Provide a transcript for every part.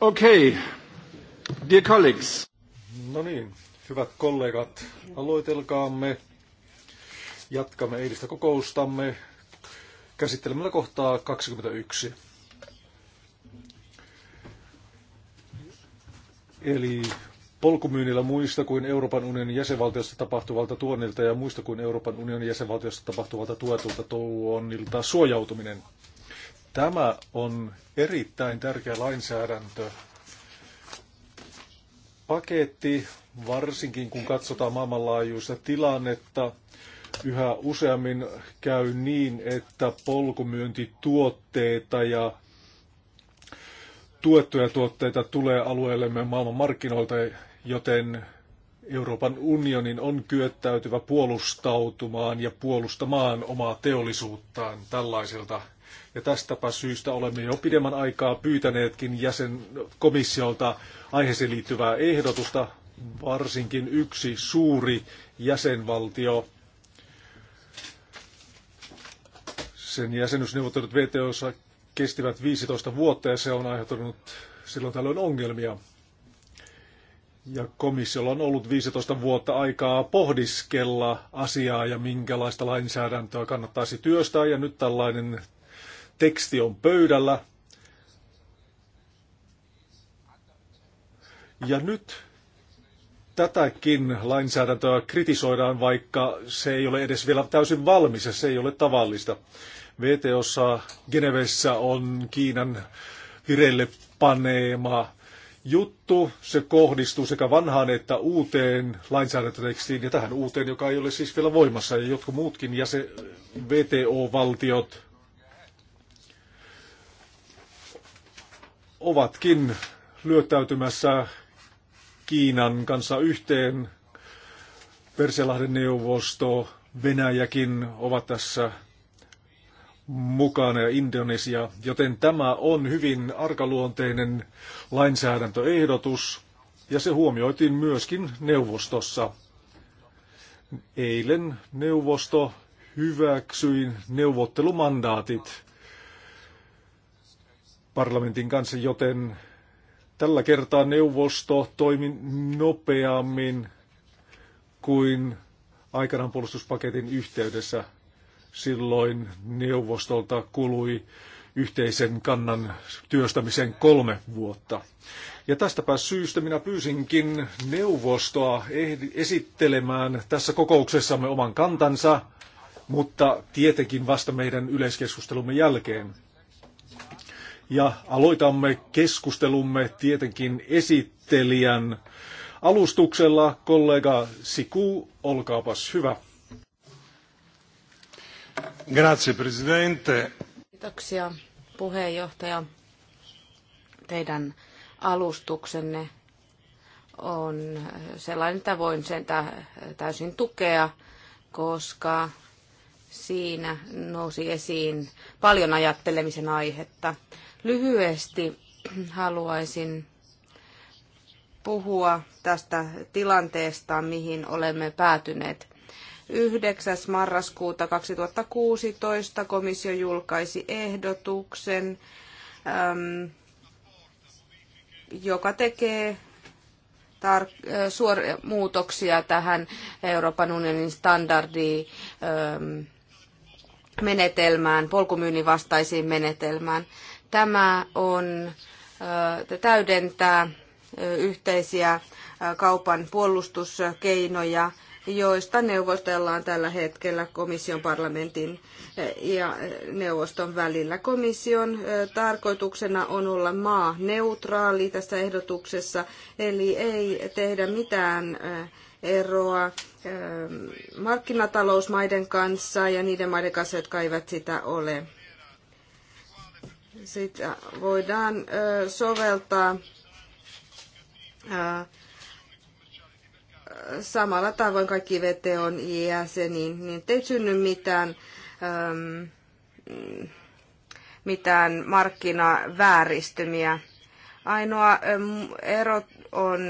Okei, okay. dear colleagues. No niin, hyvät kollegat, aloitelkaamme. Jatkamme eilistä kokoustamme käsittelemällä kohtaa 21. Eli polkumyynnillä muista kuin Euroopan unionin jäsenvaltiosta tapahtuvalta tuonnilta ja muista kuin Euroopan unionin jäsenvaltiosta tapahtuvalta tuetulta tuonnilta suojautuminen. Tämä on erittäin tärkeä lainsäädäntö. Paketti, varsinkin kun katsotaan maailmanlaajuista tilannetta, yhä useammin käy niin, että polkumyöntituotteita ja tuettuja tuotteita tulee alueellemme maailmanmarkkinoilta, joten Euroopan unionin on kyettäytyvä puolustautumaan ja puolustamaan omaa teollisuuttaan tällaisilta ja tästäpä syystä olemme jo pidemmän aikaa pyytäneetkin jäsenkomissiolta aiheeseen liittyvää ehdotusta. Varsinkin yksi suuri jäsenvaltio, sen jäsenyysneuvottelut VTOssa kestivät 15 vuotta ja se on aiheuttanut silloin tällöin ongelmia. Ja komissiolla on ollut 15 vuotta aikaa pohdiskella asiaa ja minkälaista lainsäädäntöä kannattaisi työstää. Ja nyt tällainen teksti on pöydällä. Ja nyt tätäkin lainsäädäntöä kritisoidaan, vaikka se ei ole edes vielä täysin valmis ja se ei ole tavallista. VTOssa Genevessä on Kiinan vireille paneema juttu. Se kohdistuu sekä vanhaan että uuteen lainsäädäntötekstiin ja tähän uuteen, joka ei ole siis vielä voimassa. Ja jotkut muutkin jäsen, VTO-valtiot ovatkin lyötäytymässä Kiinan kanssa yhteen. Persialahden neuvosto, Venäjäkin ovat tässä mukana ja Indonesia, joten tämä on hyvin arkaluonteinen lainsäädäntöehdotus ja se huomioitiin myöskin neuvostossa. Eilen neuvosto hyväksyi neuvottelumandaatit parlamentin kanssa, joten tällä kertaa neuvosto toimi nopeammin kuin aikanaan puolustuspaketin yhteydessä. Silloin neuvostolta kului yhteisen kannan työstämisen kolme vuotta. Ja tästäpä syystä minä pyysinkin neuvostoa esittelemään tässä kokouksessamme oman kantansa, mutta tietenkin vasta meidän yleiskeskustelumme jälkeen ja aloitamme keskustelumme tietenkin esittelijän alustuksella. Kollega Siku, olkaapas hyvä. Grazie, presidente. Kiitoksia, puheenjohtaja. Teidän alustuksenne on sellainen, että voin sen täysin tukea, koska siinä nousi esiin paljon ajattelemisen aihetta. Lyhyesti haluaisin puhua tästä tilanteesta, mihin olemme päätyneet. 9. marraskuuta 2016 komissio julkaisi ehdotuksen, joka tekee tar- suor- muutoksia tähän Euroopan unionin standardiin menetelmään, polkumyynnin vastaisiin menetelmään. Tämä on täydentää yhteisiä kaupan puolustuskeinoja, joista neuvostellaan tällä hetkellä komission parlamentin ja neuvoston välillä. Komission tarkoituksena on olla maa neutraali tässä ehdotuksessa, eli ei tehdä mitään eroa markkinatalousmaiden kanssa ja niiden maiden kanssa, jotka eivät sitä ole sitä äh, voidaan äh, soveltaa äh, samalla tavoin kaikki VTOn jäseniin, niin, niin ei synny mitään, ähm, mitään markkinavääristymiä. Ainoa ähm, ero on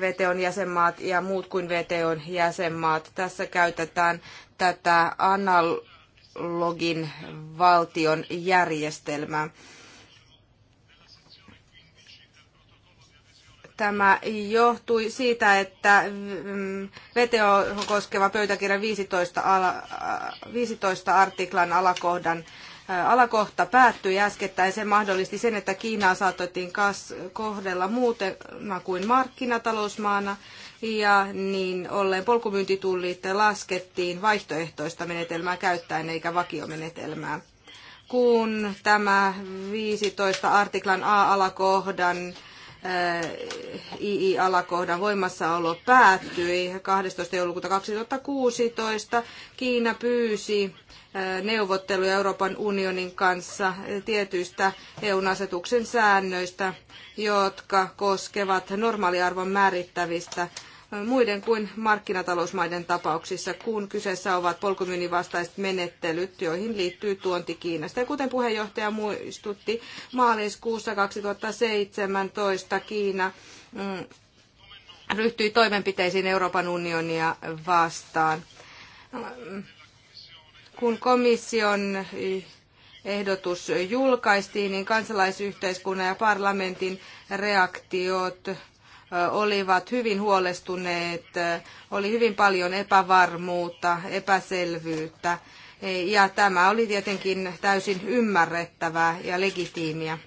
VTOn jäsenmaat ja muut kuin VTOn jäsenmaat. Tässä käytetään tätä analogin valtion järjestelmää. Tämä johtui siitä, että mm, VTO koskeva pöytäkirja 15, ala, 15 artiklan alakohdan alakohta päättyi äskettäin. Se mahdollisti sen, että Kiinaa saatettiin kohdella muuten kuin markkinatalousmaana ja niin ollen polkumyyntitullit laskettiin vaihtoehtoista menetelmää käyttäen eikä vakiomenetelmää. Kun tämä 15 artiklan A-alakohdan II-alakohdan voimassaolo päättyi 12. joulukuuta 2016. Kiina pyysi neuvotteluja Euroopan unionin kanssa tietyistä EU-asetuksen säännöistä, jotka koskevat normaaliarvon määrittävistä muiden kuin markkinatalousmaiden tapauksissa, kun kyseessä ovat polkumyynnin vastaiset menettelyt, joihin liittyy tuonti Kiinasta. Ja kuten puheenjohtaja muistutti, maaliskuussa 2017 Kiina mm, ryhtyi toimenpiteisiin Euroopan unionia vastaan. Kun komission ehdotus julkaistiin, niin kansalaisyhteiskunnan ja parlamentin reaktiot olivat hyvin huolestuneet, oli hyvin paljon epävarmuutta, epäselvyyttä e, ja tämä oli tietenkin täysin ymmärrettävää ja legitiimiä.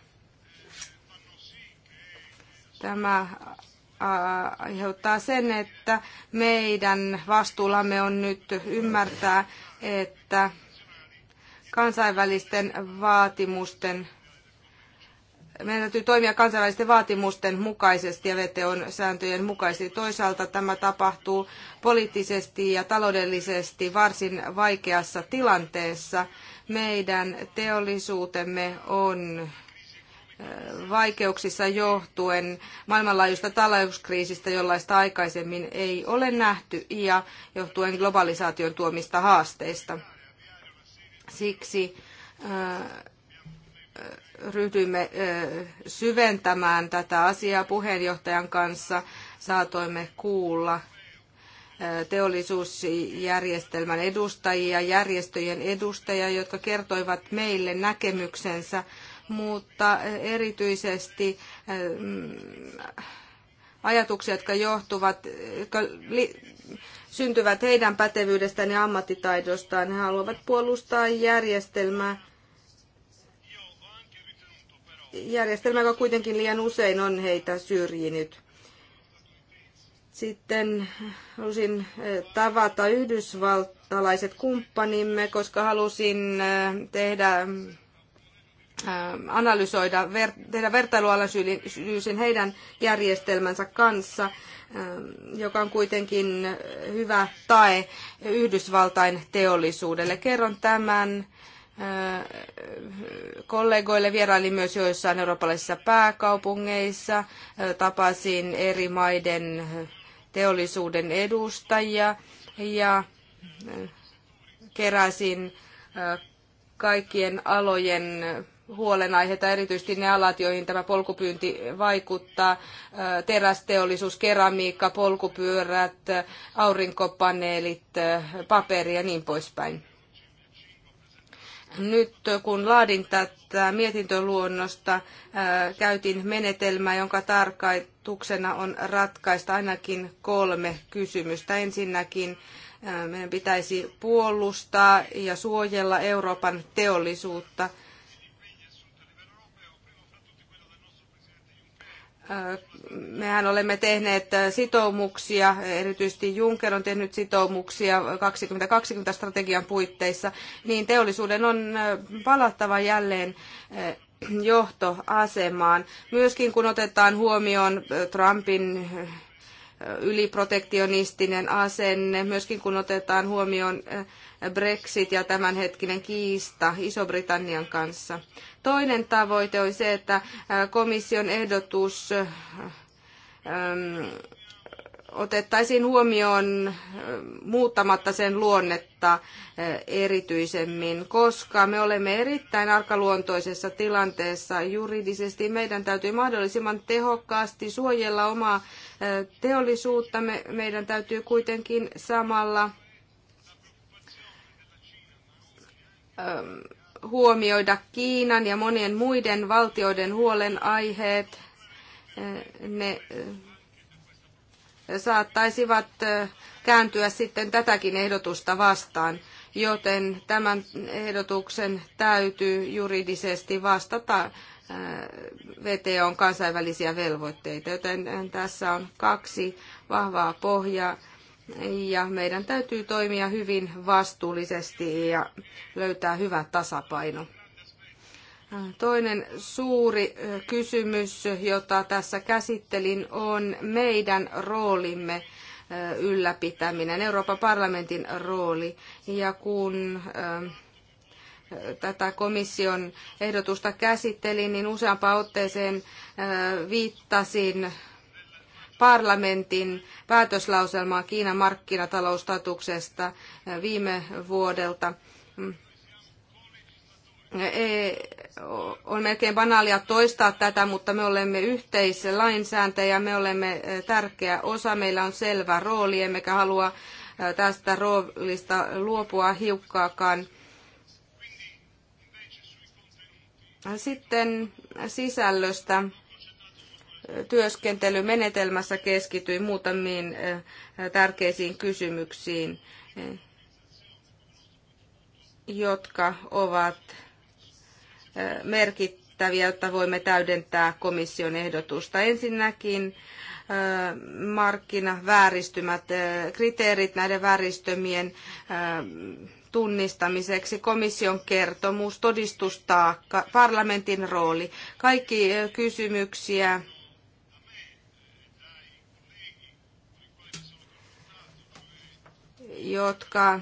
Tämä aiheuttaa sen, että meidän vastuullamme on nyt ymmärtää, että kansainvälisten vaatimusten meidän täytyy toimia kansainvälisten vaatimusten mukaisesti ja VTOn sääntöjen mukaisesti. Toisaalta tämä tapahtuu poliittisesti ja taloudellisesti varsin vaikeassa tilanteessa. Meidän teollisuutemme on vaikeuksissa johtuen maailmanlaajuista talouskriisistä, jollaista aikaisemmin ei ole nähty, ja johtuen globalisaation tuomista haasteista. Siksi äh, ryhdyimme syventämään tätä asiaa puheenjohtajan kanssa, saatoimme kuulla teollisuusjärjestelmän edustajia, järjestöjen edustajia, jotka kertoivat meille näkemyksensä, mutta erityisesti mm, ajatuksia, jotka johtuvat, jotka syntyvät heidän pätevyydestään ja ammattitaidostaan. He haluavat puolustaa järjestelmää järjestelmä, joka kuitenkin liian usein on heitä syrjinyt. Sitten halusin eh, tavata yhdysvaltalaiset kumppanimme, koska halusin eh, tehdä eh, analysoida, ver, tehdä vertailualaisyysin heidän järjestelmänsä kanssa, joka on kuitenkin hyvä tae Yhdysvaltain teollisuudelle. Kerron tämän kollegoille. Vierailin myös joissain eurooppalaisissa pääkaupungeissa, tapasin eri maiden teollisuuden edustajia ja keräsin kaikkien alojen huolenaiheita, erityisesti ne alat, joihin tämä polkupyynti vaikuttaa, terästeollisuus, keramiikka, polkupyörät, aurinkopaneelit, paperi ja niin poispäin. Nyt kun laadin tätä mietintöluonnosta, äh, käytin menetelmää, jonka tarkoituksena on ratkaista ainakin kolme kysymystä. Ensinnäkin äh, meidän pitäisi puolustaa ja suojella Euroopan teollisuutta – Mehän olemme tehneet äh, sitoumuksia, erityisesti Juncker on tehnyt sitoumuksia 2020-strategian puitteissa, niin teollisuuden on äh, palattava jälleen äh, johtoasemaan. Myöskin kun otetaan huomioon Trumpin yliprotektionistinen asenne, myöskin kun otetaan huomioon Brexit ja tämänhetkinen kiista Iso-Britannian kanssa. Toinen tavoite oli se, että komission ehdotus otettaisiin huomioon muuttamatta sen luonnetta erityisemmin, koska me olemme erittäin arkaluontoisessa tilanteessa juridisesti. Meidän täytyy mahdollisimman tehokkaasti suojella omaa teollisuuttamme. Meidän täytyy kuitenkin samalla huomioida Kiinan ja monien muiden valtioiden huolenaiheet. Ne eh, saattaisivat eh, kääntyä sitten tätäkin ehdotusta vastaan, joten tämän ehdotuksen täytyy juridisesti vastata eh, VTOn kansainvälisiä velvoitteita, joten tässä on kaksi vahvaa pohjaa ja meidän täytyy toimia hyvin vastuullisesti ja löytää hyvä tasapaino. Toinen suuri kysymys, jota tässä käsittelin, on meidän roolimme ylläpitäminen, Euroopan parlamentin rooli. Ja kun tätä komission ehdotusta käsittelin, niin useampaan otteeseen viittasin parlamentin päätöslauselmaa Kiinan markkinataloustatuksesta eh, viime vuodelta. Mm. E, on melkein banaalia toistaa tätä, mutta me olemme yhteislainsääntäjä, me olemme eh, tärkeä osa, meillä on selvä rooli, emmekä halua eh, tästä roolista luopua hiukkaakaan. Sitten sisällöstä työskentelymenetelmässä keskityin muutamiin eh, tärkeisiin kysymyksiin, eh, jotka ovat eh, merkittäviä, jotta voimme täydentää komission ehdotusta. Ensinnäkin markkinavääristymät, kriteerit näiden vääristömien tunnistamiseksi, komission kertomus, todistustaakka, parlamentin rooli, kaikki kysymyksiä, jotka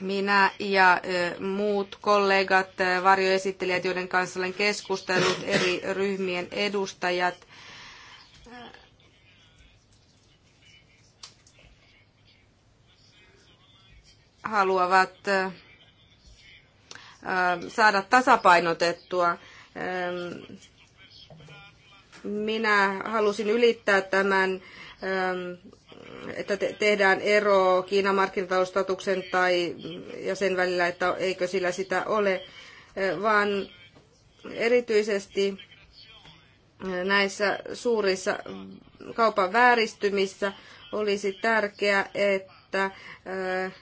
minä ja muut kollegat, varjoesittelijät, joiden kanssa olen keskustellut, eri ryhmien edustajat, haluavat saada tasapainotettua. Minä halusin ylittää tämän että te, tehdään ero Kiinan markkinataloustatuksen tai ja sen välillä, että eikö sillä sitä ole, eh, vaan erityisesti eh, näissä suurissa kaupan vääristymissä olisi tärkeää, että eh,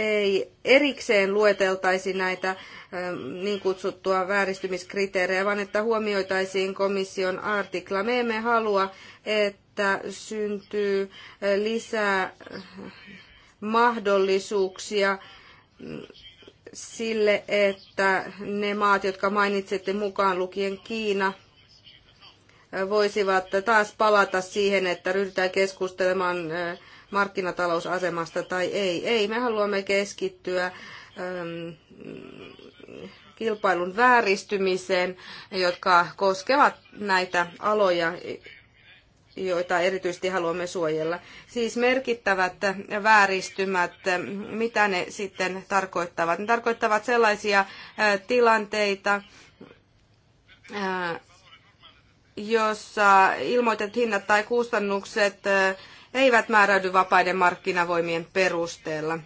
ei erikseen lueteltaisi näitä niin kutsuttua vääristymiskriteerejä, vaan että huomioitaisiin komission artikla. Me emme halua, että syntyy lisää mahdollisuuksia mm, sille, että ne maat, jotka mainitsette mukaan lukien Kiina, voisivat taas palata siihen, että ryhdytään keskustelemaan markkinatalousasemasta tai ei. Ei, me haluamme keskittyä ähm, kilpailun vääristymiseen, jotka koskevat näitä aloja, joita erityisesti haluamme suojella. Siis merkittävät vääristymät, mitä ne sitten tarkoittavat? Ne tarkoittavat sellaisia äh, tilanteita, äh, jossa ilmoitet hinnat tai kustannukset äh, eivät määräydy vapaiden markkinavoimien perusteella.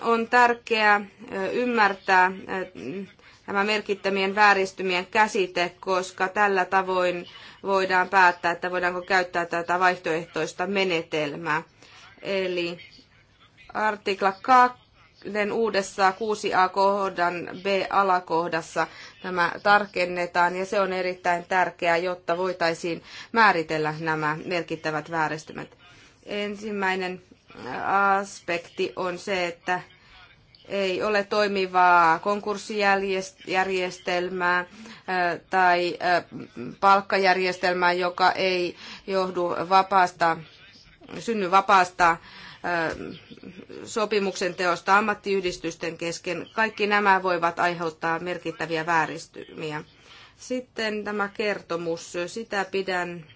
On tärkeää ymmärtää tämä merkittämien vääristymien käsite, koska tällä tavoin voidaan päättää, että voidaanko käyttää tätä vaihtoehtoista menetelmää. Eli artikla 2 sen uudessa 6a-kohdan B-alakohdassa nämä tarkennetaan ja se on erittäin tärkeää, jotta voitaisiin määritellä nämä merkittävät vääristymät. Ensimmäinen aspekti on se, että ei ole toimivaa konkurssijärjestelmää tai palkkajärjestelmää, joka ei johdu vapaasta, synny vapaasta sopimuksen teosta ammattiyhdistysten kesken. Kaikki nämä voivat aiheuttaa merkittäviä vääristymiä. Sitten tämä kertomus, sitä pidän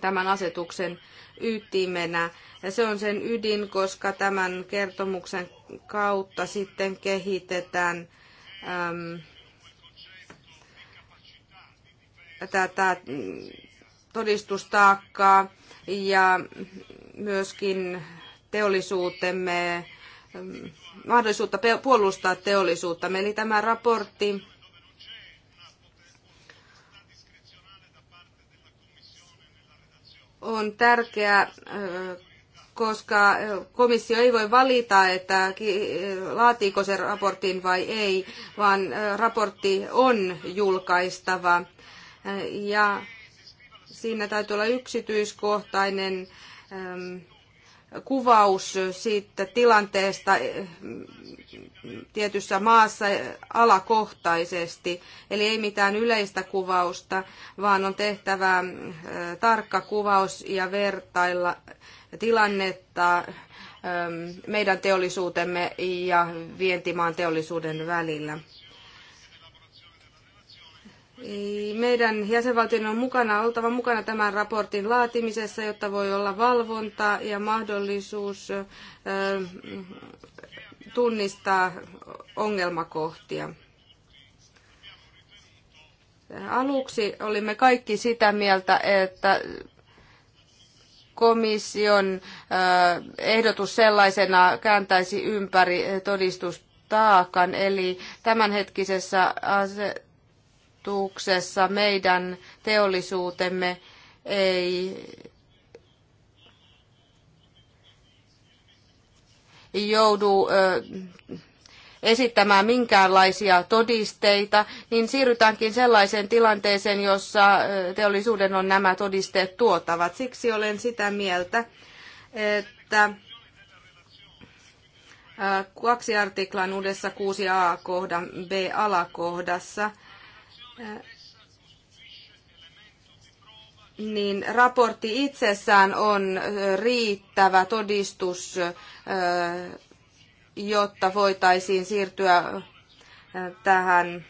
tämän asetuksen ytimenä. Ja se on sen ydin, koska tämän kertomuksen kautta sitten kehitetään äm, tätä todistustaakkaa ja myöskin teollisuutemme mm, mahdollisuutta puolustaa teollisuutta. Eli tämä raportti on tärkeä, koska komissio ei voi valita, että laatiiko se raportin vai ei, vaan raportti on julkaistava. Ja Siinä täytyy olla yksityiskohtainen ähm, kuvaus siitä tilanteesta äh, tietyssä maassa alakohtaisesti. Eli ei mitään yleistä kuvausta, vaan on tehtävä äh, tarkka kuvaus ja vertailla tilannetta ähm, meidän teollisuutemme ja vientimaan teollisuuden välillä. Meidän jäsenvaltion on mukana, oltava mukana tämän raportin laatimisessa, jotta voi olla valvonta ja mahdollisuus tunnistaa ongelmakohtia. Aluksi olimme kaikki sitä mieltä, että komission ehdotus sellaisena kääntäisi ympäri todistustaakan, eli tämänhetkisessä puolustuksessa meidän teollisuutemme ei joudu esittämään minkäänlaisia todisteita, niin siirrytäänkin sellaiseen tilanteeseen, jossa teollisuuden on nämä todisteet tuotavat. Siksi olen sitä mieltä, että kaksi artiklan uudessa 6a kohdan B alakohdassa – Äh, niin raportti itsessään on äh, riittävä todistus, äh, jotta voitaisiin siirtyä tähän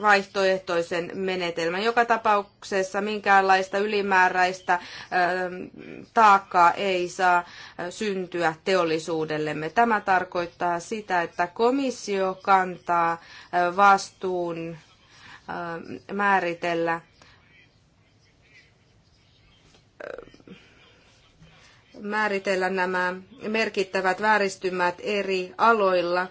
vaihtoehtoisen menetelmän. Joka tapauksessa minkäänlaista ylimääräistä taakkaa ei saa syntyä teollisuudellemme. Tämä tarkoittaa sitä, että komissio kantaa vastuun Äh, määritellä äh, määritellä nämä merkittävät vääristymät eri aloilla.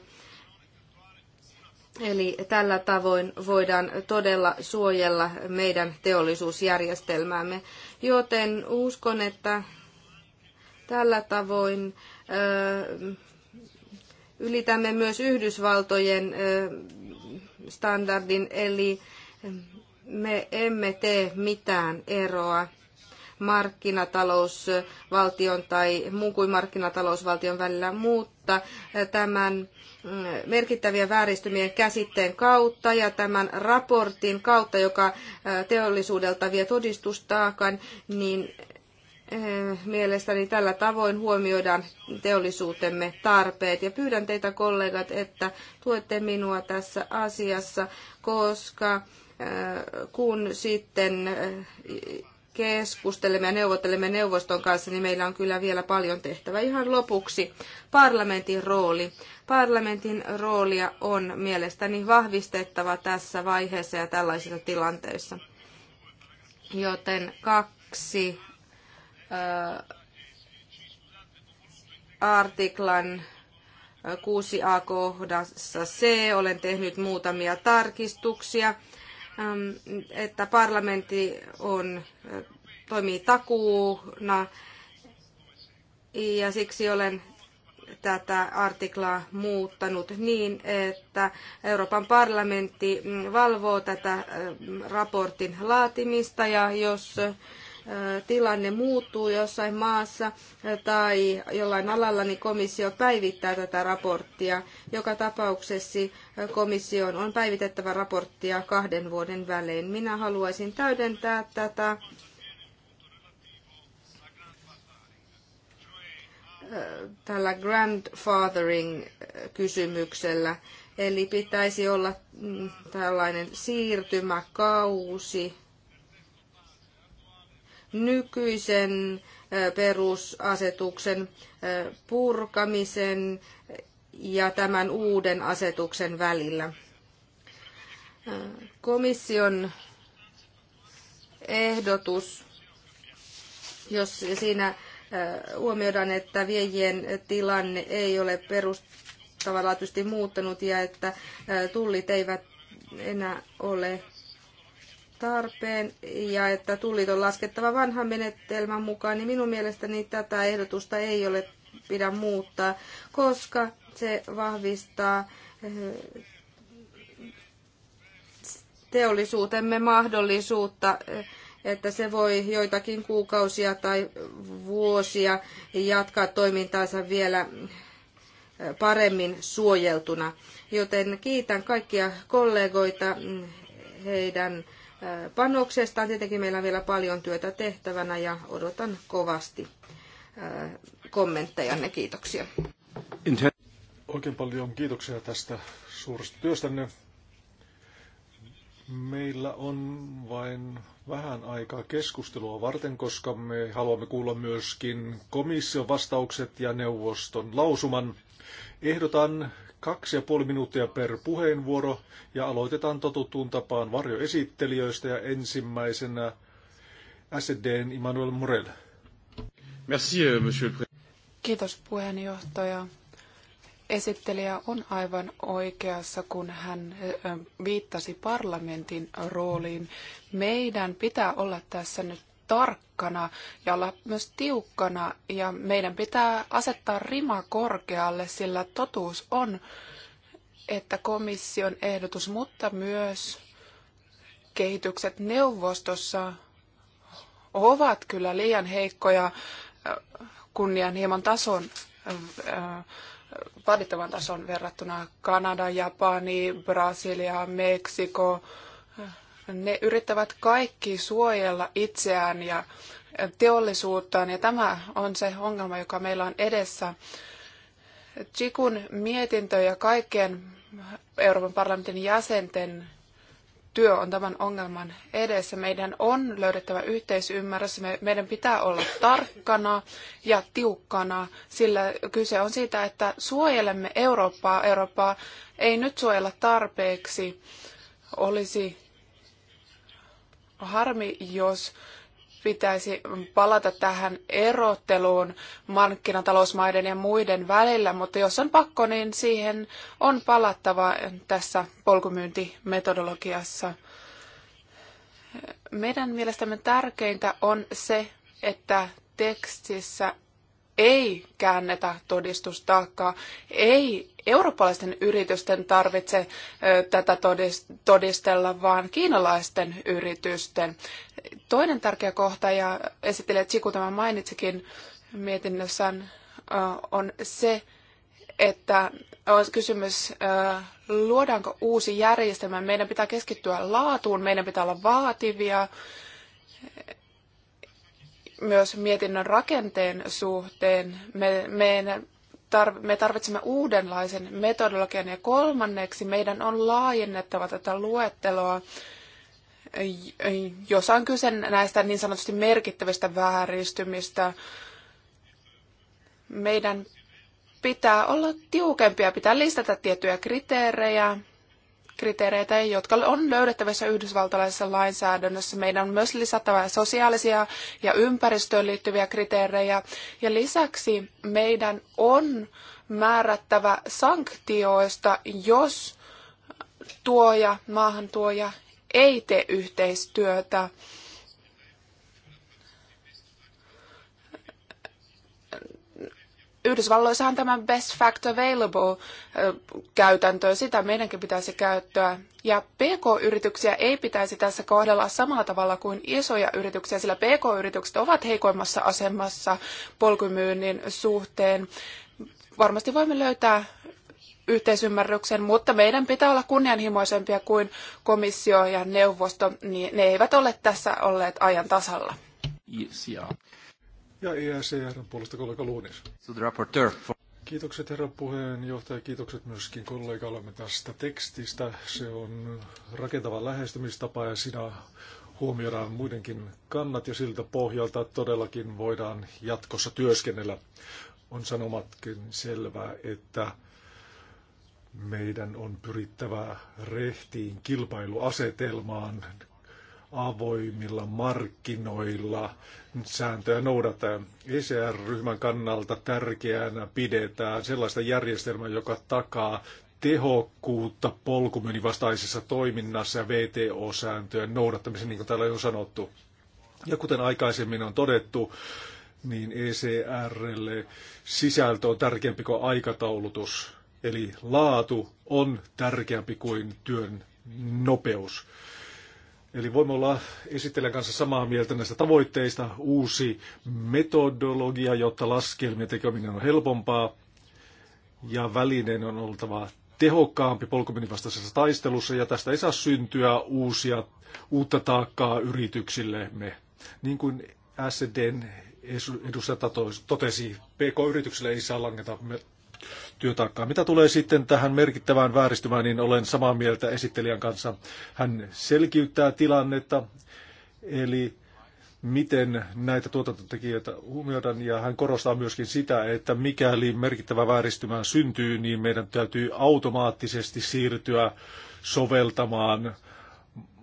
Eli tällä tavoin voidaan todella suojella meidän teollisuusjärjestelmäämme. Joten uskon, että tällä tavoin äh, ylitämme myös Yhdysvaltojen standardin, eli me emme tee mitään eroa markkinatalousvaltion tai muun kuin markkinatalousvaltion välillä, mutta tämän merkittävien vääristymien käsitteen kautta ja tämän raportin kautta, joka teollisuudelta vie todistustaakan, niin Eh, mielestäni tällä tavoin huomioidaan teollisuutemme tarpeet. Ja pyydän teitä kollegat, että tuette minua tässä asiassa, koska eh, kun sitten eh, keskustelemme ja neuvottelemme neuvoston kanssa, niin meillä on kyllä vielä paljon tehtävää. Ihan lopuksi parlamentin rooli. Parlamentin roolia on mielestäni vahvistettava tässä vaiheessa ja tällaisissa tilanteissa. Joten kaksi artiklan 6a kohdassa C. Olen tehnyt muutamia tarkistuksia, että parlamentti on, toimii takuuna ja siksi olen tätä artiklaa muuttanut niin, että Euroopan parlamentti mm, valvoo tätä raportin laatimista ja jos tilanne muuttuu jossain maassa tai jollain alalla, niin komissio päivittää tätä raporttia. Joka tapauksessa komission on päivitettävä raporttia kahden vuoden välein. Minä haluaisin täydentää tätä. tällä grandfathering-kysymyksellä. Eli pitäisi olla mm, tällainen siirtymäkausi nykyisen perusasetuksen purkamisen ja tämän uuden asetuksen välillä. Komission ehdotus, jos siinä huomioidaan, että viejien tilanne ei ole perustavanlaatuisesti muuttunut ja että tullit eivät enää ole tarpeen ja että tullit on laskettava vanhan menetelmän mukaan, niin minun mielestäni tätä ehdotusta ei ole pidä muuttaa, koska se vahvistaa eh, teollisuutemme mahdollisuutta, eh, että se voi joitakin kuukausia tai vuosia jatkaa toimintaansa vielä eh, paremmin suojeltuna. Joten kiitän kaikkia kollegoita mm, heidän panoksestaan. Tietenkin meillä on vielä paljon työtä tehtävänä ja odotan kovasti äh, kommenttejanne. Kiitoksia. Oikein paljon kiitoksia tästä suuresta työstänne. Meillä on vain vähän aikaa keskustelua varten, koska me haluamme kuulla myöskin komission vastaukset ja neuvoston lausuman. Ehdotan, Kaksi ja puoli minuuttia per puheenvuoro ja aloitetaan totuttuun tapaan varjoesittelijöistä ja ensimmäisenä SDn Immanuel Morel. Merci, euh, monsieur le Kiitos puheenjohtaja. Esittelijä on aivan oikeassa, kun hän viittasi parlamentin rooliin. Meidän pitää olla tässä nyt tarkkana ja olla myös tiukkana ja meidän pitää asettaa rima korkealle, sillä totuus on, että komission ehdotus, mutta myös kehitykset neuvostossa ovat kyllä liian heikkoja äh, kunnianhimon tason, äh, äh, vaadittavan tason verrattuna Kanada, Japani, Brasilia, Meksiko, ne yrittävät kaikki suojella itseään ja teollisuuttaan, ja tämä on se ongelma, joka meillä on edessä. Chikun mietintö ja kaikkien Euroopan parlamentin jäsenten työ on tämän ongelman edessä. Meidän on löydettävä yhteisymmärrys, meidän pitää olla tarkkana ja tiukkana, sillä kyse on siitä, että suojelemme Eurooppaa. Eurooppaa ei nyt suojella tarpeeksi. Olisi harmi, jos pitäisi palata tähän erotteluun markkinatalousmaiden ja muiden välillä, mutta jos on pakko, niin siihen on palattava tässä polkumyyntimetodologiassa. Meidän mielestämme tärkeintä on se, että tekstissä ei käännetä todistustaakkaa, ei eurooppalaisten yritysten tarvitse tätä todistella, vaan kiinalaisten yritysten. Toinen tärkeä kohta, ja esittelijä Chiku tämä mainitsikin mietinnössään, on se, että on kysymys, luodaanko uusi järjestelmä. Meidän pitää keskittyä laatuun, meidän pitää olla vaativia, myös mietinnön rakenteen suhteen. Me, me tarvitsemme uudenlaisen metodologian ja kolmanneksi meidän on laajennettava tätä luetteloa, jossa on kyse näistä niin sanotusti merkittävistä vääristymistä. Meidän pitää olla tiukempia, pitää listata tiettyjä kriteerejä, kriteereitä, jotka on löydettävissä yhdysvaltalaisessa lainsäädännössä. Meidän on myös lisättävä sosiaalisia ja ympäristöön liittyviä kriteerejä. Ja lisäksi meidän on määrättävä sanktioista, jos tuoja, maahantuoja ei tee yhteistyötä Yhdysvalloissa on tämä best fact available käytäntö, sitä meidänkin pitäisi käyttää. Ja PK-yrityksiä ei pitäisi tässä kohdella samalla tavalla kuin isoja yrityksiä, sillä PK-yritykset ovat heikoimmassa asemassa polkumyynnin suhteen. Varmasti voimme löytää yhteisymmärryksen, mutta meidän pitää olla kunnianhimoisempia kuin komissio ja neuvosto, niin ne eivät ole tässä olleet ajan tasalla. Yes, yeah ja ESCRn e puolesta kollega Luunis. Kiitokset herra puheenjohtaja, kiitokset myöskin kollegallemme tästä tekstistä. Se on rakentava lähestymistapa ja siinä huomioidaan muidenkin kannat ja siltä pohjalta todellakin voidaan jatkossa työskennellä. On sanomatkin selvää, että meidän on pyrittävä rehtiin kilpailuasetelmaan avoimilla markkinoilla sääntöjä noudataan. ECR-ryhmän kannalta tärkeänä pidetään sellaista järjestelmää, joka takaa tehokkuutta polkumyynnin toiminnassa ja VTO-sääntöjen noudattamisen, niin kuin täällä on sanottu. Ja kuten aikaisemmin on todettu, niin ECRlle sisältö on tärkeämpi kuin aikataulutus. Eli laatu on tärkeämpi kuin työn nopeus. Eli voimme olla esittelijän kanssa samaa mieltä näistä tavoitteista. Uusi metodologia, jotta laskelmien tekeminen on helpompaa. Ja välineen on oltava tehokkaampi polkuminen vastaisessa taistelussa, ja tästä ei saa syntyä uusia, uutta taakkaa yrityksillemme. Niin kuin SDn edustaja totesi, PK-yrityksille ei saa langeta työtaakkaa. Mitä tulee sitten tähän merkittävään vääristymään, niin olen samaa mieltä esittelijän kanssa. Hän selkiyttää tilannetta, eli miten näitä tuotantotekijöitä huomioidaan, ja hän korostaa myöskin sitä, että mikäli merkittävä vääristymä syntyy, niin meidän täytyy automaattisesti siirtyä soveltamaan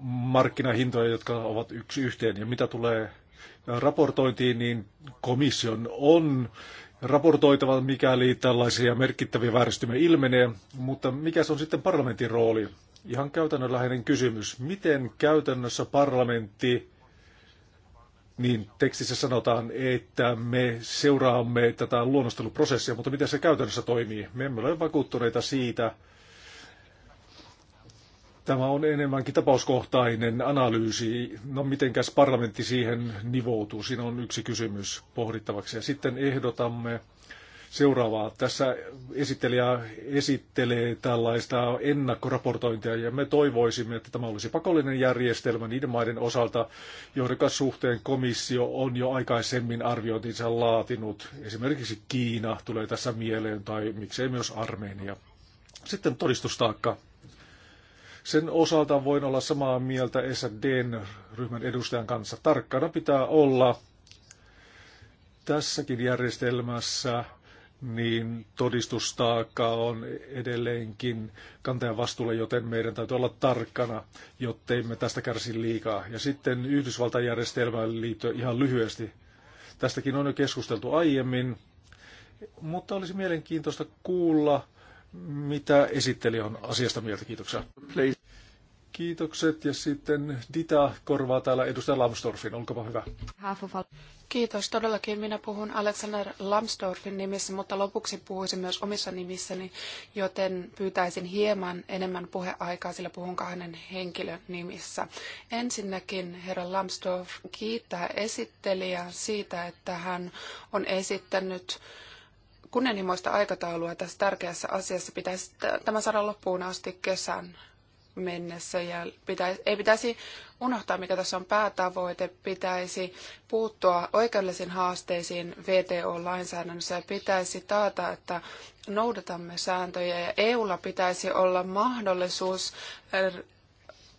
markkinahintoja, jotka ovat yksi yhteen. Ja mitä tulee raportointiin, niin komission on raportoitava, mikäli tällaisia merkittäviä vääristymiä ilmenee, mutta mikä se on sitten parlamentin rooli? Ihan käytännönläheinen kysymys. Miten käytännössä parlamentti, niin tekstissä sanotaan, että me seuraamme tätä luonnosteluprosessia, mutta miten se käytännössä toimii? Me emme ole vakuuttuneita siitä, Tämä on enemmänkin tapauskohtainen analyysi. No mitenkäs parlamentti siihen nivoutuu? Siinä on yksi kysymys pohdittavaksi. Ja sitten ehdotamme seuraavaa. Tässä esittelijä esittelee tällaista ennakkoraportointia ja me toivoisimme, että tämä olisi pakollinen järjestelmä niiden maiden osalta, joiden suhteen komissio on jo aikaisemmin arviointinsa laatinut. Esimerkiksi Kiina tulee tässä mieleen tai miksei myös Armenia. Sitten todistustaakka. Sen osalta voin olla samaa mieltä SDn ryhmän edustajan kanssa. Tarkkana pitää olla tässäkin järjestelmässä niin todistustaakka on edelleenkin kantajan vastuulla, joten meidän täytyy olla tarkkana, jottei tästä kärsi liikaa. Ja sitten Yhdysvaltain järjestelmään liittyen ihan lyhyesti. Tästäkin on jo keskusteltu aiemmin, mutta olisi mielenkiintoista kuulla mitä esitteli on asiasta mieltä. Kiitoksia. Kiitokset ja sitten Dita korvaa täällä edustaja Lamstorfin. Olkapa hyvä. Kiitos. Todellakin minä puhun Alexander Lamstorfin nimissä, mutta lopuksi puhuisin myös omissa nimissäni, joten pyytäisin hieman enemmän puheaikaa, sillä puhun kahden henkilön nimissä. Ensinnäkin herra Lamstorf kiittää esittelijää siitä, että hän on esittänyt kunnianhimoista aikataulua tässä tärkeässä asiassa. Pitäisi tämä saada loppuun asti kesän mennessä ja pitäisi, ei pitäisi unohtaa, mikä tässä on päätavoite. Pitäisi puuttua oikeudellisiin haasteisiin VTO-lainsäädännössä ja pitäisi taata, että noudatamme sääntöjä ja EUlla pitäisi olla mahdollisuus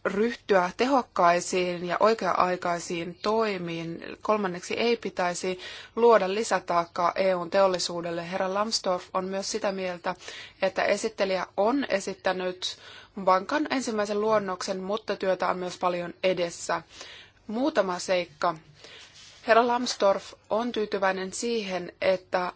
ryhtyä tehokkaisiin ja oikea-aikaisiin toimiin. Kolmanneksi ei pitäisi luoda lisätaakkaa EUn teollisuudelle. Herra Lambsdorff on myös sitä mieltä, että esittelijä on esittänyt vankan ensimmäisen luonnoksen, mutta työtä on myös paljon edessä. Muutama seikka. Herra Lambsdorff on tyytyväinen siihen, että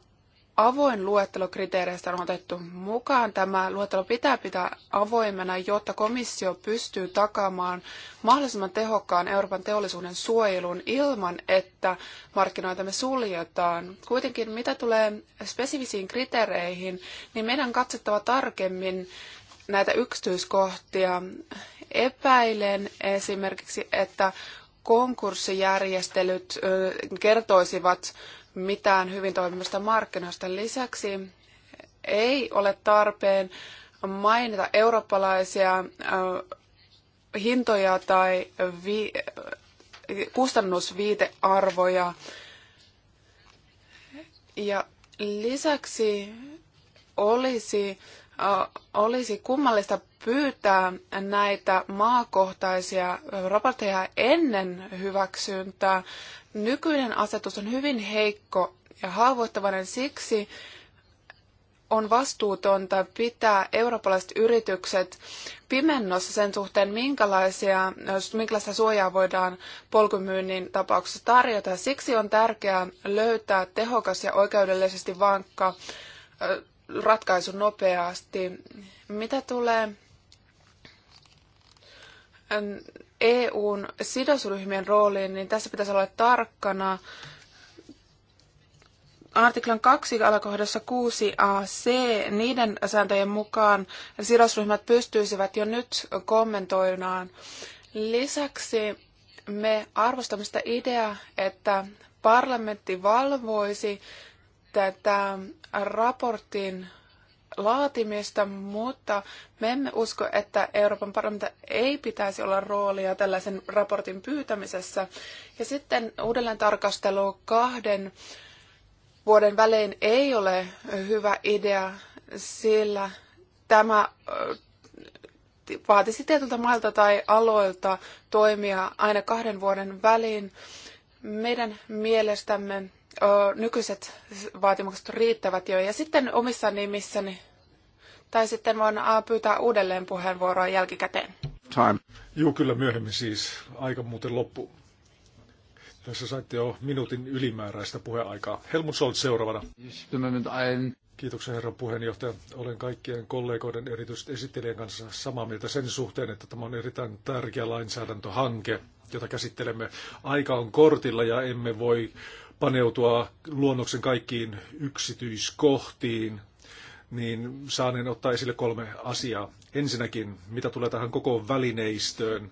avoin luettelo kriteereistä on otettu mukaan. Tämä luettelo pitää pitää avoimena, jotta komissio pystyy takaamaan mahdollisimman tehokkaan Euroopan teollisuuden suojelun ilman, että markkinoitamme suljetaan. Kuitenkin mitä tulee spesifisiin kriteereihin, niin meidän on katsottava tarkemmin näitä yksityiskohtia. Epäilen esimerkiksi, että konkurssijärjestelyt kertoisivat mitään hyvin toimivasta markkinasta. Lisäksi ei ole tarpeen mainita eurooppalaisia hintoja tai vi- kustannusviitearvoja. Ja lisäksi olisi, olisi kummallista pyytää näitä maakohtaisia raportteja ennen hyväksyntää. Nykyinen asetus on hyvin heikko ja haavoittavainen siksi, on vastuutonta pitää eurooppalaiset yritykset pimennossa sen suhteen, minkälaisia, minkälaista suojaa voidaan polkumyynnin tapauksessa tarjota. Siksi on tärkeää löytää tehokas ja oikeudellisesti vankka ratkaisu nopeasti. Mitä tulee EUn sidosryhmien rooliin, niin tässä pitäisi olla tarkkana. Artiklan 2 alakohdassa 6ac, niiden sääntöjen mukaan sidosryhmät pystyisivät jo nyt kommentoimaan. Lisäksi me arvostamme sitä ideaa, että parlamentti valvoisi tätä raportin laatimista, mutta me emme usko, että Euroopan parlamentti ei pitäisi olla roolia tällaisen raportin pyytämisessä. Ja sitten uudelleen tarkastelu kahden vuoden välein ei ole hyvä idea, sillä tämä vaatisi tietyltä mailta tai aloilta toimia aina kahden vuoden väliin. Meidän mielestämme nykyiset vaatimukset riittävät jo. Ja sitten omissa nimissäni, tai sitten voin pyytää uudelleen puheenvuoroa jälkikäteen. Time. Joo, kyllä myöhemmin siis. Aika muuten loppu. Tässä saitte jo minuutin ylimääräistä puheaikaa. Helmut Solt seuraavana. Kiitoksia herra puheenjohtaja. Olen kaikkien kollegoiden, erityisesti esittelijän kanssa samaa mieltä sen suhteen, että tämä on erittäin tärkeä lainsäädäntöhanke, jota käsittelemme. Aika on kortilla ja emme voi paneutua luonnoksen kaikkiin yksityiskohtiin, niin saaneen ottaa esille kolme asiaa. Ensinnäkin, mitä tulee tähän koko välineistöön,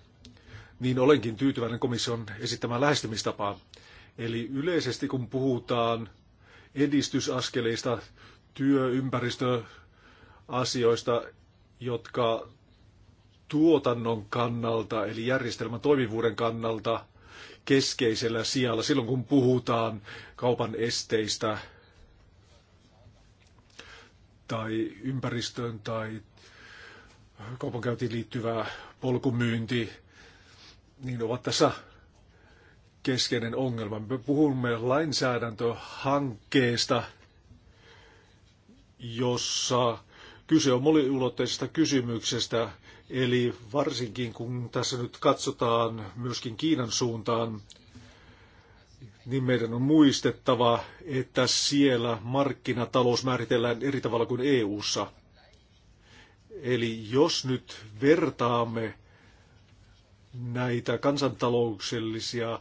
niin olenkin tyytyväinen komission esittämään lähestymistapaan. Eli yleisesti kun puhutaan edistysaskeleista, työympäristöasioista, jotka tuotannon kannalta, eli järjestelmän toimivuuden kannalta, keskeisellä sijalla silloin, kun puhutaan kaupan esteistä tai ympäristöön tai kaupankäyntiin liittyvää polkumyynti, niin ovat tässä keskeinen ongelma. Me puhumme lainsäädäntöhankkeesta, jossa kyse on moniulotteisesta kysymyksestä, Eli varsinkin kun tässä nyt katsotaan myöskin Kiinan suuntaan, niin meidän on muistettava, että siellä markkinatalous määritellään eri tavalla kuin EU:ssa. Eli jos nyt vertaamme näitä kansantalouksellisia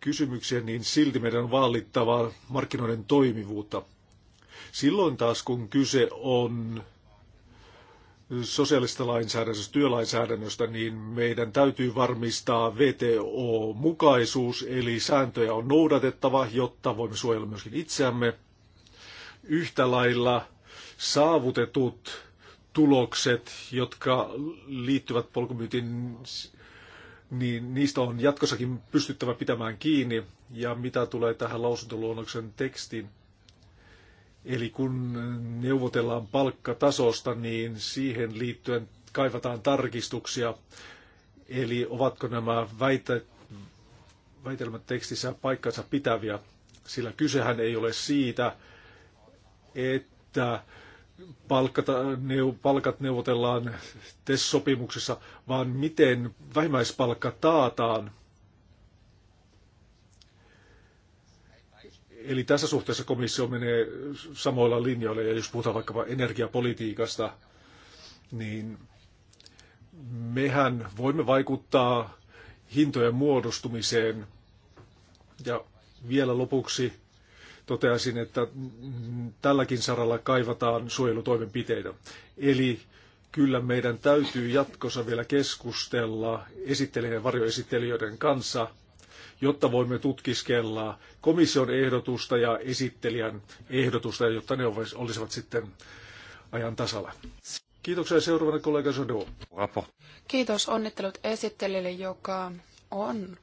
kysymyksiä, niin silti meidän on vaalittava markkinoiden toimivuutta. Silloin taas kun kyse on sosiaalista lainsäädännöstä, työlainsäädännöstä, niin meidän täytyy varmistaa VTO-mukaisuus, eli sääntöjä on noudatettava, jotta voimme suojella myöskin itseämme. Yhtä lailla saavutetut tulokset, jotka liittyvät polkumyytin, niin niistä on jatkossakin pystyttävä pitämään kiinni. Ja mitä tulee tähän lausuntoluonnoksen tekstiin, Eli kun neuvotellaan palkkatasosta, niin siihen liittyen kaivataan tarkistuksia. Eli ovatko nämä väite, väitelmät tekstissä paikkansa pitäviä, sillä kysehän ei ole siitä, että palkata, neu, palkat neuvotellaan TES-sopimuksessa, vaan miten vähimmäispalkka taataan – Eli tässä suhteessa komissio menee samoilla linjoilla, ja jos puhutaan vaikkapa energiapolitiikasta, niin mehän voimme vaikuttaa hintojen muodostumiseen. Ja vielä lopuksi toteaisin, että tälläkin saralla kaivataan suojelutoimenpiteitä. Eli kyllä meidän täytyy jatkossa vielä keskustella esittelijöiden ja varjoesittelijöiden kanssa – jotta voimme tutkiskella komission ehdotusta ja esittelijän ehdotusta, jotta ne olisivat sitten ajan tasalla. Kiitoksia seuraavana kollega Sado. Kiitos onnittelut esittelijälle, joka on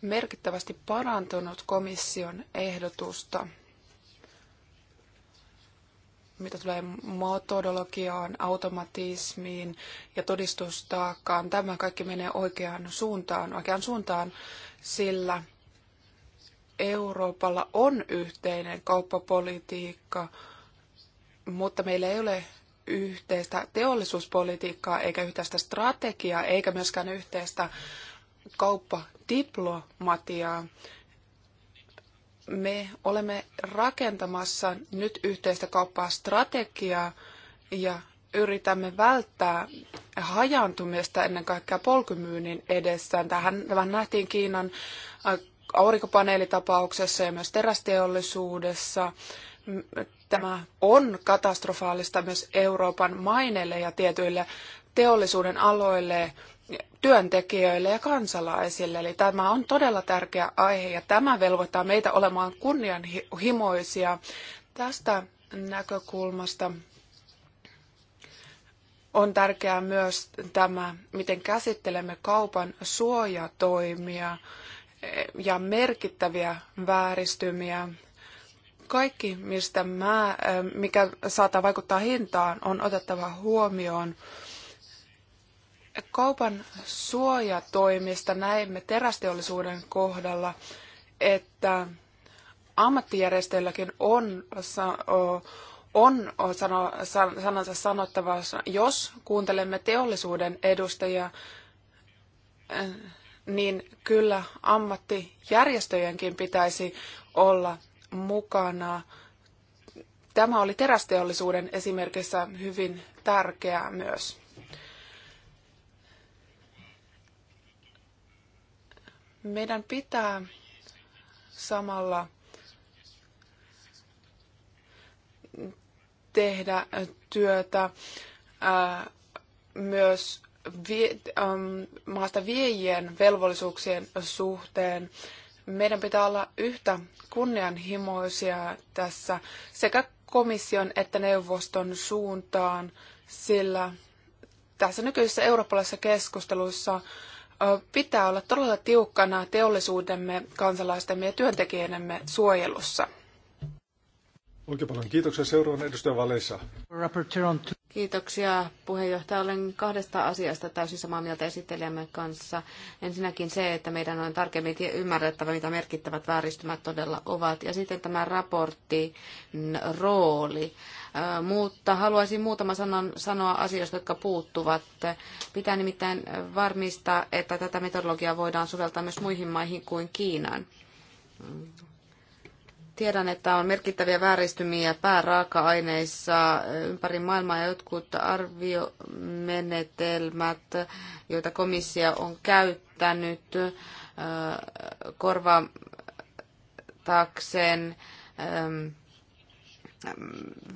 merkittävästi parantunut komission ehdotusta mitä tulee metodologiaan, automatismiin ja todistustaakkaan, tämä kaikki menee oikeaan suuntaan, oikeaan suuntaan, sillä Euroopalla on yhteinen kauppapolitiikka, mutta meillä ei ole yhteistä teollisuuspolitiikkaa, eikä yhteistä strategiaa, eikä myöskään yhteistä kauppadiplomatiaa me olemme rakentamassa nyt yhteistä kauppaa strategiaa ja yritämme välttää hajaantumista ennen kaikkea polkumyynnin edessä. Tähän, tähän nähtiin Kiinan äh, aurinkopaneelitapauksessa ja myös terästeollisuudessa. Tämä on katastrofaalista myös Euroopan maineelle ja tietyille teollisuuden aloille, työntekijöille ja kansalaisille. Eli tämä on todella tärkeä aihe ja tämä velvoittaa meitä olemaan kunnianhimoisia tästä näkökulmasta. On tärkeää myös tämä, miten käsittelemme kaupan suojatoimia ja merkittäviä vääristymiä. Kaikki, mistä mä, mikä saattaa vaikuttaa hintaan, on otettava huomioon kaupan suojatoimista näemme terästeollisuuden kohdalla, että ammattijärjestöilläkin on, on sanansa sanottava, jos kuuntelemme teollisuuden edustajia, eh, niin kyllä ammattijärjestöjenkin pitäisi olla mukana. Tämä oli terästeollisuuden esimerkissä hyvin tärkeää myös. Meidän pitää samalla tehdä työtä ää, myös vie, äm, maasta viejien velvollisuuksien suhteen. Meidän pitää olla yhtä kunnianhimoisia tässä sekä komission että neuvoston suuntaan, sillä tässä nykyisessä eurooppalaisessa keskustelussa pitää olla todella tiukkana teollisuutemme kansalaistemme ja työntekijöidemme suojelussa. Oikein paljon kiitoksia. Seuraavan edustaja Kiitoksia puheenjohtaja. Olen kahdesta asiasta täysin samaa mieltä esittelijämme kanssa. Ensinnäkin se, että meidän on tarkemmin ymmärrettävä, mitä merkittävät vääristymät todella ovat. Ja sitten tämä raportin mm, rooli. Mutta haluaisin muutama sanan sanoa asioista, jotka puuttuvat. Pitää nimittäin varmistaa, että tätä metodologiaa voidaan soveltaa myös muihin maihin kuin Kiinaan Tiedän, että on merkittäviä vääristymiä pääraaka-aineissa ympäri maailmaa ja jotkut arviomenetelmät, joita komissio on käyttänyt korvatakseen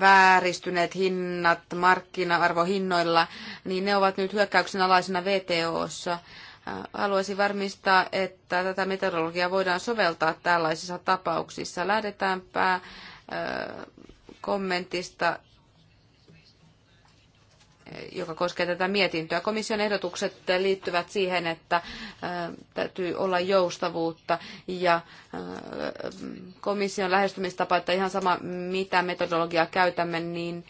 vääristyneet hinnat markkina-arvohinnoilla, niin ne ovat nyt hyökkäyksen alaisena VTOssa haluaisin varmistaa, että tätä metodologiaa voidaan soveltaa tällaisissa tapauksissa. Lähdetäänpä kommentista, joka koskee tätä mietintöä. Komission ehdotukset liittyvät siihen, että täytyy olla joustavuutta ja komission lähestymistapa, että ihan sama mitä metodologiaa käytämme, niin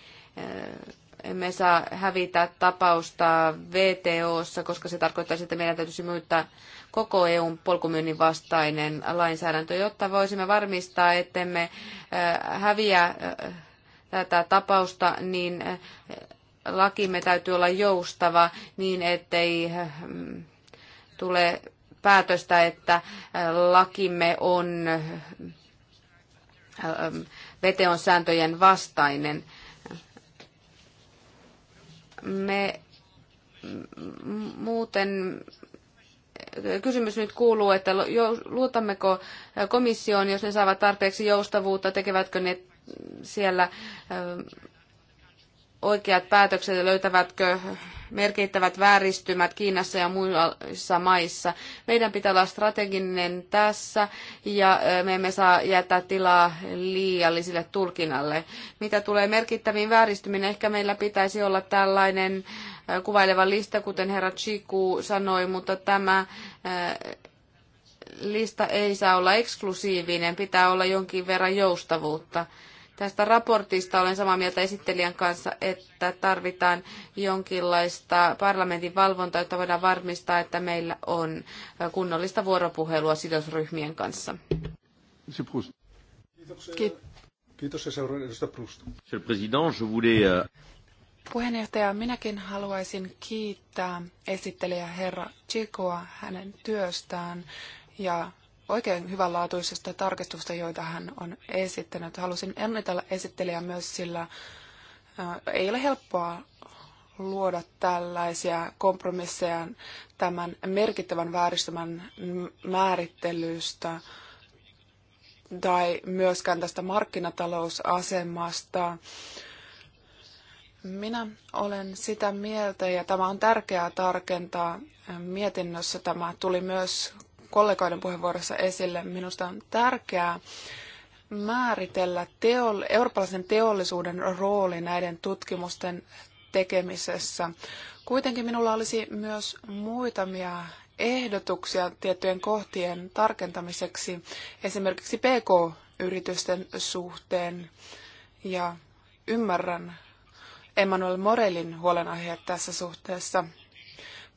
emme saa hävitä tapausta VTOssa, koska se tarkoittaa, että meidän täytyisi muuttaa koko EUn polkumyynnin vastainen lainsäädäntö, jotta voisimme varmistaa, ettemme häviä tätä tapausta, niin lakimme täytyy olla joustava niin, ettei tule päätöstä, että lakimme on VTOn sääntöjen vastainen. Me muuten kysymys nyt kuuluu, että luotammeko komissioon, jos ne saavat tarpeeksi joustavuutta, tekevätkö ne siellä oikeat päätökset ja löytävätkö merkittävät vääristymät Kiinassa ja muissa maissa. Meidän pitää olla strateginen tässä ja me emme saa jättää tilaa liialliselle tulkinnalle. Mitä tulee merkittäviin vääristymiin, ehkä meillä pitäisi olla tällainen kuvaileva lista, kuten herra Chiku sanoi, mutta tämä lista ei saa olla eksklusiivinen, pitää olla jonkin verran joustavuutta. Tästä raportista olen samaa mieltä esittelijän kanssa, että tarvitaan jonkinlaista parlamentin valvontaa, jotta voidaan varmistaa, että meillä on kunnollista vuoropuhelua sidosryhmien kanssa. Kiitos. Kiitos ja seuraan edustaja Proust. Monsieur le Président, je voulais... Euh, Puheenjohtaja, minäkin haluaisin kiittää esittelijä herra Chikoa hänen työstään ja oikein hyvänlaatuisesta tarkistusta, joita hän on esittänyt. Halusin onnitella esittelijää myös, sillä ei ole helppoa luoda tällaisia kompromisseja tämän merkittävän vääristymän määrittelystä tai myöskään tästä markkinatalousasemasta. Minä olen sitä mieltä, ja tämä on tärkeää tarkentaa mietinnössä. Tämä tuli myös kollegoiden puheenvuorossa esille, minusta on tärkeää määritellä teoll- eurooppalaisen teollisuuden rooli näiden tutkimusten tekemisessä. Kuitenkin minulla olisi myös muutamia ehdotuksia tiettyjen kohtien tarkentamiseksi, esimerkiksi PK-yritysten suhteen. Ja ymmärrän Emmanuel Morelin huolenaiheet tässä suhteessa.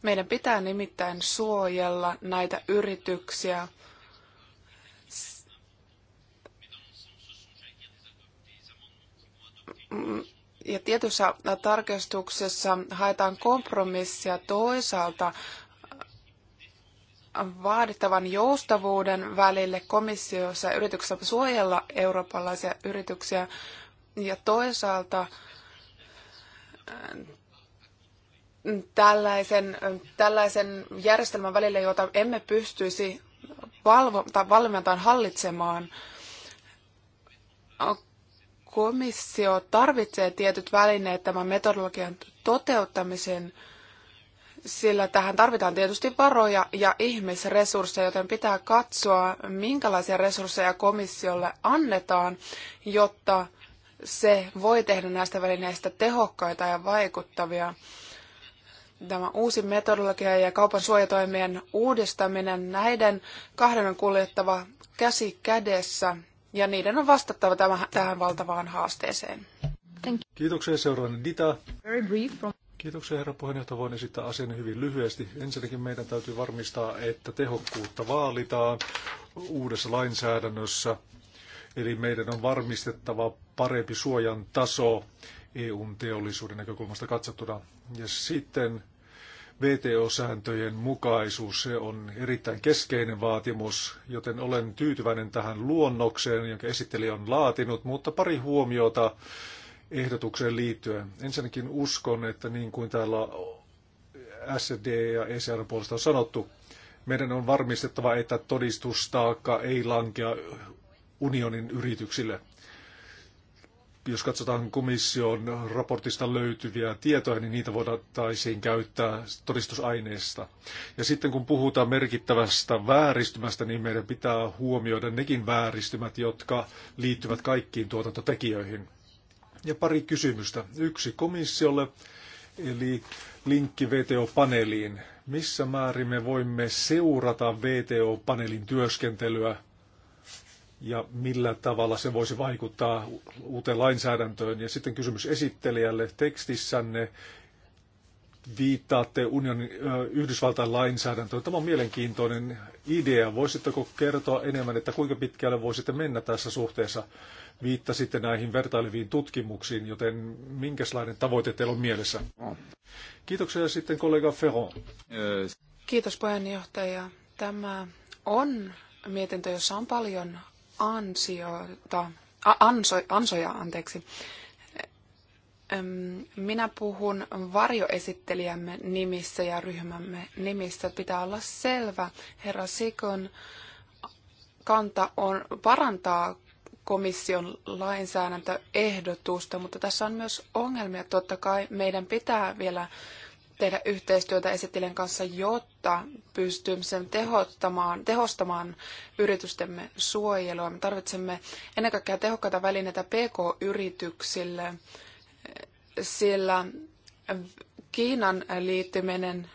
Meidän pitää nimittäin suojella näitä yrityksiä ja tietyssä tarkistuksessa haetaan kompromissia toisaalta vaadittavan joustavuuden välille komissiossa ja yrityksessä suojella eurooppalaisia yrityksiä ja toisaalta tällaisen, tällaisen järjestelmän välille, jota emme pystyisi valvo, tai valmentaan hallitsemaan. Komissio tarvitsee tietyt välineet tämän metodologian toteuttamiseen, sillä tähän tarvitaan tietysti varoja ja ihmisresursseja, joten pitää katsoa, minkälaisia resursseja komissiolle annetaan, jotta se voi tehdä näistä välineistä tehokkaita ja vaikuttavia tämä uusi metodologia ja kaupan suojatoimien uudistaminen, näiden kahden on kuljettava käsi kädessä ja niiden on vastattava tämän, tähän valtavaan haasteeseen. Kiitoksia seuraavana Dita. Very brief from... Kiitoksia herra puheenjohtaja. Voin esittää asian hyvin lyhyesti. Ensinnäkin meidän täytyy varmistaa, että tehokkuutta vaalitaan uudessa lainsäädännössä. Eli meidän on varmistettava parempi suojan taso EUn teollisuuden näkökulmasta katsottuna. Ja sitten VTO-sääntöjen mukaisuus se on erittäin keskeinen vaatimus, joten olen tyytyväinen tähän luonnokseen, jonka esittelijä on laatinut, mutta pari huomiota ehdotukseen liittyen. Ensinnäkin uskon, että niin kuin täällä SD ja ECR puolesta on sanottu, meidän on varmistettava, että todistustaakka ei lankea unionin yrityksille jos katsotaan komission raportista löytyviä tietoja, niin niitä voitaisiin käyttää todistusaineesta. Ja sitten kun puhutaan merkittävästä vääristymästä, niin meidän pitää huomioida nekin vääristymät, jotka liittyvät kaikkiin tuotantotekijöihin. Ja pari kysymystä. Yksi komissiolle, eli linkki VTO-paneeliin. Missä määrin me voimme seurata VTO-paneelin työskentelyä ja millä tavalla se voisi vaikuttaa uuteen lainsäädäntöön. Ja sitten kysymys esittelijälle. Tekstissänne viittaatte unionin, Yhdysvaltain lainsäädäntöön. Tämä on mielenkiintoinen idea. Voisitteko kertoa enemmän, että kuinka pitkälle voisitte mennä tässä suhteessa? Viittasitte näihin vertaileviin tutkimuksiin, joten minkälainen tavoite teillä on mielessä? Kiitoksia sitten kollega Ferron. Kiitos puheenjohtaja. Tämä on mietintö, jossa on paljon ansiota, anso, ansoja, anteeksi. Minä puhun varjoesittelijämme nimissä ja ryhmämme nimissä. Pitää olla selvä. Herra Sikon kanta on parantaa komission lainsäädäntöehdotusta, mutta tässä on myös ongelmia. Totta kai meidän pitää vielä tehdä yhteistyötä esitilen kanssa, jotta pystymme sen tehostamaan, tehostamaan yritystemme suojelua. Me tarvitsemme ennen kaikkea tehokkaita välineitä PK-yrityksille, sillä Kiinan liittyminen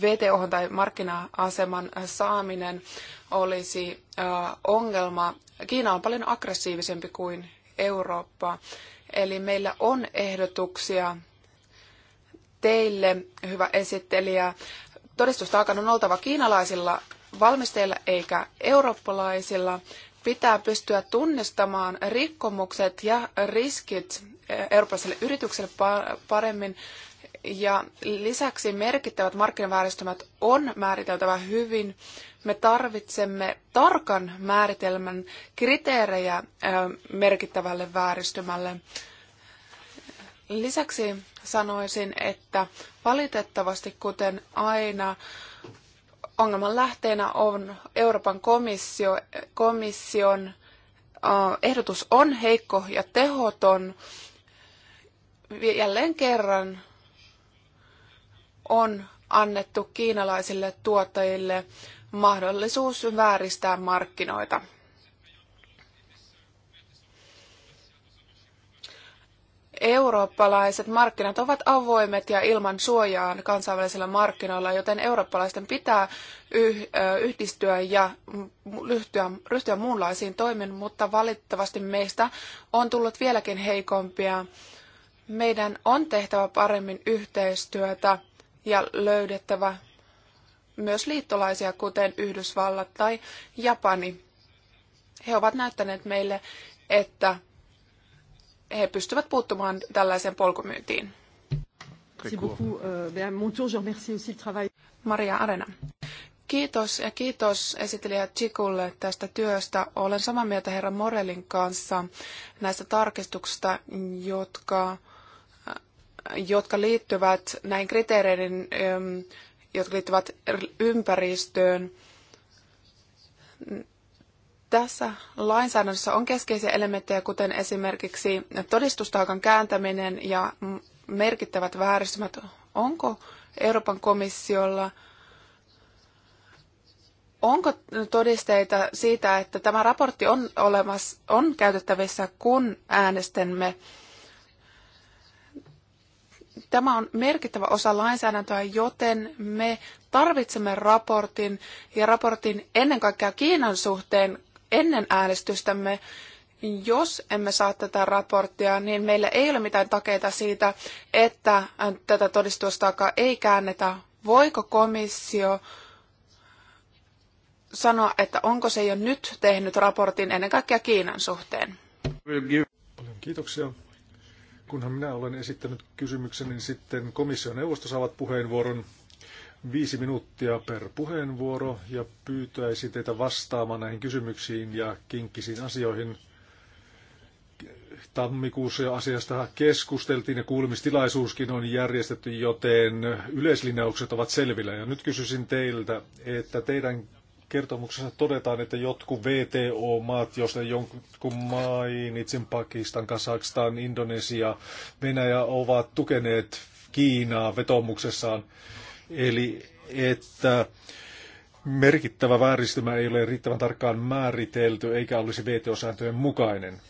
VTO tai markkina-aseman saaminen olisi äh, ongelma. Kiina on paljon aggressiivisempi kuin Eurooppa, eli meillä on ehdotuksia teille, hyvä esittelijä. Todistustaakan on oltava kiinalaisilla valmistajilla eikä eurooppalaisilla. Pitää pystyä tunnistamaan rikkomukset ja riskit eurooppalaiselle yritykselle paremmin. Ja lisäksi merkittävät markkinavääristymät on määriteltävä hyvin. Me tarvitsemme tarkan määritelmän kriteerejä merkittävälle vääristymälle. Lisäksi sanoisin, että valitettavasti kuten aina ongelman lähteenä on Euroopan komissio, komission ehdotus on heikko ja tehoton. Jälleen kerran on annettu kiinalaisille tuottajille mahdollisuus vääristää markkinoita. Eurooppalaiset markkinat ovat avoimet ja ilman suojaa kansainvälisillä markkinoilla, joten eurooppalaisten pitää yhdistyä ja ryhtyä, ryhtyä muunlaisiin toimiin, mutta valitettavasti meistä on tullut vieläkin heikompia. Meidän on tehtävä paremmin yhteistyötä ja löydettävä myös liittolaisia, kuten Yhdysvallat tai Japani. He ovat näyttäneet meille, että he pystyvät puuttumaan tällaiseen polkumyyntiin. Euh, Maria Arena. Kiitos ja kiitos esittelijä Chikulle tästä työstä. Olen samaa mieltä herra Morelin kanssa näistä tarkistuksista, jotka, äh, jotka liittyvät näin kriteereiden, ähm, jotka liittyvät ympäristöön tässä lainsäädännössä on keskeisiä elementtejä, kuten esimerkiksi todistustaakan kääntäminen ja merkittävät vääristymät. Onko Euroopan komissiolla onko todisteita siitä, että tämä raportti on, olemassa, on käytettävissä, kun äänestämme? Tämä on merkittävä osa lainsäädäntöä, joten me tarvitsemme raportin ja raportin ennen kaikkea Kiinan suhteen, ennen äänestystämme, jos emme saa tätä raporttia, niin meillä ei ole mitään takeita siitä, että tätä todistustaakaa ei käännetä. Voiko komissio sanoa, että onko se jo nyt tehnyt raportin ennen kaikkea Kiinan suhteen? Paljon kiitoksia. Kunhan minä olen esittänyt kysymyksen, niin sitten komission neuvosto saavat puheenvuoron viisi minuuttia per puheenvuoro ja pyytäisin teitä vastaamaan näihin kysymyksiin ja kinkkisiin asioihin. Tammikuussa jo asiasta keskusteltiin ja kuulemistilaisuuskin on järjestetty, joten yleislinjaukset ovat selvillä. Ja nyt kysyisin teiltä, että teidän kertomuksessa todetaan, että jotkut VTO-maat, joista jonkun mainitsin Pakistan, Kasakstan, Indonesia, Venäjä ovat tukeneet Kiinaa vetomuksessaan eli että merkittävä vääristymä ei ole riittävän tarkkaan määritelty eikä olisi VTO-sääntöjen mukainen.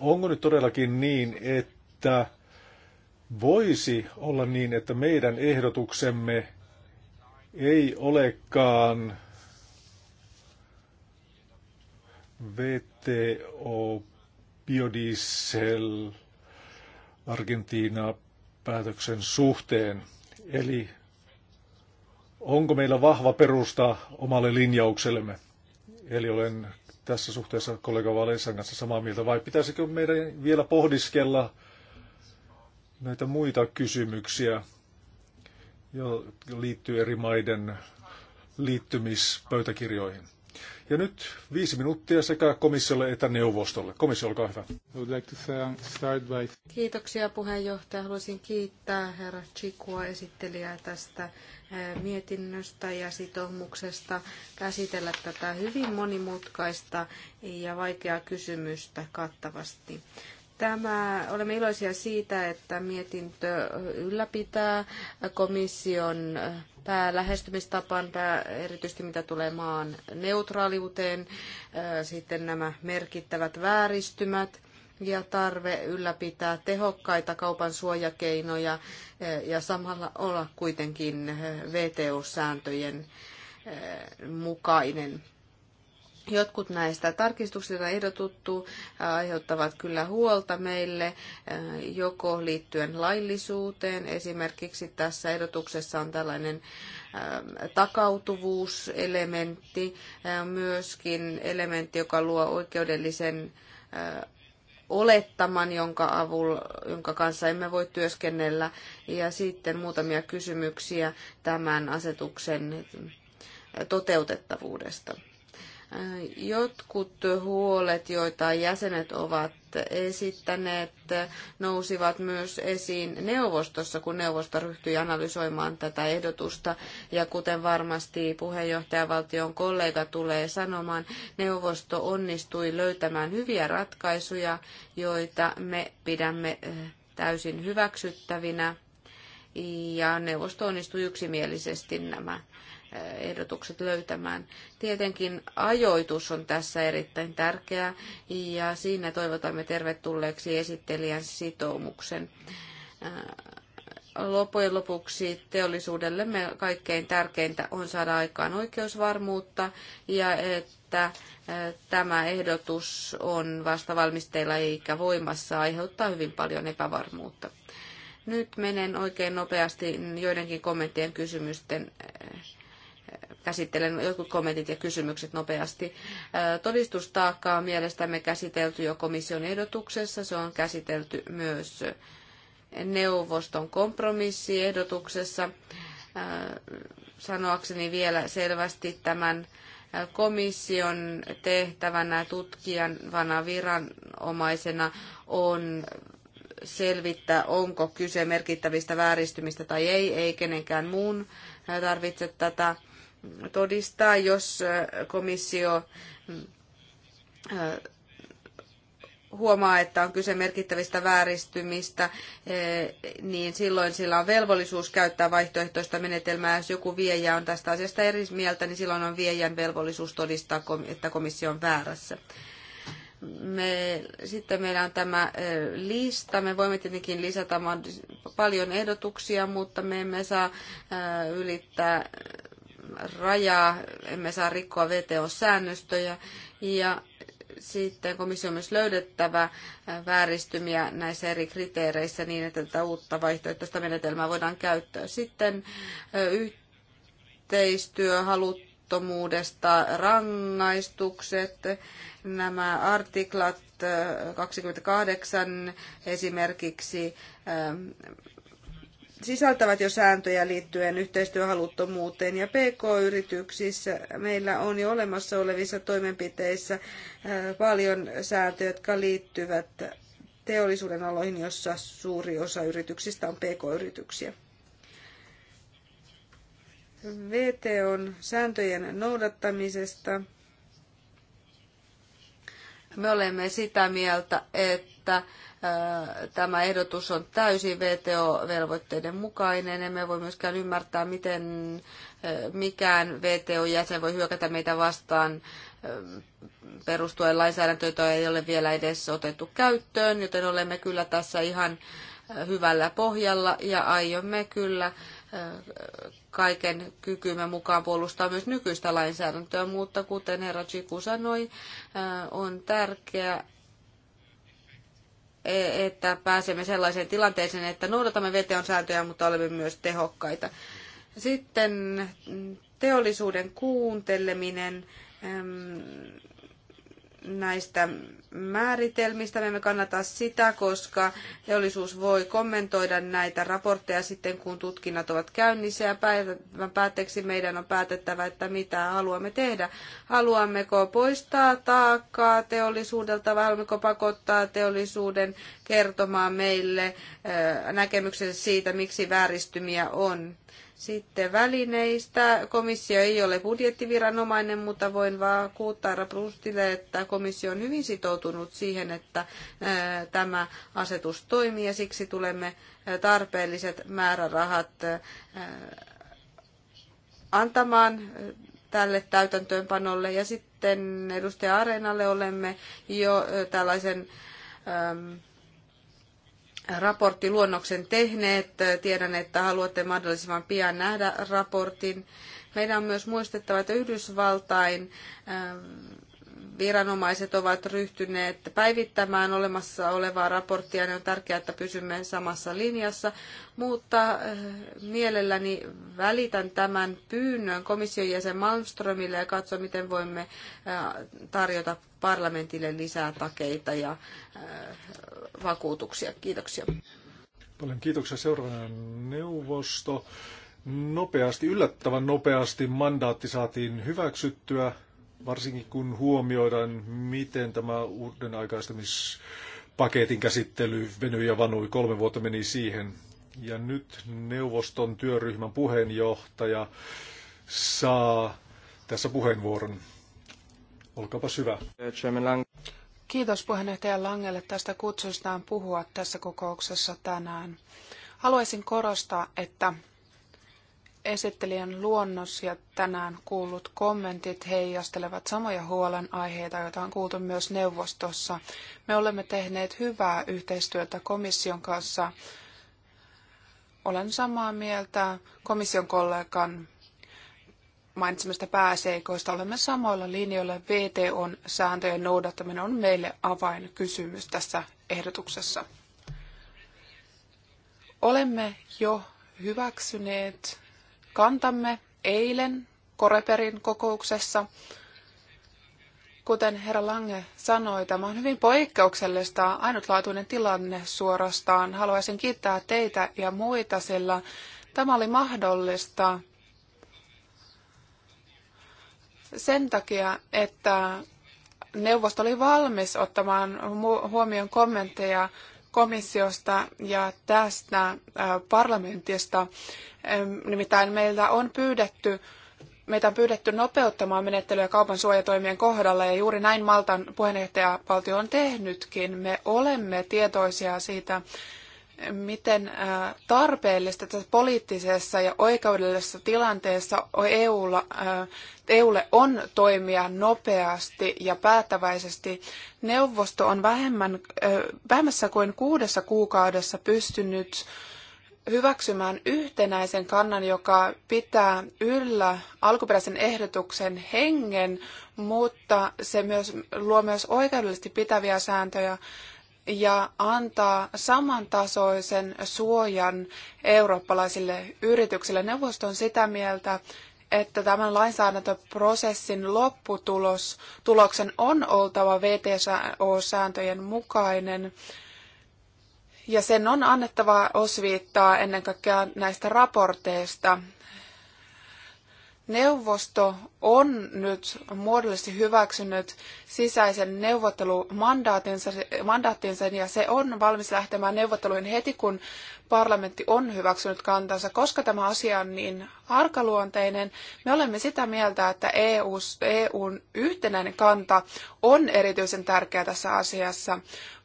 Onko nyt todellakin niin, että voisi olla niin, että meidän ehdotuksemme ei olekaan VTO biodiesel Argentiina päätöksen suhteen – Eli onko meillä vahva perusta omalle linjauksellemme? Eli olen tässä suhteessa kollega Valensan kanssa samaa mieltä, vai pitäisikö meidän vielä pohdiskella näitä muita kysymyksiä, jo liittyy eri maiden liittymispöytäkirjoihin? Ja nyt viisi minuuttia sekä komissiolle että neuvostolle. Komissio, olkaa hyvä. Kiitoksia puheenjohtaja. Haluaisin kiittää herra Chikua esittelijää tästä eh, mietinnöstä ja sitoumuksesta käsitellä tätä hyvin monimutkaista ja vaikeaa kysymystä kattavasti. Tämä, olemme iloisia siitä, että mietintö ylläpitää komission päälähestymistapan, pää, erityisesti mitä tulee maan neutraaliuteen, sitten nämä merkittävät vääristymät ja tarve ylläpitää tehokkaita kaupan suojakeinoja ja samalla olla kuitenkin VTO-sääntöjen mukainen. Jotkut näistä tarkistuksista, ehdotettu ehdotuttu, aiheuttavat kyllä huolta meille eh, joko liittyen laillisuuteen. Esimerkiksi tässä ehdotuksessa on tällainen eh, takautuvuuselementti, eh, myöskin elementti, joka luo oikeudellisen olettaman, jonka, avulla, jonka kanssa emme voi työskennellä. Ja sitten muutamia kysymyksiä tämän asetuksen toteutettavuudesta. Jotkut huolet, joita jäsenet ovat esittäneet, nousivat myös esiin neuvostossa, kun neuvosto ryhtyi analysoimaan tätä ehdotusta. Ja kuten varmasti puheenjohtajavaltion kollega tulee sanomaan, neuvosto onnistui löytämään hyviä ratkaisuja, joita me pidämme eh, täysin hyväksyttävinä. Ja neuvosto onnistui yksimielisesti nämä ehdotukset löytämään. Tietenkin ajoitus on tässä erittäin tärkeä, ja siinä toivotamme tervetulleeksi esittelijän sitoumuksen. Äh, lopujen lopuksi teollisuudellemme kaikkein tärkeintä on saada aikaan oikeusvarmuutta ja että äh, tämä ehdotus on vasta valmisteilla eikä voimassa aiheuttaa hyvin paljon epävarmuutta. Nyt menen oikein nopeasti joidenkin kommenttien kysymysten äh, käsittelen jotkut kommentit ja kysymykset nopeasti. Todistustaakkaa on mielestämme käsitelty jo komission ehdotuksessa, se on käsitelty myös neuvoston kompromissiehdotuksessa. Sanoakseni vielä selvästi tämän komission tehtävänä tutkijana viranomaisena on selvittää, onko kyse merkittävistä vääristymistä tai ei, ei kenenkään muun tarvitse tätä todistaa, jos komissio huomaa, että on kyse merkittävistä vääristymistä, niin silloin sillä on velvollisuus käyttää vaihtoehtoista menetelmää. Jos joku viejä on tästä asiasta eri mieltä, niin silloin on viejän velvollisuus todistaa, että komissio on väärässä. Me, sitten meillä on tämä lista. Me voimme tietenkin lisätä paljon ehdotuksia, mutta me emme saa ylittää rajaa, emme saa rikkoa VTO-säännöstöjä ja sitten komissio on myös löydettävä äh, vääristymiä näissä eri kriteereissä niin, että tätä uutta vaihtoehtoista menetelmää voidaan käyttää. Sitten äh, yhteistyöhaluttomuudesta rangaistukset, nämä artiklat 28 äh, esimerkiksi ähm, sisältävät jo sääntöjä liittyen yhteistyöhaluttomuuteen ja PK-yrityksissä meillä on jo olemassa olevissa toimenpiteissä äh, paljon sääntöjä, jotka liittyvät teollisuuden aloihin, jossa suuri osa yrityksistä on PK-yrityksiä. on sääntöjen noudattamisesta. Me olemme sitä mieltä, että Tämä ehdotus on täysin VTO-velvoitteiden mukainen. Emme voi myöskään ymmärtää, miten mikään VTO-jäsen voi hyökätä meitä vastaan perustuen lainsäädäntöön, jota ei ole vielä edes otettu käyttöön, joten olemme kyllä tässä ihan hyvällä pohjalla ja aiomme kyllä kaiken kykymme mukaan puolustaa myös nykyistä lainsäädäntöä, mutta kuten herra Chiku sanoi, on tärkeää, E, että pääsemme sellaiseen tilanteeseen, että noudatamme veteon sääntöjä, mutta olemme myös tehokkaita. Sitten teollisuuden kuunteleminen näistä määritelmistä. Me emme kannata sitä, koska teollisuus voi kommentoida näitä raportteja sitten, kun tutkinnat ovat käynnissä ja päivän päätteeksi meidän on päätettävä, että mitä haluamme tehdä. Haluammeko poistaa taakkaa teollisuudelta vai haluammeko pakottaa teollisuuden kertomaan meille näkemyksensä siitä, miksi vääristymiä on. Sitten välineistä. Komissio ei ole budjettiviranomainen, mutta voin vaan kuuttaa Raprustille, että komissio on hyvin sitoutunut siihen, että tämä asetus toimii ja siksi tulemme tarpeelliset määrärahat antamaan tälle täytäntöönpanolle. Ja sitten edustaja Areenalle olemme jo tällaisen raporttiluonnoksen tehneet. Tiedän, että haluatte mahdollisimman pian nähdä raportin. Meidän on myös muistettava, että Yhdysvaltain ähm, viranomaiset ovat ryhtyneet päivittämään olemassa olevaa raporttia, niin on tärkeää, että pysymme samassa linjassa. Mutta eh, mielelläni välitän tämän pyynnön komission jäsen Malmströmille ja katso, miten voimme eh, tarjota parlamentille lisää takeita ja eh, vakuutuksia. Kiitoksia. Paljon kiitoksia. Seuraavana neuvosto. Nopeasti, yllättävän nopeasti mandaatti saatiin hyväksyttyä varsinkin kun huomioidaan, miten tämä uuden aikaistamispaketin käsittely venyi ja vanui, kolme vuotta meni siihen. Ja nyt neuvoston työryhmän puheenjohtaja saa tässä puheenvuoron. Olkaapa hyvä. Kiitos puheenjohtaja Langelle tästä kutsustaan puhua tässä kokouksessa tänään. Haluaisin korostaa, että esittelijän luonnos ja tänään kuullut kommentit heijastelevat samoja huolenaiheita, joita on kuultu myös neuvostossa. Me olemme tehneet hyvää yhteistyötä komission kanssa. Olen samaa mieltä komission kollegan mainitsemista pääseikoista. Olemme samoilla linjoilla. VTOn sääntöjen noudattaminen on meille avainkysymys tässä ehdotuksessa. Olemme jo hyväksyneet kantamme eilen Koreperin kokouksessa. Kuten herra Lange sanoi, tämä on hyvin poikkeuksellista, ainutlaatuinen tilanne suorastaan. Haluaisin kiittää teitä ja muita, sillä tämä oli mahdollista sen takia, että neuvosto oli valmis ottamaan huomioon kommentteja komissiosta ja tästä parlamentista. Nimittäin meiltä on pyydetty Meitä on pyydetty nopeuttamaan menettelyä kaupan suojatoimien kohdalla ja juuri näin Maltan puheenjohtajavaltio on tehnytkin. Me olemme tietoisia siitä, miten tarpeellista tässä poliittisessa ja oikeudellisessa tilanteessa EUlla, EUlle on toimia nopeasti ja päättäväisesti. Neuvosto on vähemmän, vähemmässä kuin kuudessa kuukaudessa pystynyt hyväksymään yhtenäisen kannan, joka pitää yllä alkuperäisen ehdotuksen hengen, mutta se myös luo myös oikeudellisesti pitäviä sääntöjä ja antaa samantasoisen suojan eurooppalaisille yrityksille. Neuvosto on sitä mieltä, että tämän lainsäädäntöprosessin lopputulos tuloksen on oltava VTO-sääntöjen mukainen. Ja sen on annettava osviittaa ennen kaikkea näistä raporteista. Neuvosto on nyt muodollisesti hyväksynyt sisäisen neuvottelumandaattinsa ja se on valmis lähtemään neuvotteluihin heti, kun parlamentti on hyväksynyt kantansa. Koska tämä asia on niin arkaluonteinen, me olemme sitä mieltä, että EU, EUn yhtenäinen kanta on erityisen tärkeä tässä asiassa.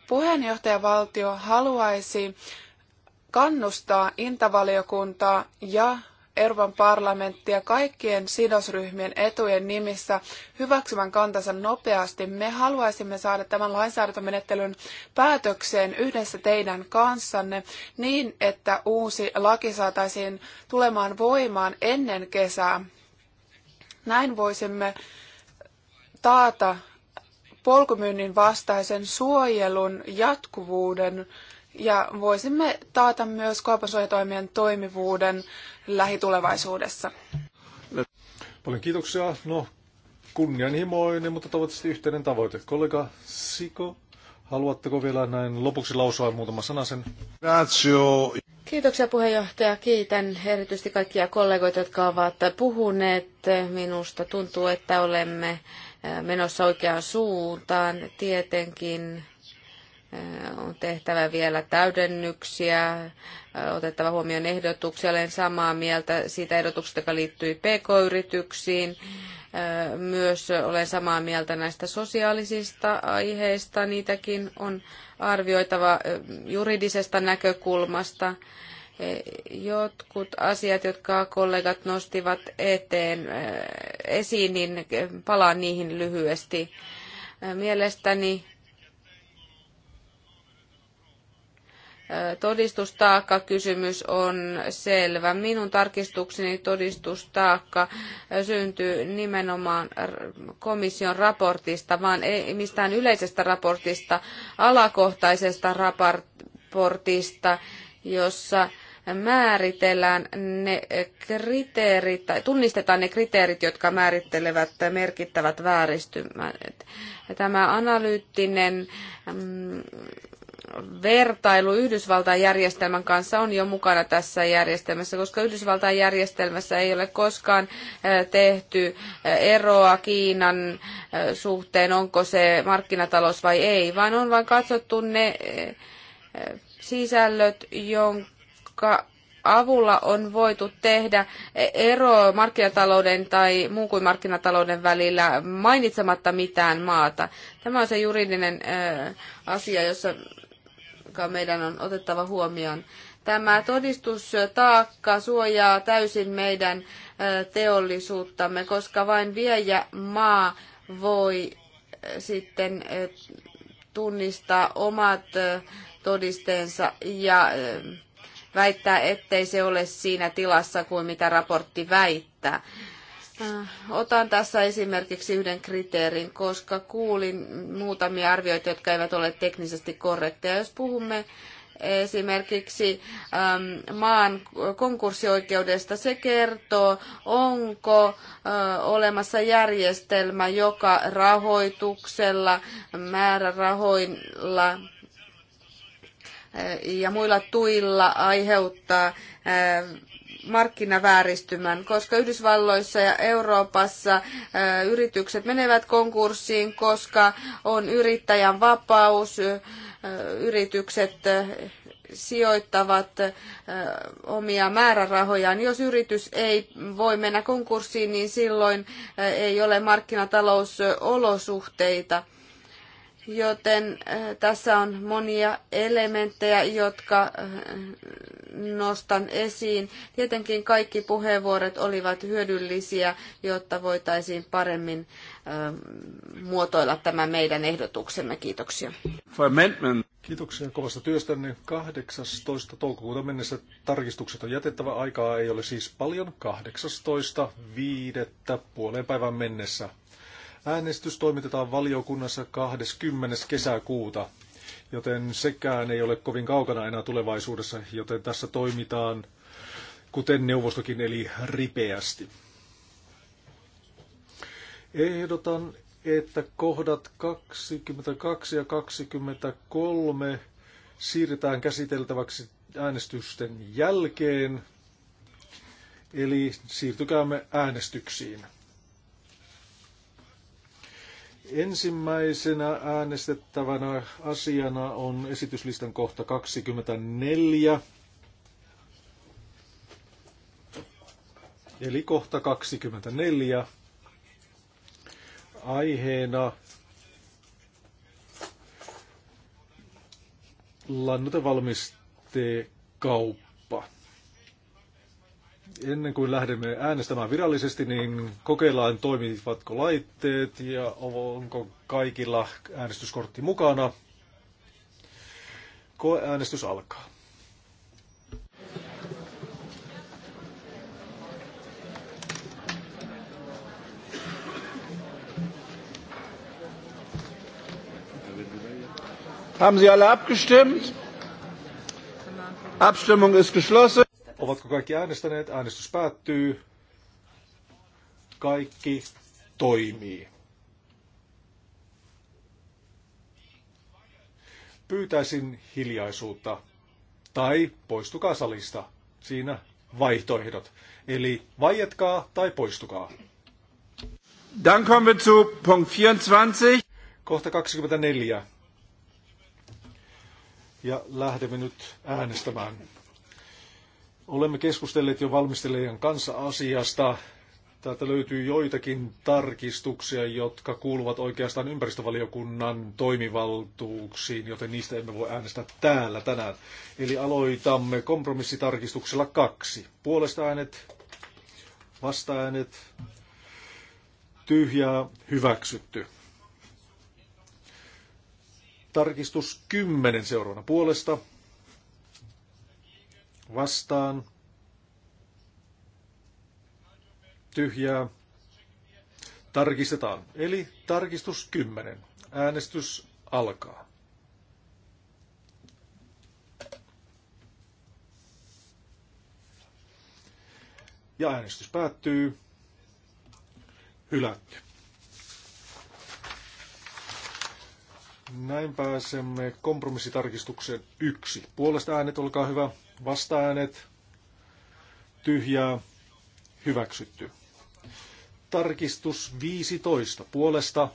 Puheenjohtajavaltio haluaisi kannustaa intavaliokuntaa ja Euroopan ja kaikkien sidosryhmien etujen nimissä hyväksymään kantansa nopeasti. Me haluaisimme saada tämän lainsäädäntömenettelyn päätökseen yhdessä teidän kanssanne niin, että uusi laki saataisiin tulemaan voimaan ennen kesää. Näin voisimme taata polkumyynnin vastaisen suojelun jatkuvuuden ja voisimme taata myös kaupansuojatoimien toimivuuden lähitulevaisuudessa. Paljon kiitoksia. No, kunnianhimoinen, mutta toivottavasti yhteinen tavoite. Kollega Siko, haluatteko vielä näin lopuksi lausua muutama sana sen? Kiitoksia puheenjohtaja. Kiitän erityisesti kaikkia kollegoita, jotka ovat puhuneet. Minusta tuntuu, että olemme äh, menossa oikeaan suuntaan. Tietenkin äh, on tehtävä vielä täydennyksiä otettava huomioon ehdotuksia. Olen samaa mieltä siitä ehdotuksesta, joka liittyy pk-yrityksiin. Myös olen samaa mieltä näistä sosiaalisista aiheista. Niitäkin on arvioitava juridisesta näkökulmasta e, jotkut asiat, jotka kollegat nostivat eteen esiin, niin palaan niihin lyhyesti. Mielestäni Todistustaakka kysymys on selvä. Minun tarkistukseni todistustaakka syntyy nimenomaan komission raportista, vaan ei mistään yleisestä raportista, alakohtaisesta raportista, jossa määritellään ne kriteerit, tai tunnistetaan ne kriteerit, jotka määrittelevät merkittävät vääristymät. Tämä analyyttinen mm, vertailu Yhdysvaltain järjestelmän kanssa on jo mukana tässä järjestelmässä, koska Yhdysvaltain järjestelmässä ei ole koskaan tehty eroa Kiinan suhteen, onko se markkinatalous vai ei, vaan on vain katsottu ne sisällöt, jonka avulla on voitu tehdä ero markkinatalouden tai muun kuin markkinatalouden välillä mainitsematta mitään maata. Tämä on se juridinen asia, jossa jotka meidän on otettava huomioon. Tämä todistustaakka suojaa täysin meidän teollisuuttamme, koska vain viejä maa voi sitten tunnistaa omat todisteensa ja väittää, ettei se ole siinä tilassa kuin mitä raportti väittää. Äh, otan tässä esimerkiksi yhden kriteerin, koska kuulin muutamia arvioita, jotka eivät ole teknisesti korrekteja. Jos puhumme esimerkiksi ähm, maan konkurssioikeudesta, se kertoo, onko äh, olemassa järjestelmä, joka rahoituksella, määrärahoilla äh, ja muilla tuilla aiheuttaa markkinavääristymän, koska Yhdysvalloissa ja Euroopassa yritykset menevät konkurssiin, koska on yrittäjän vapaus, yritykset sijoittavat omia määrärahojaan. Jos yritys ei voi mennä konkurssiin, niin silloin ei ole markkinatalousolosuhteita. Joten äh, tässä on monia elementtejä, jotka äh, nostan esiin. Tietenkin kaikki puheenvuorot olivat hyödyllisiä, jotta voitaisiin paremmin ähm, muotoilla tämä meidän ehdotuksemme. Kiitoksia. Kiitoksia kovasta työstänne. 18. toukokuuta mennessä tarkistukset on jätettävä. Aikaa ei ole siis paljon. 18.5. puoleen päivän mennessä Äänestys toimitetaan valiokunnassa 20. kesäkuuta, joten sekään ei ole kovin kaukana enää tulevaisuudessa, joten tässä toimitaan kuten neuvostokin, eli ripeästi. Ehdotan, että kohdat 22 ja 23 siirretään käsiteltäväksi äänestysten jälkeen. Eli siirtykäämme äänestyksiin. Ensimmäisenä äänestettävänä asiana on esityslistan kohta 24. Eli kohta 24. Aiheena lannoitevalmistekauppa ennen kuin lähdemme äänestämään virallisesti, niin kokeillaan toimivatko laitteet ja onko kaikilla äänestyskortti mukana. Koeäänestys alkaa. Haben Sie alle abgestimmt? Abstimmung ist geschlossen. Ovatko kaikki äänestäneet? Äänestys päättyy. Kaikki toimii. Pyytäisin hiljaisuutta. Tai poistukaa salista. Siinä vaihtoehdot. Eli vaietkaa tai poistukaa. Dann kommen wir zu Punkt 24. Kohta 24. Ja lähdemme nyt äänestämään. Olemme keskustelleet jo valmistelijan kanssa asiasta. Täältä löytyy joitakin tarkistuksia, jotka kuuluvat oikeastaan ympäristövaliokunnan toimivaltuuksiin, joten niistä emme voi äänestää täällä tänään. Eli aloitamme kompromissitarkistuksella kaksi. Puolesta äänet, vasta äänet, tyhjää, hyväksytty. Tarkistus 10 seuraavana puolesta, vastaan tyhjää tarkistetaan. Eli tarkistus 10. Äänestys alkaa. Ja äänestys päättyy. Hylätty. Näin pääsemme kompromissitarkistukseen yksi. Puolesta äänet, olkaa hyvä vastaanet, tyhjää, hyväksytty. Tarkistus 15 puolesta,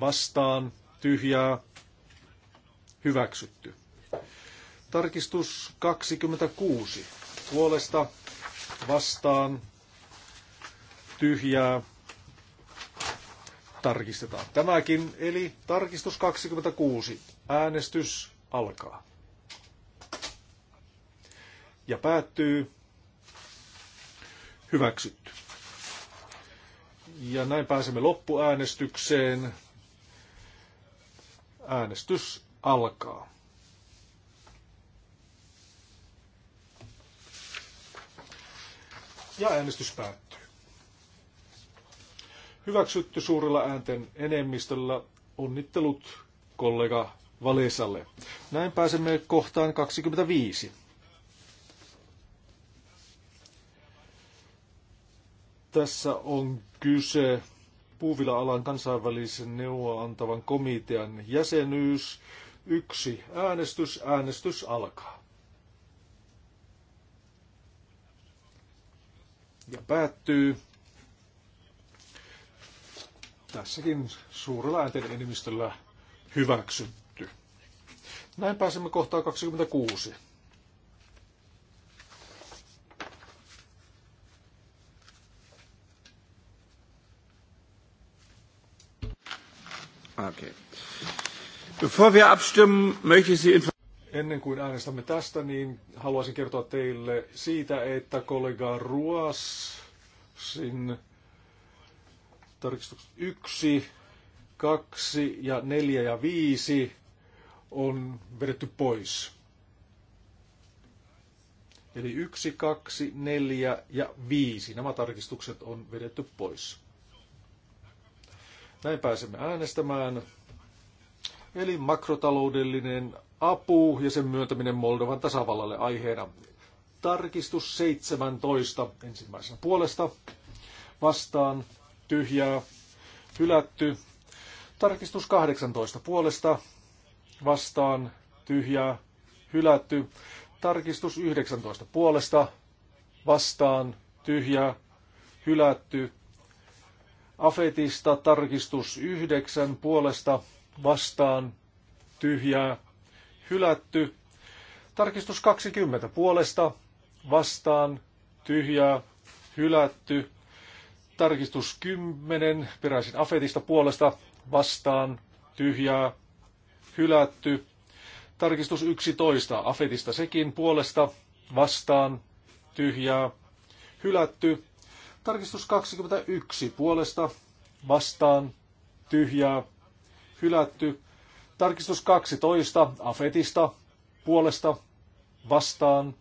vastaan, tyhjää, hyväksytty. Tarkistus 26 puolesta, vastaan, tyhjää, tarkistetaan. Tämäkin, eli tarkistus 26. Äänestys alkaa ja päättyy. Hyväksytty. Ja näin pääsemme loppuäänestykseen. Äänestys alkaa. Ja äänestys päättyy. Hyväksytty suurella äänten enemmistöllä. Onnittelut kollega Valesalle. Näin pääsemme kohtaan 25. Tässä on kyse puuvila-alan kansainvälisen neuvoa antavan komitean jäsenyys. Yksi äänestys. Äänestys alkaa. Ja päättyy. Tässäkin suurella äänten enemmistöllä hyväksytty. Näin pääsemme kohtaan 26. Okay. Bevor wir abstimmen, möchte ich Sie Ennen kuin äänestämme tästä, niin haluaisin kertoa teille siitä, että kollega Ruasin tarkistukset 1, 2 ja 4 ja 5 on vedetty pois. Eli 1, 2, 4 ja 5. Nämä tarkistukset on vedetty pois. Näin pääsemme äänestämään. Eli makrotaloudellinen apu ja sen myöntäminen Moldovan tasavallalle aiheena. Tarkistus 17 ensimmäisenä puolesta. Vastaan tyhjää, hylätty. Tarkistus 18 puolesta. Vastaan tyhjää, hylätty. Tarkistus 19 puolesta. Vastaan tyhjää, hylätty. Afetista tarkistus yhdeksän puolesta vastaan tyhjää hylätty. Tarkistus 20 puolesta vastaan tyhjää hylätty. Tarkistus 10 peräisin Afetista puolesta vastaan tyhjää hylätty. Tarkistus 11 Afetista sekin puolesta vastaan tyhjää hylätty. Tarkistus 21 puolesta vastaan tyhjää hylätty. Tarkistus 12 afetista puolesta vastaan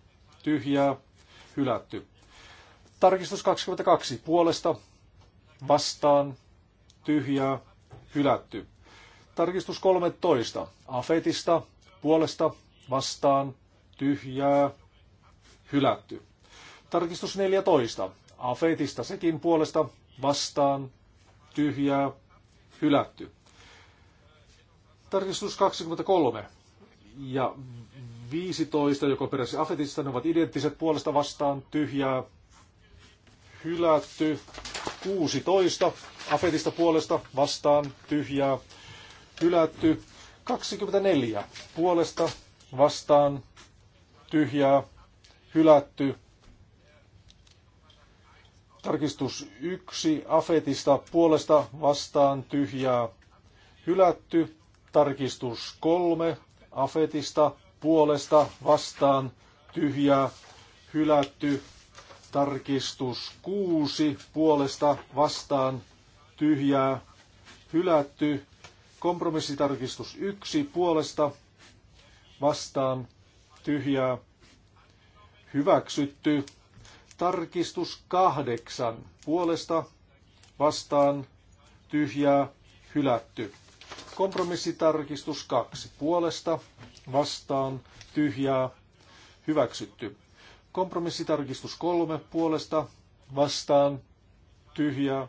tyhjää hylätty. Tarkistus 22 puolesta vastaan tyhjää hylätty. Tarkistus 13 afetista puolesta vastaan tyhjää hylätty. Tarkistus 14 Afetista sekin puolesta vastaan tyhjää hylätty. Tarkistus 23 ja 15, joko peräsi Afetista, ne ovat identtiset puolesta vastaan tyhjää hylätty. 16 Afetista puolesta vastaan tyhjää hylätty. 24 puolesta vastaan tyhjää hylätty. Tarkistus 1 Afetista puolesta vastaan tyhjää hylätty. Tarkistus 3 Afetista puolesta vastaan tyhjää hylätty. Tarkistus 6 puolesta vastaan tyhjää hylätty. Kompromissitarkistus 1 puolesta vastaan tyhjää hyväksytty. Tarkistus kahdeksan puolesta vastaan tyhjää hylätty. Kompromissitarkistus kaksi puolesta vastaan tyhjää hyväksytty. Kompromissitarkistus kolme puolesta vastaan tyhjää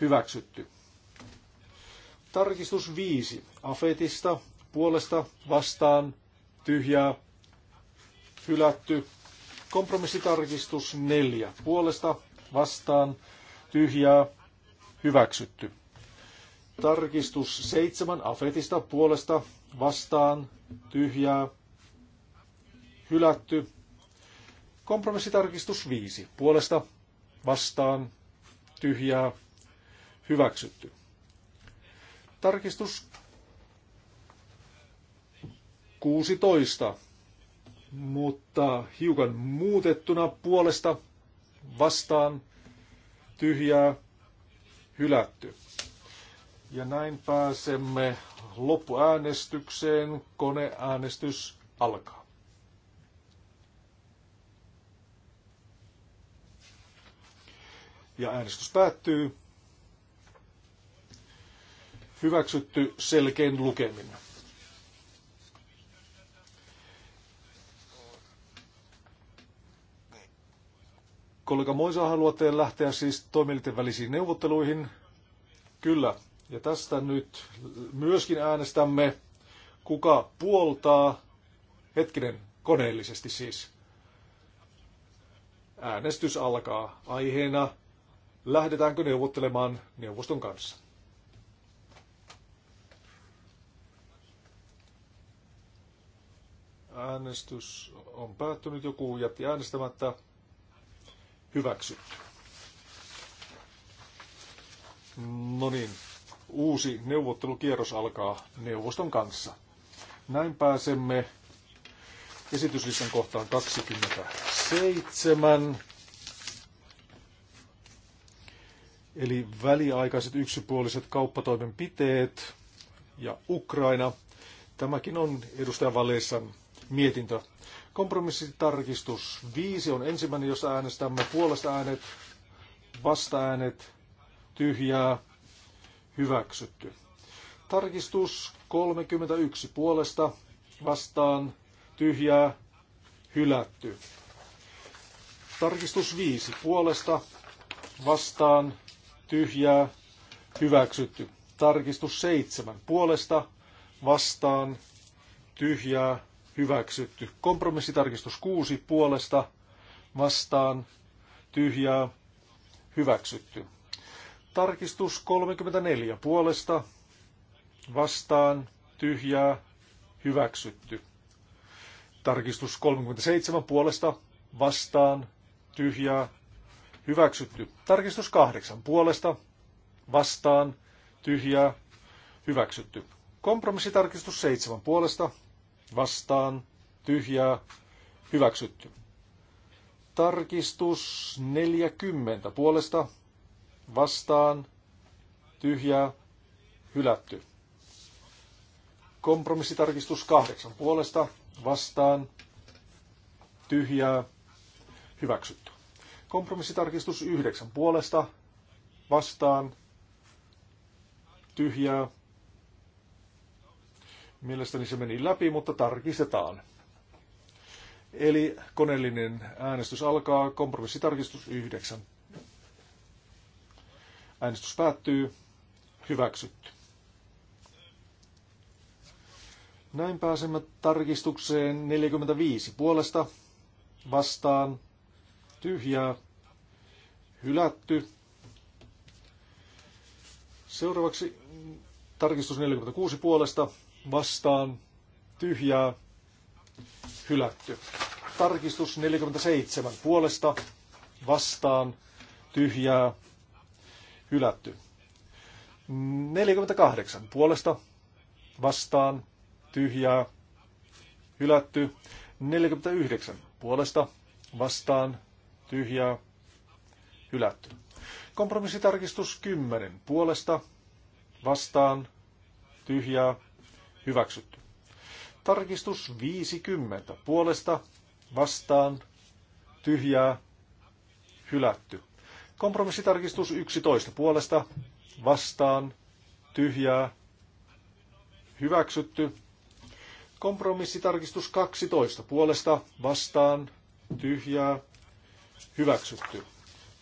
hyväksytty. Tarkistus viisi Afetista puolesta vastaan tyhjää hylätty. Kompromissitarkistus neljä Puolesta vastaan tyhjää hyväksytty. Tarkistus seitsemän Afetista puolesta vastaan tyhjää hylätty. Kompromissitarkistus viisi Puolesta vastaan tyhjää hyväksytty. Tarkistus 16 mutta hiukan muutettuna puolesta vastaan tyhjää hylätty. Ja näin pääsemme loppuäänestykseen. Koneäänestys alkaa. Ja äänestys päättyy. Hyväksytty selkein lukeminen. Kollega Moisa, haluatte lähteä siis toimielinten välisiin neuvotteluihin? Kyllä. Ja tästä nyt myöskin äänestämme, kuka puoltaa, hetkinen, koneellisesti siis. Äänestys alkaa aiheena, lähdetäänkö neuvottelemaan neuvoston kanssa. Äänestys on päättynyt, joku jätti äänestämättä hyväksytty. No niin, uusi neuvottelukierros alkaa neuvoston kanssa. Näin pääsemme esityslistan kohtaan 27. Eli väliaikaiset yksipuoliset kauppatoimenpiteet ja Ukraina. Tämäkin on edustaja Valeisan mietintö. Kompromissitarkistus 5 on ensimmäinen, jossa äänestämme puolesta äänet, vasta-äänet, tyhjää, hyväksytty. Tarkistus 31 puolesta, vastaan, tyhjää, hylätty. Tarkistus 5 puolesta, vastaan, tyhjää, hyväksytty. Tarkistus 7 puolesta, vastaan, tyhjää, hyväksytty. Kompromissitarkistus 6 puolesta vastaan tyhjää hyväksytty. Tarkistus 34 puolesta vastaan tyhjää hyväksytty. Tarkistus 37 puolesta vastaan tyhjää hyväksytty. Tarkistus 8 puolesta vastaan tyhjää hyväksytty. Kompromissitarkistus 7 puolesta vastaan tyhjää hyväksytty. Tarkistus 40 puolesta vastaan tyhjää hylätty. Kompromissitarkistus 8 puolesta vastaan tyhjää hyväksytty. Kompromissitarkistus 9 puolesta vastaan tyhjää Mielestäni se meni läpi, mutta tarkistetaan. Eli koneellinen äänestys alkaa, kompromissitarkistus 9. Äänestys päättyy, hyväksytty. Näin pääsemme tarkistukseen 45 puolesta, vastaan, tyhjää, hylätty. Seuraavaksi tarkistus 46 puolesta, vastaan tyhjää hylätty. Tarkistus 47 puolesta vastaan tyhjää hylätty. 48 puolesta vastaan tyhjää hylätty. 49 puolesta vastaan tyhjää hylätty. Kompromissitarkistus 10 puolesta vastaan tyhjää Hyväksytty. Tarkistus 50. Puolesta vastaan tyhjää hylätty. Kompromissitarkistus 11. Puolesta vastaan tyhjää hyväksytty. Kompromissitarkistus 12. Puolesta vastaan tyhjää hyväksytty.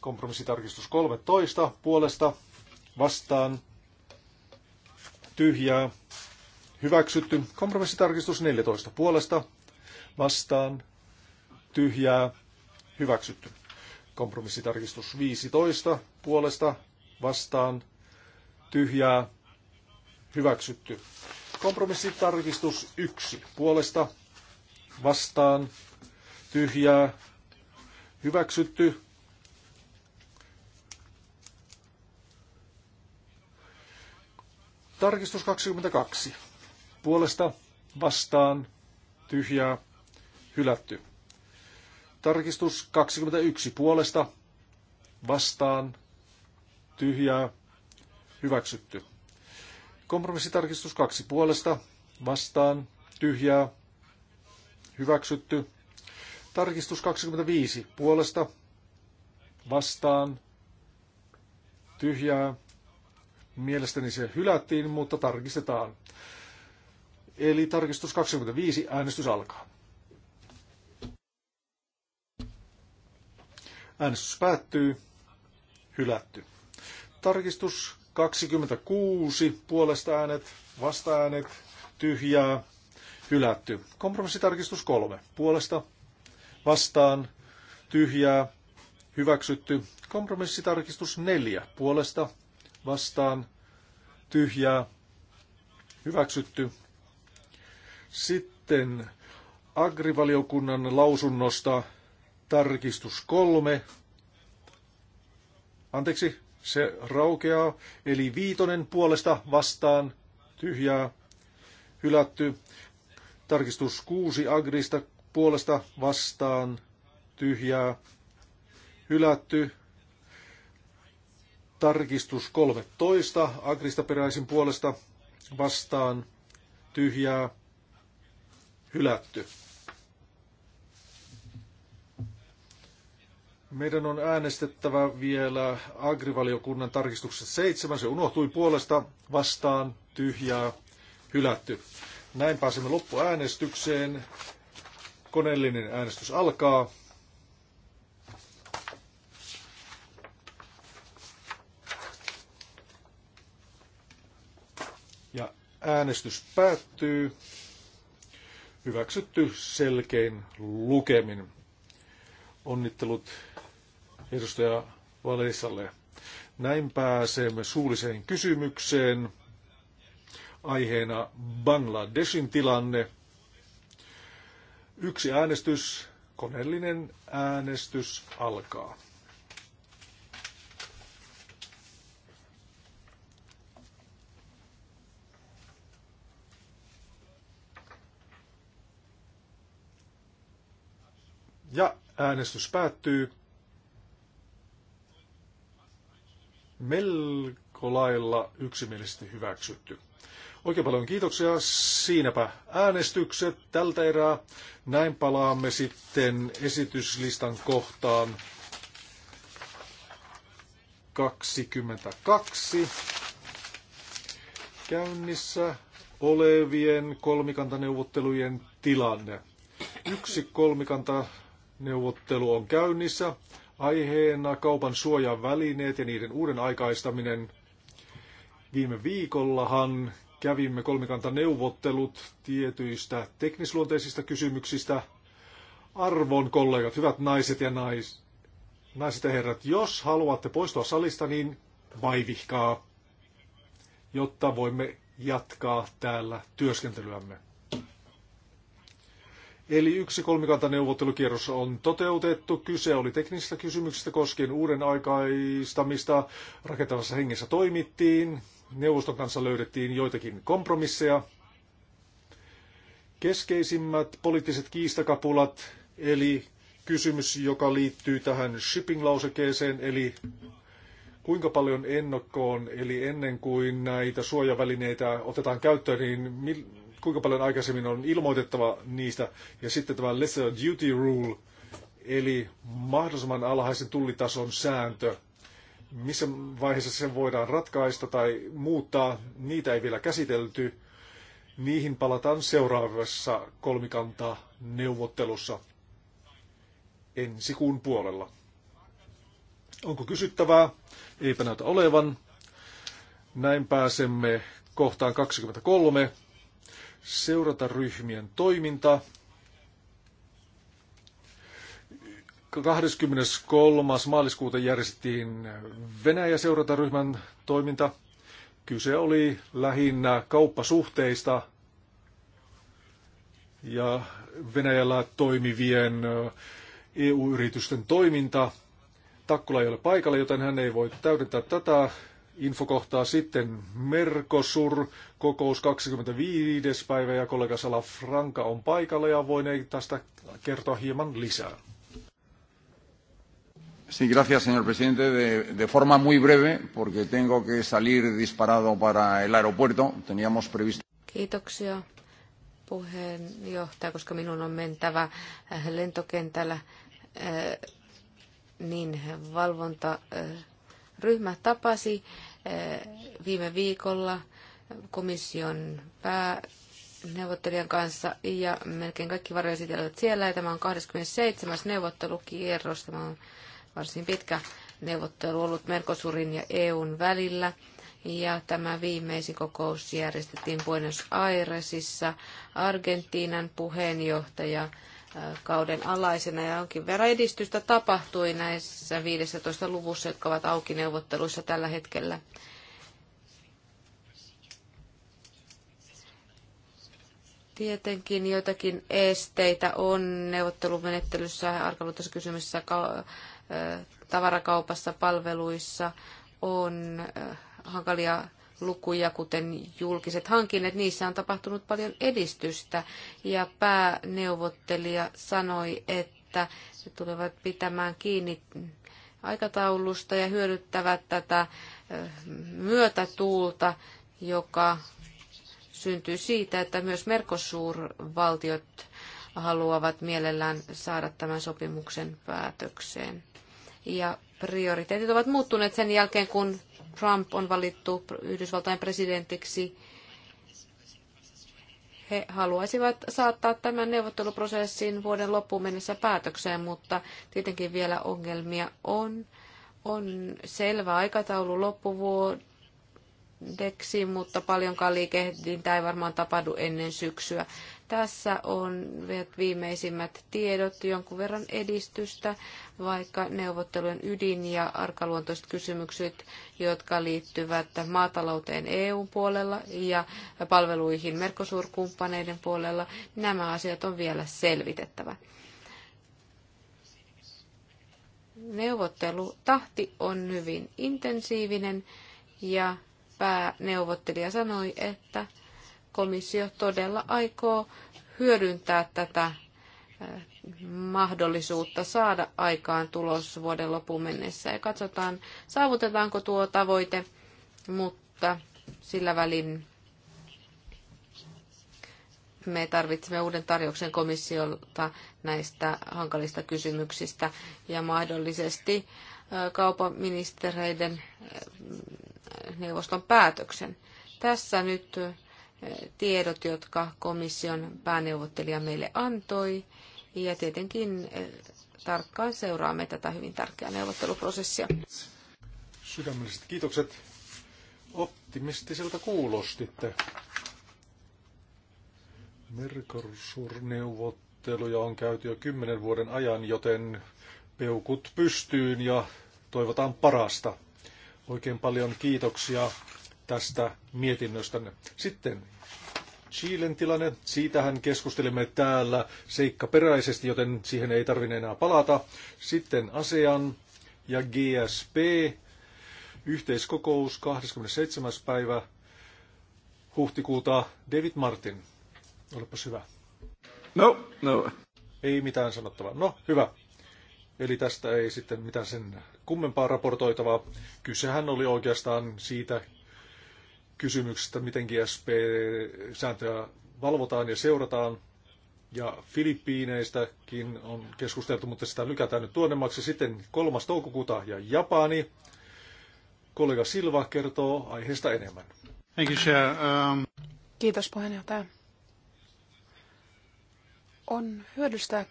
Kompromissitarkistus 13. Puolesta vastaan tyhjää Hyväksytty. Kompromissitarkistus 14. Puolesta vastaan tyhjää. Hyväksytty. Kompromissitarkistus 15. Puolesta vastaan tyhjää. Hyväksytty. Kompromissitarkistus 1. Puolesta vastaan tyhjää. Hyväksytty. Tarkistus 22 puolesta vastaan tyhjää hylätty. Tarkistus 21 puolesta vastaan tyhjää hyväksytty. Kompromissitarkistus 2 puolesta vastaan tyhjää hyväksytty. Tarkistus 25 puolesta vastaan tyhjää. Mielestäni se hylättiin, mutta tarkistetaan. Eli tarkistus 25, äänestys alkaa. Äänestys päättyy. Hylätty. Tarkistus 26, puolesta äänet, vasta äänet, tyhjää, hylätty. Kompromissitarkistus 3, puolesta, vastaan, tyhjää, hyväksytty. Kompromissitarkistus 4, puolesta, vastaan, tyhjää, hyväksytty. Sitten agrivaliokunnan lausunnosta tarkistus kolme. Anteeksi, se raukeaa. Eli viitonen puolesta vastaan tyhjää hylätty. Tarkistus kuusi agrista puolesta vastaan tyhjää hylätty. Tarkistus 13 agrista peräisin puolesta vastaan tyhjää hylätty. Meidän on äänestettävä vielä agrivaliokunnan tarkistuksessa seitsemän. Se unohtui puolesta vastaan tyhjää hylätty. Näin pääsemme loppuäänestykseen. Koneellinen äänestys alkaa. Ja äänestys päättyy hyväksytty selkein lukemin. Onnittelut edustaja Valisalle. Näin pääsemme suulliseen kysymykseen. Aiheena Bangladeshin tilanne. Yksi äänestys, koneellinen äänestys alkaa. Ja äänestys päättyy. Melko lailla yksimielisesti hyväksytty. Oikein paljon kiitoksia. Siinäpä äänestykset tältä erää. Näin palaamme sitten esityslistan kohtaan 22 käynnissä olevien kolmikantaneuvottelujen tilanne. Yksi kolmikanta Neuvottelu on käynnissä. Aiheena kaupan suojan välineet ja niiden uuden aikaistaminen. Viime viikollahan kävimme kolmikanta neuvottelut tietyistä teknisluonteisista kysymyksistä. Arvon kollegat, hyvät naiset ja nais, naiset ja herrat, jos haluatte poistua salista, niin vaivihkaa, jotta voimme jatkaa täällä työskentelyämme. Eli yksi kolmikantaneuvottelukierros on toteutettu. Kyse oli teknisistä kysymyksistä koskien uuden aikaistamista. Rakentavassa hengessä toimittiin. Neuvoston kanssa löydettiin joitakin kompromisseja. Keskeisimmät poliittiset kiistakapulat, eli kysymys, joka liittyy tähän shipping-lausekeeseen, eli kuinka paljon ennakkoon, eli ennen kuin näitä suojavälineitä otetaan käyttöön, niin kuinka paljon aikaisemmin on ilmoitettava niistä. Ja sitten tämä lesser duty rule, eli mahdollisimman alhaisen tullitason sääntö, missä vaiheessa sen voidaan ratkaista tai muuttaa, niitä ei vielä käsitelty. Niihin palataan seuraavassa kolmikantaa neuvottelussa ensi kuun puolella. Onko kysyttävää? Eipä näytä olevan. Näin pääsemme kohtaan 23 seurata ryhmien toimintaa. 23. maaliskuuta järjestettiin Venäjä-seurataryhmän toiminta. Kyse oli lähinnä kauppasuhteista ja Venäjällä toimivien EU-yritysten toiminta. Takkula ei ole paikalla, joten hän ei voi täydentää tätä infokohtaa sitten Mercosur, kokous 25. päivä ja kollega Sala Franka on paikalla ja voin tästä kertoa hieman lisää. Sí, gracias, señor presidente. De, de forma muy breve, porque tengo que salir disparado para el aeropuerto. Teníamos previsto. Kiitoksia puheenjohtaja, koska minun on mentävä äh, lentokentällä, äh, niin valvonta äh, ryhmä tapasi eh, viime viikolla komission pääneuvottelijan kanssa ja melkein kaikki varjoesitelmät siellä. Ja tämä on 27. neuvottelukierros. Tämä on varsin pitkä neuvottelu ollut Mercosurin ja EUn välillä. Ja tämä viimeisin kokous järjestettiin Buenos Airesissa. Argentiinan puheenjohtaja kauden alaisena ja jonkin verran edistystä tapahtui näissä 15 luvussa, jotka ovat auki neuvotteluissa tällä hetkellä. Tietenkin joitakin esteitä on neuvottelumenettelyssä, arkaluontoisessa kysymyksessä, tavarakaupassa, palveluissa, on hankalia lukuja, kuten julkiset hankinnat, niissä on tapahtunut paljon edistystä. Ja pääneuvottelija sanoi, että ne tulevat pitämään kiinni aikataulusta ja hyödyttävät tätä myötätuulta, joka syntyy siitä, että myös Merkosuurvaltiot haluavat mielellään saada tämän sopimuksen päätökseen. Ja prioriteetit ovat muuttuneet sen jälkeen, kun Trump on valittu Yhdysvaltain presidentiksi, he haluaisivat saattaa tämän neuvotteluprosessin vuoden loppuun mennessä päätökseen, mutta tietenkin vielä ongelmia on. On selvä aikataulu loppuvuodeksi, mutta paljonkaan liikehdintää ei varmaan tapahdu ennen syksyä. Tässä on viimeisimmät tiedot, jonkun verran edistystä, vaikka neuvottelujen ydin ja arkaluontoiset kysymykset, jotka liittyvät maatalouteen EU-puolella ja palveluihin merkosuurkumppaneiden puolella, nämä asiat on vielä selvitettävä neuvottelutahti on hyvin intensiivinen ja pääneuvottelija sanoi, että komissio todella aikoo hyödyntää tätä mahdollisuutta saada aikaan tulos vuoden loppuun mennessä. Ja katsotaan, saavutetaanko tuo tavoite, mutta sillä välin me tarvitsemme uuden tarjouksen komissiolta näistä hankalista kysymyksistä ja mahdollisesti kaupaministereiden neuvoston päätöksen. Tässä nyt tiedot, jotka komission pääneuvottelija meille antoi. Ja tietenkin eh, tarkkaan seuraamme tätä hyvin tärkeää neuvotteluprosessia. Sydämelliset kiitokset. Optimistiselta kuulostitte. Mercosur-neuvotteluja on käyty jo kymmenen vuoden ajan, joten peukut pystyyn ja toivotaan parasta. Oikein paljon kiitoksia tästä mietinnöstänne. Sitten Chilen tilanne, siitähän keskustelimme täällä seikkaperäisesti, joten siihen ei tarvitse enää palata. Sitten ASEAN ja GSP, yhteiskokous 27. päivä huhtikuuta. David Martin, olepas hyvä. No, no. Ei mitään sanottavaa. No, hyvä. Eli tästä ei sitten mitään sen kummempaa raportoitavaa. Kysehän oli oikeastaan siitä kysymyksestä, miten GSP-sääntöä valvotaan ja seurataan. Ja Filippiineistäkin on keskusteltu, mutta sitä lykätään nyt tuonnemmaksi. Sitten 3. toukokuuta ja Japani. Kollega Silva kertoo aiheesta enemmän. Thank you, Chair. Um... Kiitos puheenjohtaja. On hyödyllistä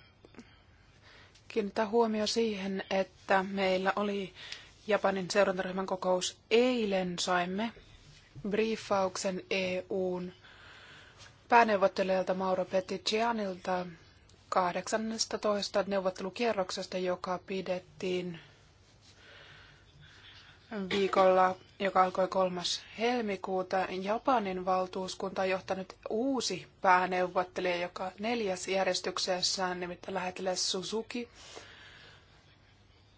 kiinnittää huomio siihen, että meillä oli Japanin seurantaryhmän kokous eilen. Saimme briefauksen EUn pääneuvottelijalta Mauro Petitianilta 18. neuvottelukierroksesta, joka pidettiin viikolla, joka alkoi 3. helmikuuta. Japanin valtuuskunta on johtanut uusi pääneuvottelija, joka neljäs järjestyksessään, nimittäin lähetiläs Suzuki.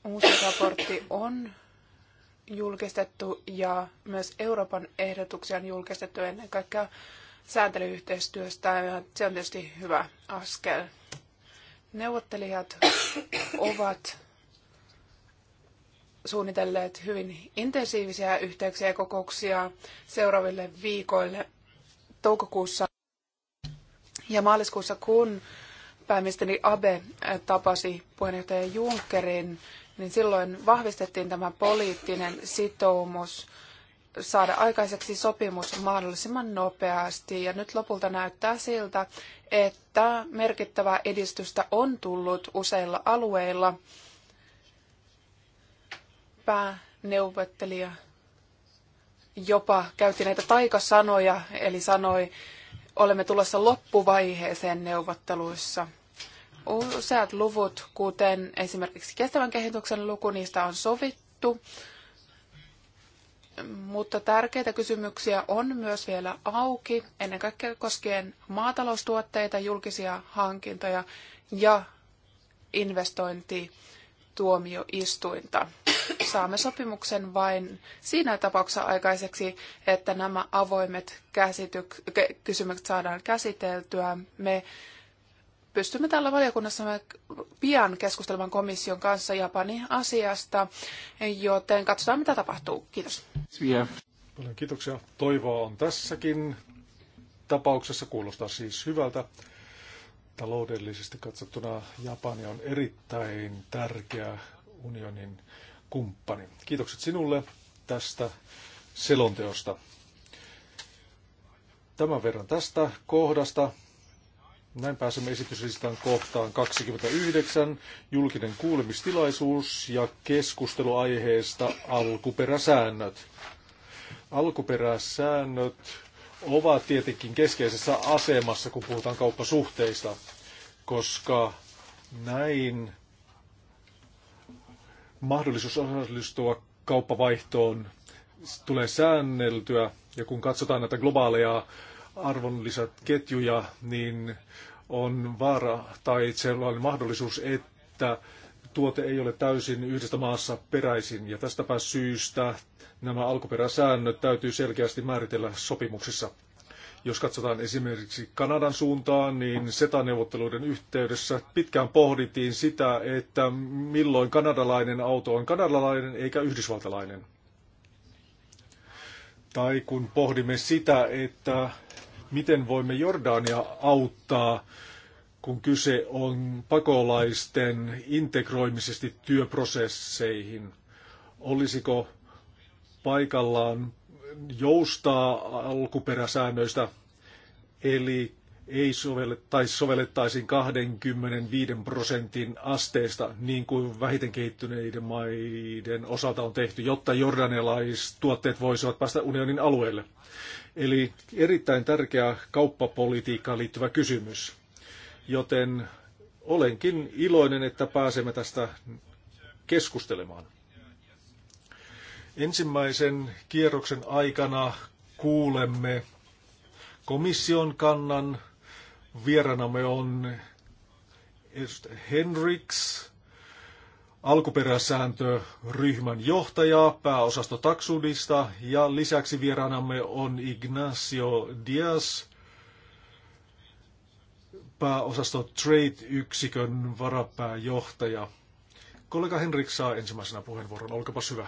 Uusi raportti on julkistettu ja myös Euroopan ehdotuksia on julkistettu ennen kaikkea sääntelyyhteistyöstä ja se on tietysti hyvä askel. Neuvottelijat ovat suunnitelleet hyvin intensiivisiä yhteyksiä ja kokouksia seuraaville viikoille toukokuussa ja maaliskuussa, kun pääministeri Abe tapasi puheenjohtaja Junckerin niin silloin vahvistettiin tämä poliittinen sitoumus saada aikaiseksi sopimus mahdollisimman nopeasti. Ja nyt lopulta näyttää siltä, että merkittävää edistystä on tullut useilla alueilla. Pääneuvottelija jopa käytti näitä taikasanoja, eli sanoi, olemme tulossa loppuvaiheeseen neuvotteluissa useat luvut, kuten esimerkiksi kestävän kehityksen luku, niistä on sovittu. Mutta tärkeitä kysymyksiä on myös vielä auki, ennen kaikkea koskien maataloustuotteita, julkisia hankintoja ja investointituomioistuinta. Saamme sopimuksen vain siinä tapauksessa aikaiseksi, että nämä avoimet käsityk- kysymykset saadaan käsiteltyä. Me pystymme täällä valiokunnassa pian keskustelemaan komission kanssa Japanin asiasta, joten katsotaan mitä tapahtuu. Kiitos. Paljon kiitoksia. Toivoa on tässäkin tapauksessa. Kuulostaa siis hyvältä. Taloudellisesti katsottuna Japani on erittäin tärkeä unionin kumppani. Kiitokset sinulle tästä selonteosta. Tämän verran tästä kohdasta. Näin pääsemme esityslistan kohtaan 29, julkinen kuulemistilaisuus ja keskustelu aiheesta alkuperäsäännöt. Alkuperäsäännöt ovat tietenkin keskeisessä asemassa, kun puhutaan kauppasuhteista, koska näin mahdollisuus osallistua kauppavaihtoon tulee säänneltyä. Ja kun katsotaan näitä globaaleja Arvonlisät ketjuja, niin on vaara tai sellainen mahdollisuus, että tuote ei ole täysin yhdestä maassa peräisin. Ja tästäpä syystä nämä alkuperäsäännöt täytyy selkeästi määritellä sopimuksissa. Jos katsotaan esimerkiksi Kanadan suuntaan, niin SETA-neuvotteluiden yhteydessä pitkään pohdittiin sitä, että milloin kanadalainen auto on kanadalainen eikä yhdysvaltalainen. Tai kun pohdimme sitä, että miten voimme Jordania auttaa, kun kyse on pakolaisten integroimisesti työprosesseihin. Olisiko paikallaan joustaa alkuperäsäännöistä, eli ei sovellettaisi, sovellettaisiin 25 prosentin asteesta, niin kuin vähiten kehittyneiden maiden osalta on tehty, jotta tuotteet voisivat päästä unionin alueelle. Eli erittäin tärkeä kauppapolitiikkaan liittyvä kysymys. Joten olenkin iloinen, että pääsemme tästä keskustelemaan. Ensimmäisen kierroksen aikana kuulemme komission kannan. Vieraanamme on Henriks ryhmän johtajaa pääosasto Taksudista ja lisäksi vieraanamme on Ignacio Diaz, pääosasto Trade-yksikön varapääjohtaja. Kollega Henrik saa ensimmäisenä puheenvuoron. Olkapas hyvä.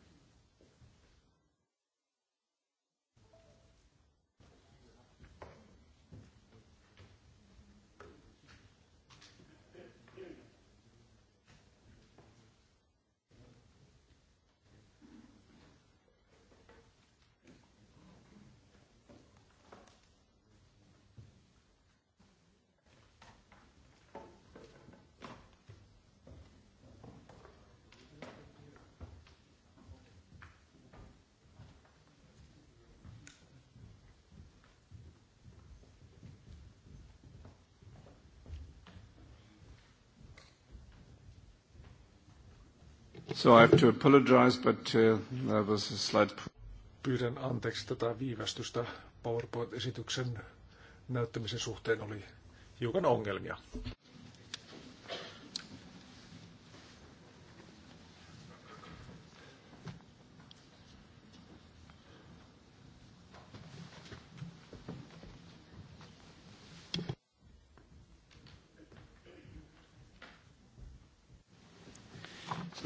So I have to apologize, but uh, there was a slight... Pyydän anteeksi tätä viivästystä. PowerPoint-esityksen näyttämisen suhteen oli hiukan ongelmia.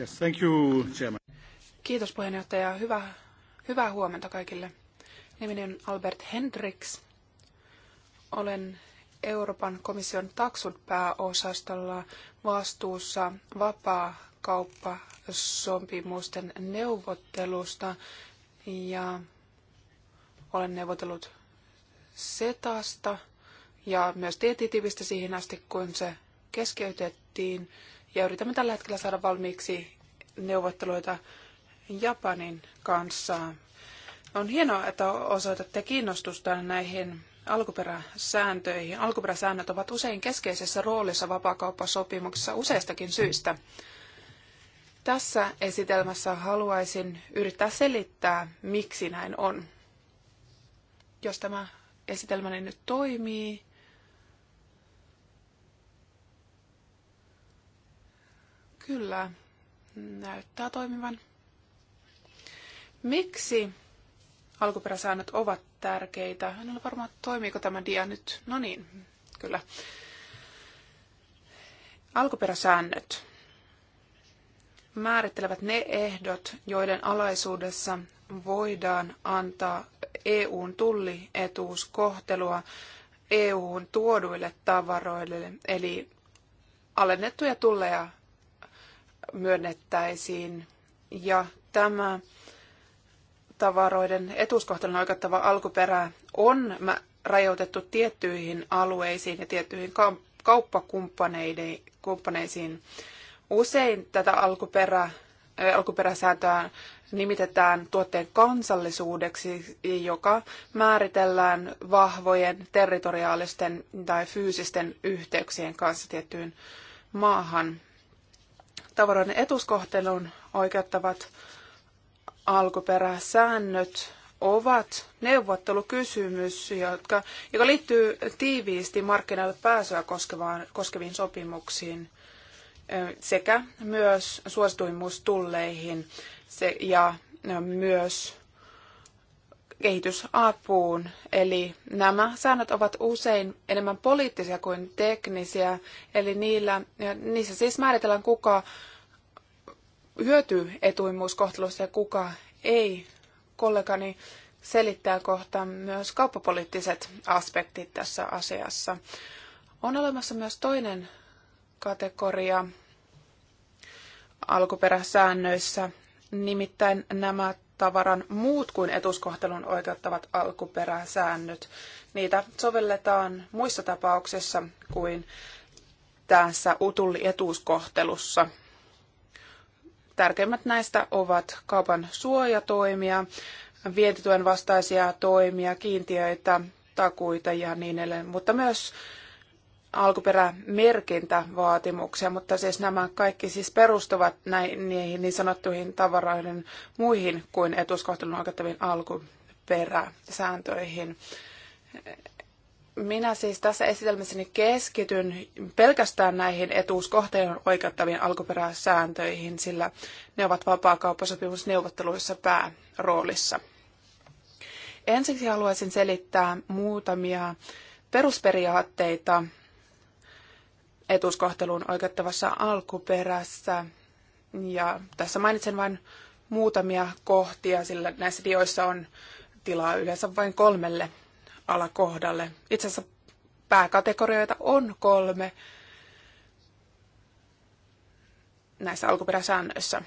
thank you, Chairman. Kiitos puheenjohtaja. Hyvää, hyvää huomenta kaikille. Nimeni on Albert Hendriks. Olen Euroopan komission taksut pääosastolla vastuussa vapaa kauppasopimusten neuvottelusta ja olen neuvotellut setasta ja myös TTIPistä siihen asti, kun se keskeytettiin. Ja yritämme tällä hetkellä saada valmiiksi neuvotteluita Japanin kanssa. On hienoa, että osoitatte kiinnostusta näihin alkuperäsääntöihin. Alkuperäsäännöt ovat usein keskeisessä roolissa vapaakauppasopimuksessa useistakin syistä. Tässä esitelmässä haluaisin yrittää selittää, miksi näin on. Jos tämä esitelmäni nyt toimii, Kyllä, näyttää toimivan. Miksi alkuperäsäännöt ovat tärkeitä? En ole varma, toimiiko tämä dia nyt. No niin, kyllä. Alkuperäsäännöt määrittelevät ne ehdot, joiden alaisuudessa voidaan antaa EUn tullietuuskohtelua EUn tuoduille tavaroille, eli alennettuja tulleja myönnettäisiin. Ja tämä tavaroiden etuskohtelun oikeuttava alkuperä on rajoitettu tiettyihin alueisiin ja tiettyihin kauppakumppaneisiin. Usein tätä alkuperä, alkuperäsääntöä nimitetään tuotteen kansallisuudeksi, joka määritellään vahvojen territoriaalisten tai fyysisten yhteyksien kanssa tiettyyn maahan tavaroiden etuskohteluun oikeuttavat alkuperäsäännöt ovat neuvottelukysymys, jotka, joka liittyy tiiviisti markkinoille pääsyä koskevaan, koskeviin sopimuksiin sekä myös suosituimmuustulleihin se, ja myös kehitysapuun. Eli nämä säännöt ovat usein enemmän poliittisia kuin teknisiä, eli niillä, niissä siis määritellään kuka hyötyy etuimuuskohtelusta ja kuka ei. Kollegani selittää kohta myös kauppapoliittiset aspektit tässä asiassa. On olemassa myös toinen kategoria alkuperäsäännöissä, nimittäin nämä tavaran muut kuin etuskohtelun oikeuttavat alkuperäsäännöt. Niitä sovelletaan muissa tapauksissa kuin tässä utulli Tärkeimmät näistä ovat kaupan suojatoimia, vientituen vastaisia toimia, kiintiöitä, takuita ja niin edelleen, mutta myös alkuperämerkintävaatimuksia, mutta siis nämä kaikki siis perustuvat näihin niin sanottuihin tavaroihin muihin kuin etuskohtelun oikeuttaviin alkuperäsääntöihin. Minä siis tässä esitelmässäni keskityn pelkästään näihin etuuskohteen oikeuttaviin alkuperäsääntöihin, sillä ne ovat vapaakauppasopimusneuvotteluissa pääroolissa. Ensiksi haluaisin selittää muutamia perusperiaatteita etuuskohteluun oikeuttavassa alkuperässä. Ja tässä mainitsen vain muutamia kohtia, sillä näissä dioissa on tilaa yleensä vain kolmelle alakohdalle. Itse asiassa pääkategorioita on kolme näissä alkuperäsäännöissä.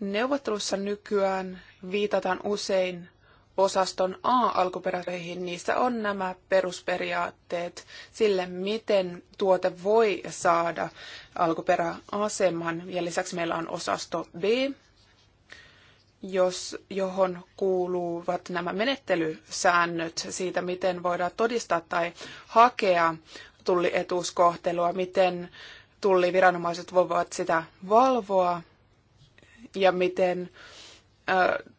Neuvottelussa nykyään viitataan usein osaston a alkuperäreihin niissä on nämä perusperiaatteet sille, miten tuote voi saada alkuperäaseman. Ja lisäksi meillä on osasto B, jos, johon kuuluvat nämä menettelysäännöt siitä, miten voidaan todistaa tai hakea tullietuuskohtelua, miten tulliviranomaiset voivat sitä valvoa ja miten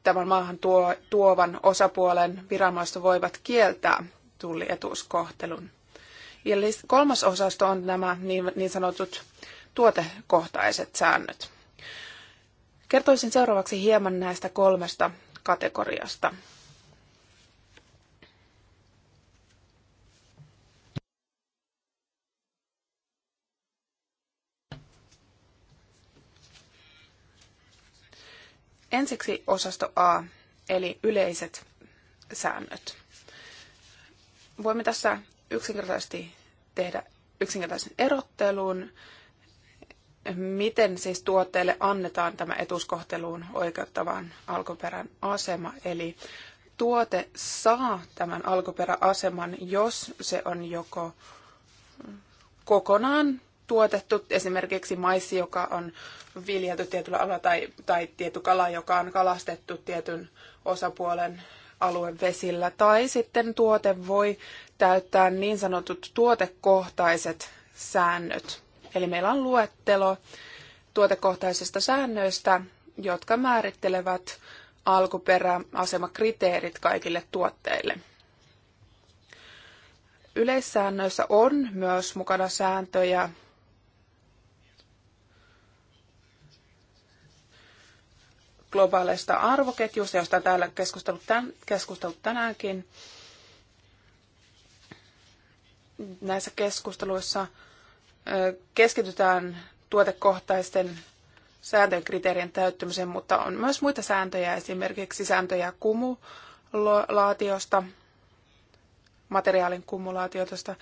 tämän maahan tuo, tuovan osapuolen viranomaiset voivat kieltää tullietuuskohtelun. Ja kolmas osasto on nämä niin, niin sanotut tuotekohtaiset säännöt. Kertoisin seuraavaksi hieman näistä kolmesta kategoriasta. Ensiksi osasto A, eli yleiset säännöt. Voimme tässä yksinkertaisesti tehdä yksinkertaisen erottelun, miten siis tuotteelle annetaan tämä etuskohteluun oikeuttavan alkuperän asema. Eli tuote saa tämän alkuperäaseman, jos se on joko kokonaan tuotettu, esimerkiksi maissi, joka on viljelty tietyllä alalla, tai, tai tietty kala, joka on kalastettu tietyn osapuolen alueen vesillä Tai sitten tuote voi täyttää niin sanotut tuotekohtaiset säännöt. Eli meillä on luettelo tuotekohtaisista säännöistä, jotka määrittelevät alkuperäasemakriteerit kaikille tuotteille. Yleissäännöissä on myös mukana sääntöjä globaaleista arvoketjuista, joista on täällä keskustellut, tämän, keskustellut tänäänkin. Näissä keskusteluissa keskitytään tuotekohtaisten sääntöjen kriteerien täyttymiseen, mutta on myös muita sääntöjä, esimerkiksi sääntöjä kumulaatiosta, materiaalin kumulaatiosta,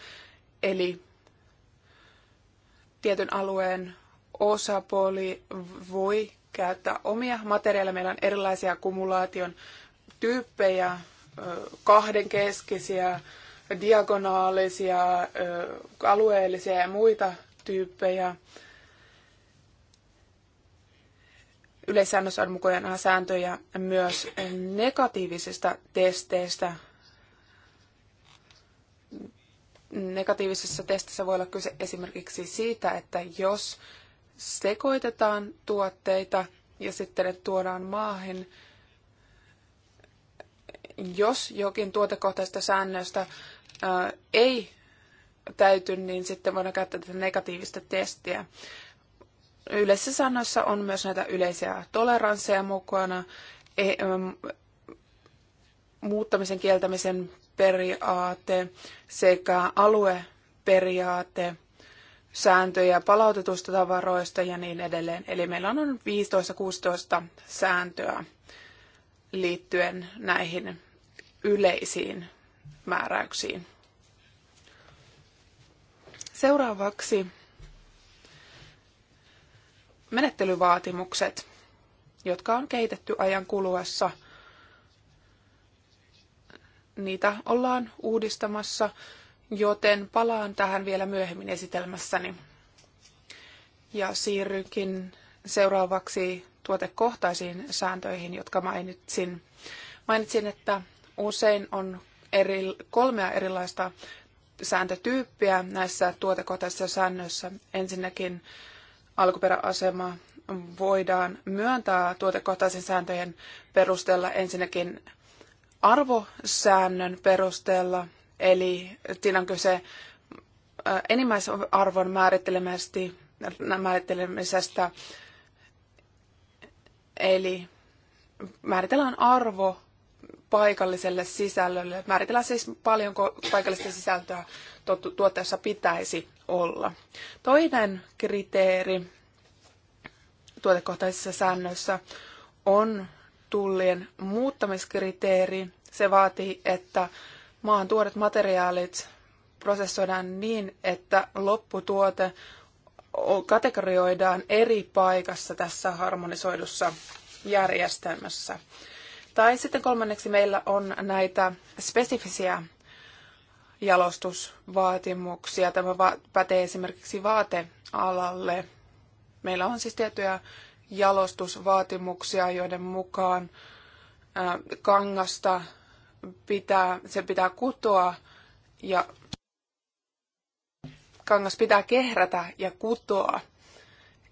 eli tietyn alueen osapuoli voi käyttää omia materiaaleja. Meillä on erilaisia kumulaation tyyppejä, kahdenkeskisiä, diagonaalisia, alueellisia ja muita tyyppejä. Yleissäännössä on mukana sääntöjä myös negatiivisista testeistä. Negatiivisessa testissä voi olla kyse esimerkiksi siitä, että jos sekoitetaan tuotteita ja sitten ne tuodaan maahan. Jos jokin tuotekohtaista säännöstä ää, ei täyty, niin sitten voidaan käyttää tätä negatiivista testiä. Yleisissä säännöissä on myös näitä yleisiä toleransseja mukana, e- muuttamisen kieltämisen periaate sekä alueperiaate – sääntöjä palautetusta tavaroista ja niin edelleen. Eli meillä on noin 15-16 sääntöä liittyen näihin yleisiin määräyksiin. Seuraavaksi menettelyvaatimukset, jotka on kehitetty ajan kuluessa. Niitä ollaan uudistamassa joten palaan tähän vielä myöhemmin esitelmässäni. Ja siirrynkin seuraavaksi tuotekohtaisiin sääntöihin, jotka mainitsin. Mainitsin, että usein on eri, kolmea erilaista sääntötyyppiä näissä tuotekohtaisissa säännöissä. Ensinnäkin alkuperäasema voidaan myöntää tuotekohtaisen sääntöjen perusteella ensinnäkin arvosäännön perusteella – Eli siinä on kyse enimmäisarvon määrittelemisestä. Eli määritellään arvo paikalliselle sisällölle. Määritellään siis paljonko paikallista sisältöä tuotteessa pitäisi olla. Toinen kriteeri tuotekohtaisissa säännöissä on tullien muuttamiskriteeri. Se vaatii, että maan tuoret materiaalit prosessoidaan niin, että lopputuote kategorioidaan eri paikassa tässä harmonisoidussa järjestelmässä. Tai sitten kolmanneksi meillä on näitä spesifisiä jalostusvaatimuksia. Tämä va- pätee esimerkiksi vaatealalle. Meillä on siis tiettyjä jalostusvaatimuksia, joiden mukaan kangasta pitää, se pitää kutoa ja kangas pitää kehrätä ja kutoa.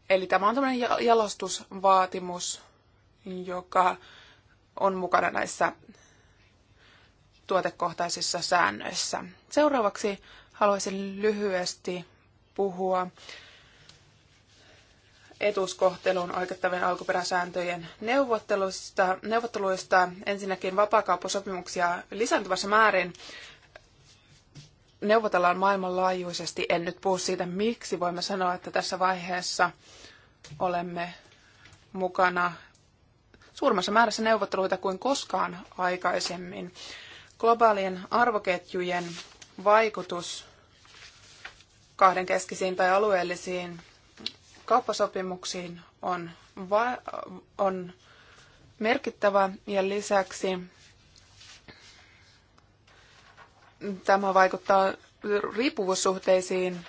Eli tämä on tämmöinen jalostusvaatimus, joka on mukana näissä tuotekohtaisissa säännöissä. Seuraavaksi haluaisin lyhyesti puhua etuskohtelun oikeuttavien alkuperäsääntöjen neuvotteluista. neuvotteluista. Ensinnäkin vapaakauppasopimuksia lisääntyvässä määrin neuvotellaan maailmanlaajuisesti. En nyt puhu siitä, miksi voimme sanoa, että tässä vaiheessa olemme mukana suuremmassa määrässä neuvotteluita kuin koskaan aikaisemmin. Globaalien arvoketjujen vaikutus kahdenkeskisiin tai alueellisiin kauppasopimuksiin on, va- on merkittävä ja lisäksi tämä vaikuttaa riippuvuussuhteisiin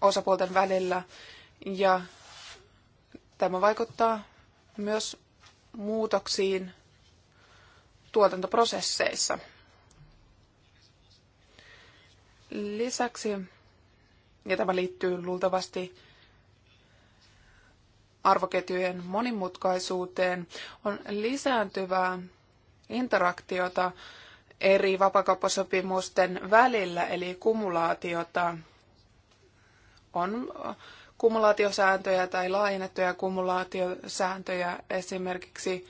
osapuolten välillä ja tämä vaikuttaa myös muutoksiin tuotantoprosesseissa. Lisäksi, ja tämä liittyy luultavasti arvoketjujen monimutkaisuuteen on lisääntyvää interaktiota eri vapakauppasopimusten välillä, eli kumulaatiota. On kumulaatiosääntöjä tai laajennettuja kumulaatiosääntöjä esimerkiksi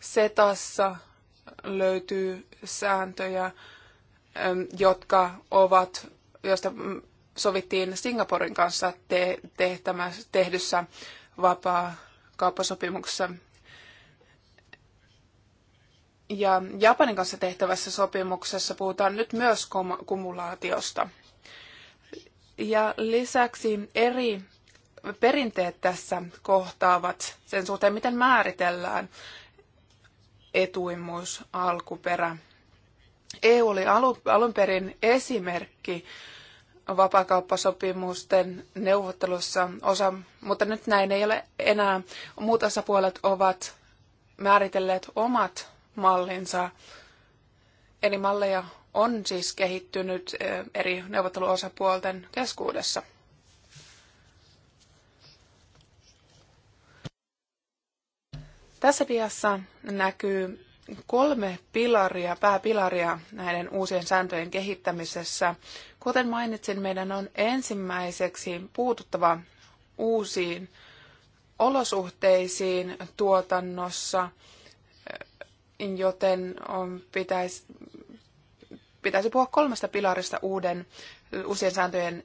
Setassa löytyy sääntöjä, jotka ovat, joista sovittiin Singaporen kanssa te- tehtämä, tehdyssä vapaa kauppasopimuksessa. Ja Japanin kanssa tehtävässä sopimuksessa puhutaan nyt myös kom- kumulaatiosta. Ja lisäksi eri perinteet tässä kohtaavat sen suhteen, miten määritellään etuimmuus, alkuperä. EU oli alun perin esimerkki vapakauppasopimusten neuvottelussa osa, mutta nyt näin ei ole enää. Muut osapuolet ovat määritelleet omat mallinsa. Eli malleja on siis kehittynyt eh, eri neuvotteluosapuolten keskuudessa. Tässä diassa näkyy kolme pilaria, pääpilaria näiden uusien sääntöjen kehittämisessä. Kuten mainitsin, meidän on ensimmäiseksi puututtava uusiin olosuhteisiin tuotannossa, joten on, pitäisi, pitäisi puhua kolmesta pilarista uuden, uusien sääntöjen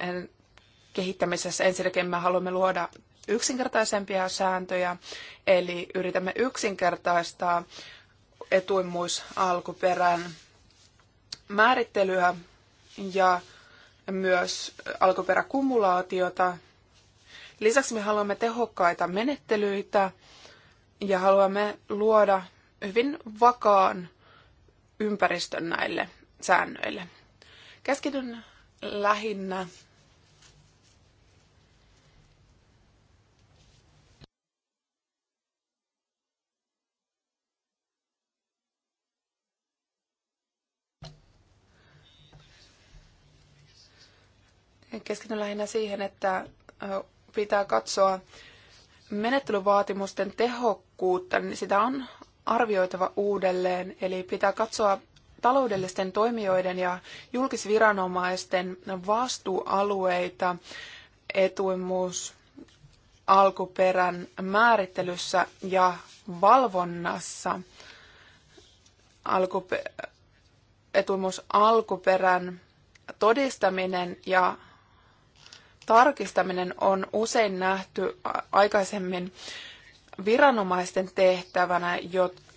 kehittämisessä. Ensinnäkin me haluamme luoda yksinkertaisempia sääntöjä, eli yritämme yksinkertaistaa etuimmuusalkuperän määrittelyä ja myös alkuperäkumulaatiota. Lisäksi me haluamme tehokkaita menettelyitä ja haluamme luoda hyvin vakaan ympäristön näille säännöille. Keskityn lähinnä Keskityn lähinnä siihen, että pitää katsoa menettelyvaatimusten tehokkuutta, niin sitä on arvioitava uudelleen. Eli pitää katsoa taloudellisten toimijoiden ja julkisviranomaisten vastuualueita etuimmuus alkuperän määrittelyssä ja valvonnassa alkupe- etumus alkuperän todistaminen ja tarkistaminen on usein nähty aikaisemmin viranomaisten tehtävänä,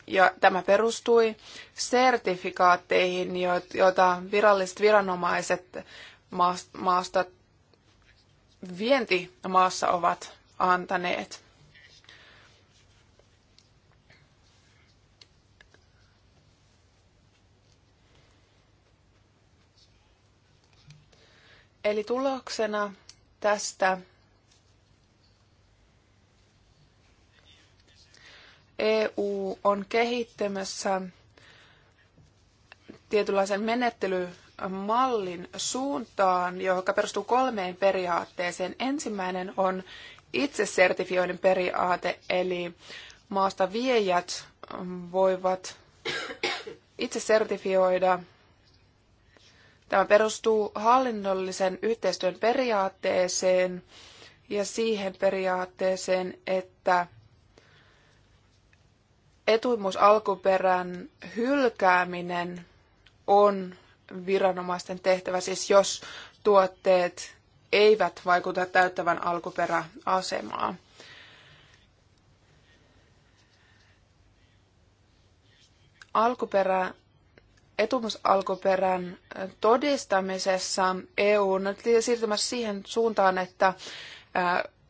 ja tämä perustui sertifikaatteihin, joita viralliset viranomaiset maasta vientimaassa ovat antaneet. Eli tuloksena tästä EU on kehittämässä tietynlaisen menettelymallin suuntaan, joka perustuu kolmeen periaatteeseen. Ensimmäinen on itsesertifioinnin periaate, eli maasta viejät voivat itse sertifioida Tämä perustuu hallinnollisen yhteistyön periaatteeseen ja siihen periaatteeseen, että etuimusalkuperän hylkääminen on viranomaisten tehtävä, siis jos tuotteet eivät vaikuta täyttävän alkuperäasemaa. Alkuperä etumusalkuperän todistamisessa EU on nyt siirtymässä siihen suuntaan, että,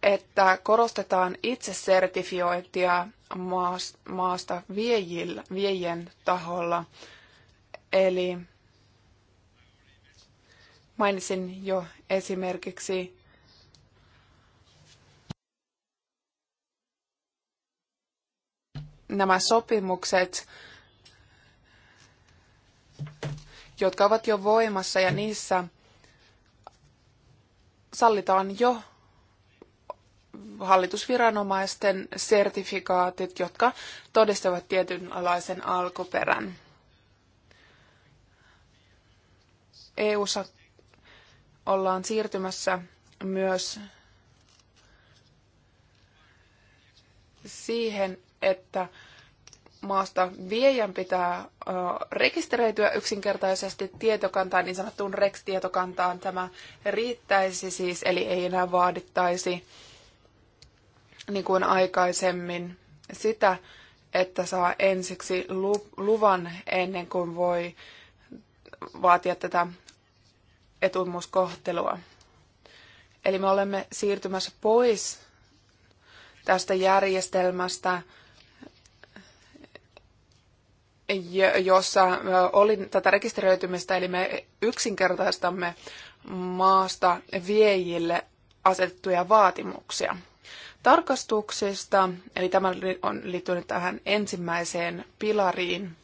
että korostetaan itsesertifiointia maasta viejillä, viejien taholla. Eli mainitsin jo esimerkiksi nämä sopimukset, jotka ovat jo voimassa ja niissä sallitaan jo hallitusviranomaisten sertifikaatit, jotka todistavat tietynlaisen alkuperän. EU:ssa ollaan siirtymässä myös siihen, että maasta viejän pitää rekisteröityä yksinkertaisesti tietokantaan, niin sanottuun REX-tietokantaan tämä riittäisi siis, eli ei enää vaadittaisi niin kuin aikaisemmin sitä, että saa ensiksi luvan ennen kuin voi vaatia tätä etuimuskohtelua. Eli me olemme siirtymässä pois tästä järjestelmästä, jossa oli tätä rekisteröitymistä, eli me yksinkertaistamme maasta viejille asetettuja vaatimuksia. Tarkastuksista, eli tämä on liittynyt tähän ensimmäiseen pilariin,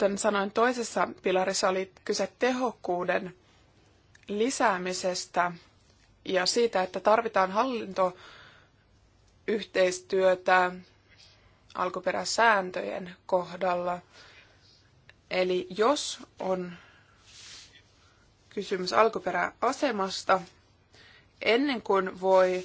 Kuten sanoin, toisessa pilarissa oli kyse tehokkuuden lisäämisestä ja siitä, että tarvitaan hallintoyhteistyötä alkuperäsääntöjen kohdalla. Eli jos on kysymys alkuperäasemasta, ennen kuin voi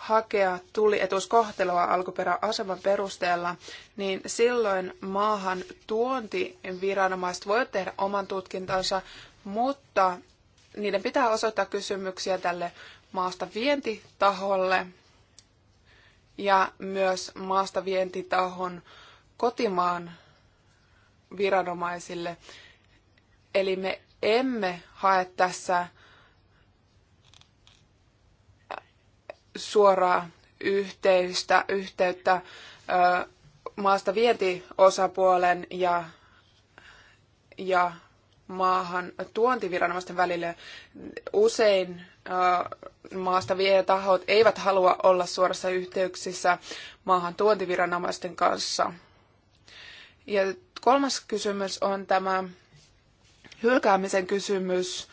hakea tullietuuskohtelua alkuperäaseman perusteella, niin silloin maahan tuontiviranomaiset voivat tehdä oman tutkintansa, mutta niiden pitää osoittaa kysymyksiä tälle maasta vientitaholle ja myös maasta vientitahon kotimaan viranomaisille. Eli me emme hae tässä suoraa yhteystä, yhteyttä maasta vientiosapuolen ja, ja maahan tuontiviranomaisten välille. Usein maasta viejätahot eivät halua olla suorassa yhteyksissä maahan tuontiviranomaisten kanssa. Ja kolmas kysymys on tämä hylkäämisen kysymys.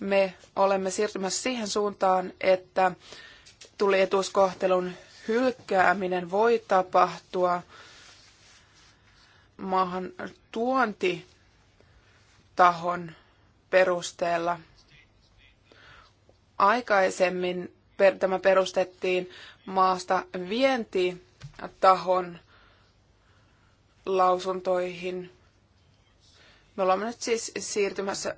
Me olemme siirtymässä siihen suuntaan, että tullietuuskohtelun hylkääminen voi tapahtua maahan tuontitahon perusteella. Aikaisemmin tämä perustettiin maasta vientitahon lausuntoihin. Me olemme nyt siis siirtymässä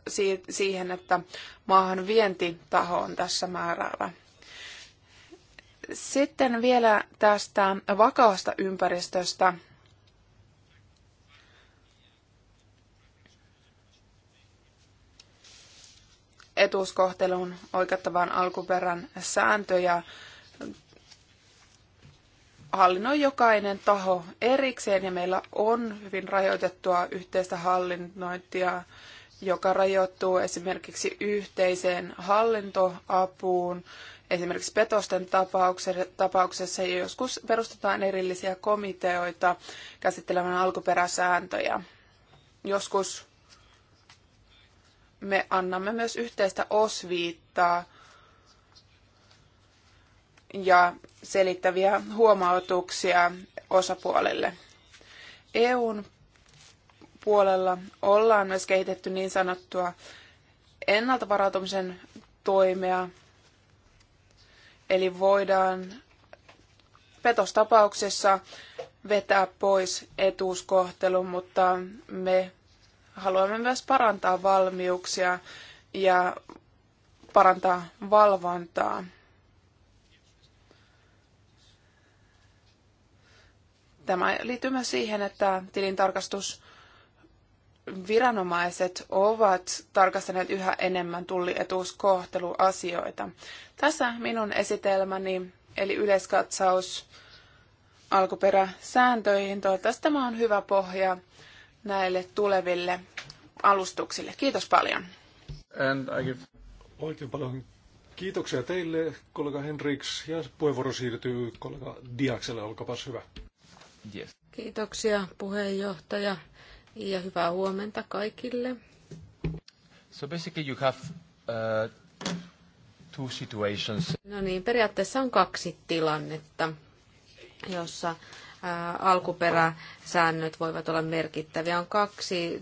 siihen, että maahan vientitaho on tässä määräävä. Sitten vielä tästä vakaasta ympäristöstä. Etuuskohtelun oikeuttavan alkuperän sääntöjä hallinnoi jokainen taho erikseen ja meillä on hyvin rajoitettua yhteistä hallinnointia, joka rajoittuu esimerkiksi yhteiseen hallintoapuun, esimerkiksi petosten tapauksessa joskus perustetaan erillisiä komiteoita käsittelemään alkuperäsääntöjä. Joskus me annamme myös yhteistä osviittaa ja selittäviä huomautuksia osapuolelle. EUn puolella ollaan myös kehitetty niin sanottua ennalta varautumisen toimea, Eli voidaan petostapauksessa vetää pois etuuskohtelu, mutta me haluamme myös parantaa valmiuksia ja parantaa valvontaa. Tämä liittyy myös siihen, että tilintarkastus viranomaiset ovat tarkastaneet yhä enemmän tullietuuskohteluasioita. Tässä minun esitelmäni, eli yleiskatsaus alkuperäsääntöihin. Toivottavasti tämä on hyvä pohja näille tuleville alustuksille. Kiitos paljon. Give... Oikein paljon kiitoksia teille, kollega Henriks. Ja puheenvuoro siirtyy kollega Diakselle. Olkapas hyvä. Yes. Kiitoksia puheenjohtaja ja hyvää huomenta kaikille. So basically you have uh, two situations. No niin, periaatteessa on kaksi tilannetta, jossa alkuperäsäännöt voivat olla merkittäviä. On kaksi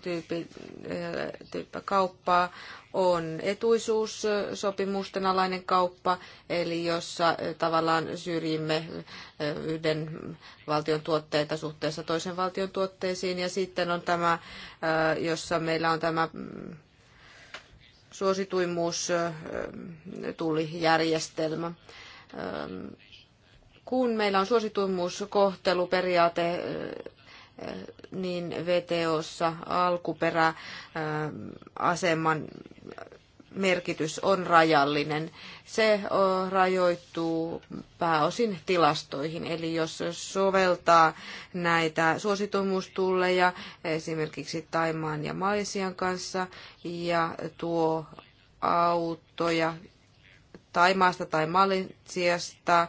tyyppiä kauppaa. On etuisuussopimusten alainen kauppa, eli jossa tavallaan syrjimme yhden valtion tuotteita suhteessa toisen valtion tuotteisiin. Ja sitten on tämä, jossa meillä on tämä mm, suosituimmuus tulijärjestelmä. järjestelmä kun meillä on suosituimmuuskohteluperiaate niin VTOssa alkuperäaseman merkitys on rajallinen. Se rajoittuu pääosin tilastoihin, eli jos soveltaa näitä suositumuustulleja esimerkiksi Taimaan ja Malesian kanssa ja tuo autoja Taimaasta tai Malesiasta,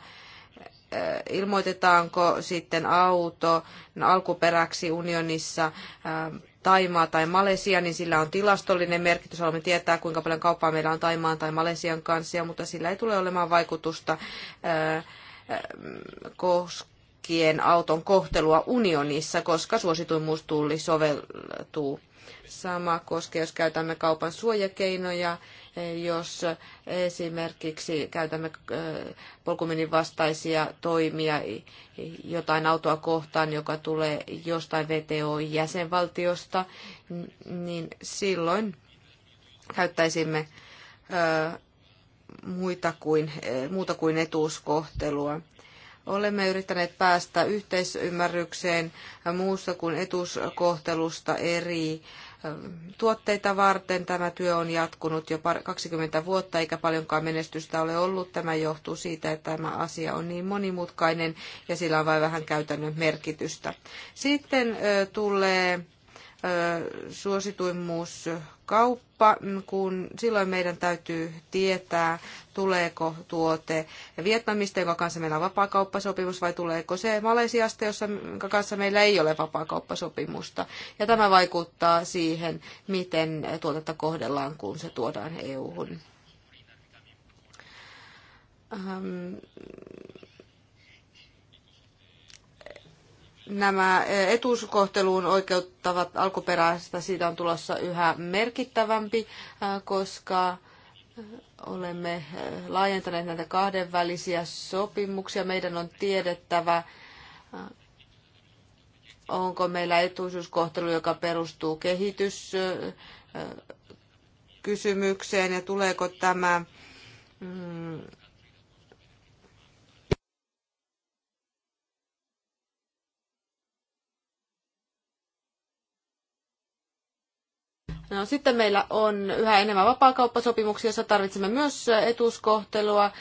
ilmoitetaanko sitten auto alkuperäksi unionissa ähm, Taimaa tai Malesia, niin sillä on tilastollinen merkitys. Haluamme tietää, kuinka paljon kauppaa meillä on Taimaan tai Malesian kanssa, mutta sillä ei tule olemaan vaikutusta äh, äh, koskien auton kohtelua unionissa, koska suosituimmuustulli soveltuu. Sama koskee, jos käytämme kaupan suojakeinoja jos esimerkiksi käytämme polkuminin vastaisia toimia jotain autoa kohtaan, joka tulee jostain VTO-jäsenvaltiosta, niin silloin käyttäisimme muita kuin, e, muuta kuin etuuskohtelua. Olemme yrittäneet päästä yhteisymmärrykseen muusta kuin etuskohtelusta eri tuotteita varten. Tämä työ on jatkunut jo 20 vuotta eikä paljonkaan menestystä ole ollut. Tämä johtuu siitä, että tämä asia on niin monimutkainen ja sillä on vain vähän käytännön merkitystä. Sitten tulee kauppa, mm, kun silloin meidän täytyy tietää, tuleeko tuote Vietnamista, jonka kanssa meillä on vapaakauppasopimus, vai tuleeko se Malesiasta, jossa, jonka kanssa meillä ei ole vapaakauppasopimusta. Ja tämä vaikuttaa siihen, miten tuotetta kohdellaan, kun se tuodaan EU-hun nämä e, etuuskohteluun oikeuttavat alkuperäistä, siitä on tulossa yhä merkittävämpi, e, koska e, olemme laajentaneet näitä kahdenvälisiä sopimuksia. Meidän on tiedettävä, onko meillä etuisuuskohtelu, joka perustuu kehityskysymykseen ja tuleeko tämä mm, No, sitten meillä on yhä enemmän vapaakauppasopimuksia, joissa tarvitsemme myös etuskohtelua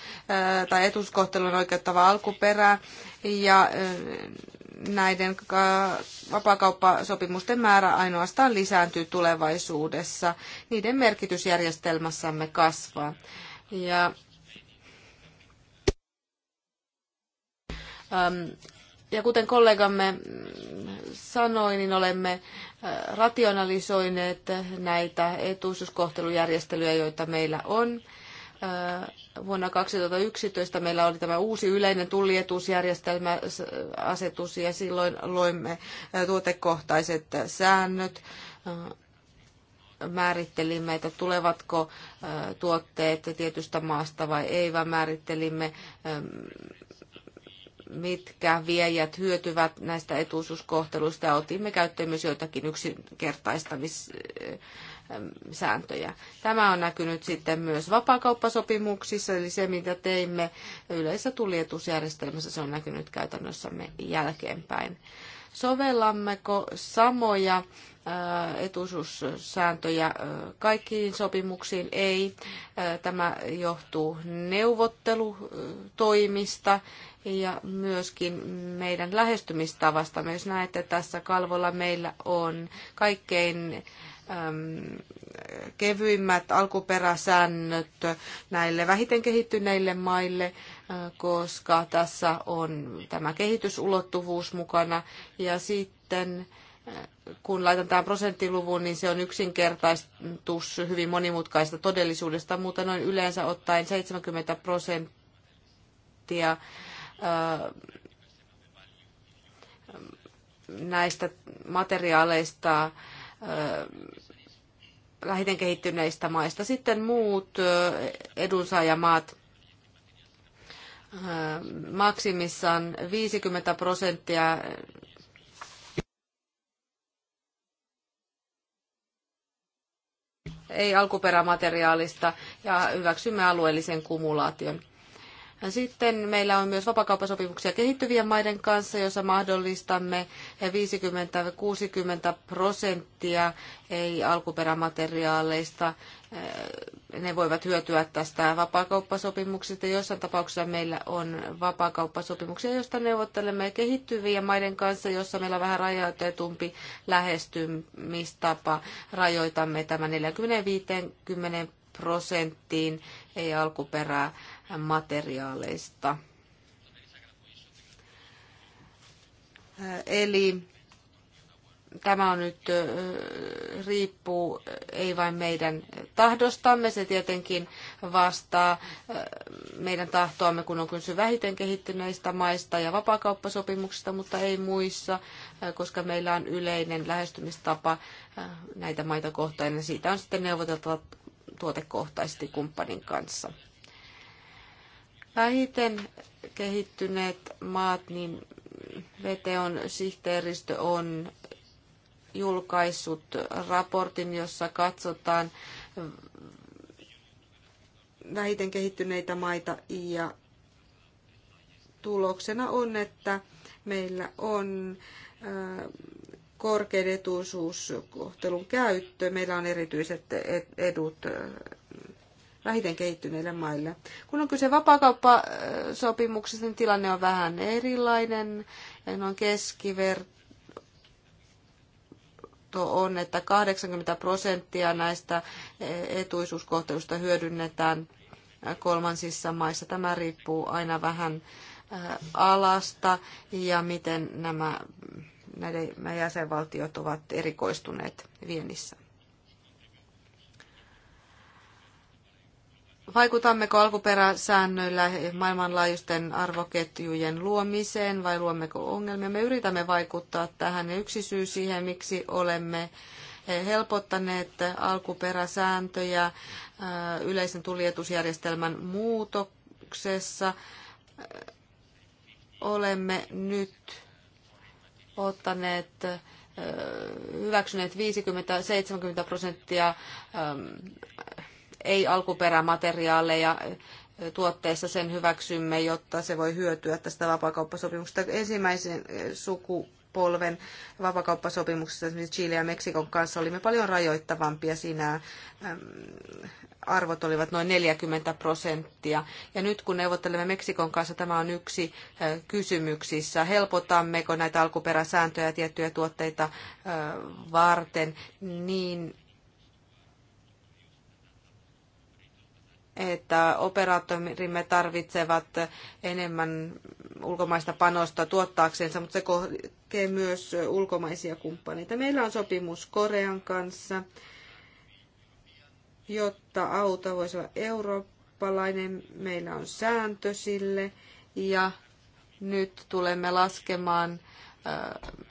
tai etuskohtelun oikeuttavaa alkuperää. Ja näiden vapaakauppasopimusten määrä ainoastaan lisääntyy tulevaisuudessa. Niiden merkitys järjestelmässämme kasvaa. Ja, ja kuten kollegamme sanoi, niin olemme äh, rationalisoineet näitä etuisuuskohtelujärjestelyjä, joita meillä on. Äh, vuonna 2011 meillä oli tämä uusi yleinen tullietuusjärjestelmäasetus ja silloin loimme äh, tuotekohtaiset säännöt määrittelimme, että tulevatko tuotteet tietystä maasta vai ei, vaan määrittelimme ähm, mitkä viejät hyötyvät näistä etuisuuskohteluista ja otimme käyttöön myös joitakin yksinkertaistamissääntöjä. Tämä on näkynyt sitten myös vapaakauppasopimuksissa, eli se mitä teimme yleisessä tulietusjärjestelmässä, se on näkynyt käytännössämme jälkeenpäin. Sovellammeko samoja etuisuussääntöjä kaikkiin sopimuksiin? Ei. Tämä johtuu neuvottelutoimista ja myöskin meidän lähestymistavasta. Jos näette tässä kalvolla, meillä on kaikkein kevyimmät alkuperäsäännöt näille vähiten kehittyneille maille, äh, koska tässä on tämä kehitysulottuvuus mukana. Ja sitten äh, kun laitan tämän prosenttiluvun, niin se on yksinkertaistus hyvin monimutkaista todellisuudesta, mutta noin yleensä ottaen 70 prosenttia näistä materiaaleista lähiten kehittyneistä maista. Sitten muut edunsaajamaat maksimissaan 50 prosenttia ei alkuperämateriaalista ja hyväksymme alueellisen kumulaation. Sitten meillä on myös vapakauppasopimuksia kehittyvien maiden kanssa, jossa mahdollistamme 50-60 prosenttia ei alkuperämateriaaleista. Ne voivat hyötyä tästä vapakauppasopimuksesta. Jossain tapauksessa meillä on vapakauppasopimuksia, joista neuvottelemme kehittyvien maiden kanssa, jossa meillä on vähän rajoitetumpi lähestymistapa. Rajoitamme tämän 40-50 prosenttiin ei alkuperää materiaaleista. Eli tämä on nyt riippuu ei vain meidän tahdostamme, se tietenkin vastaa meidän tahtoamme, kun on kyse vähiten kehittyneistä maista ja vapaakauppasopimuksista, mutta ei muissa, koska meillä on yleinen lähestymistapa näitä maita kohtaan ja siitä on sitten neuvoteltava tuotekohtaisesti kumppanin kanssa vähiten kehittyneet maat, niin VTOn sihteeristö on julkaissut raportin, jossa katsotaan vähiten kehittyneitä maita ja tuloksena on, että meillä on korkean etuisuuskohtelun käyttö, meillä on erityiset e-, edut vähiten kehittyneille maille. Kun on kyse vapaakauppasopimuksesta, niin tilanne on vähän erilainen. Noin keskiverto on, että 80 prosenttia näistä etuisuuskohtelusta hyödynnetään kolmansissa maissa. Tämä riippuu aina vähän äh, alasta ja miten nämä, näiden, nämä jäsenvaltiot ovat erikoistuneet viennissä. Vaikutammeko alkuperäsäännöillä maailmanlaajuisten arvoketjujen luomiseen vai luommeko ongelmia? Me yritämme vaikuttaa tähän ja yksi syy siihen, miksi olemme helpottaneet alkuperäsääntöjä äh, yleisen tuljetusjärjestelmän muutoksessa. Äh, olemme nyt ottaneet äh, hyväksyneet 50-70 prosenttia ähm, ei alkuperämateriaaleja tuotteessa sen hyväksymme, jotta se voi hyötyä tästä vapaakauppasopimuksesta. Ensimmäisen sukupolven vapaakauppasopimuksessa esimerkiksi Chile ja Meksikon kanssa olimme paljon rajoittavampia siinä arvot olivat noin 40 prosenttia. Ja nyt kun neuvottelemme Meksikon kanssa, tämä on yksi kysymyksissä. Helpotammeko näitä alkuperäsääntöjä tiettyjä tuotteita varten niin, että operaattorimme tarvitsevat enemmän ulkomaista panosta tuottaakseen, mutta se koskee myös ulkomaisia kumppaneita. Meillä on sopimus Korean kanssa, jotta auto voisi olla eurooppalainen. Meillä on sääntö sille ja nyt tulemme laskemaan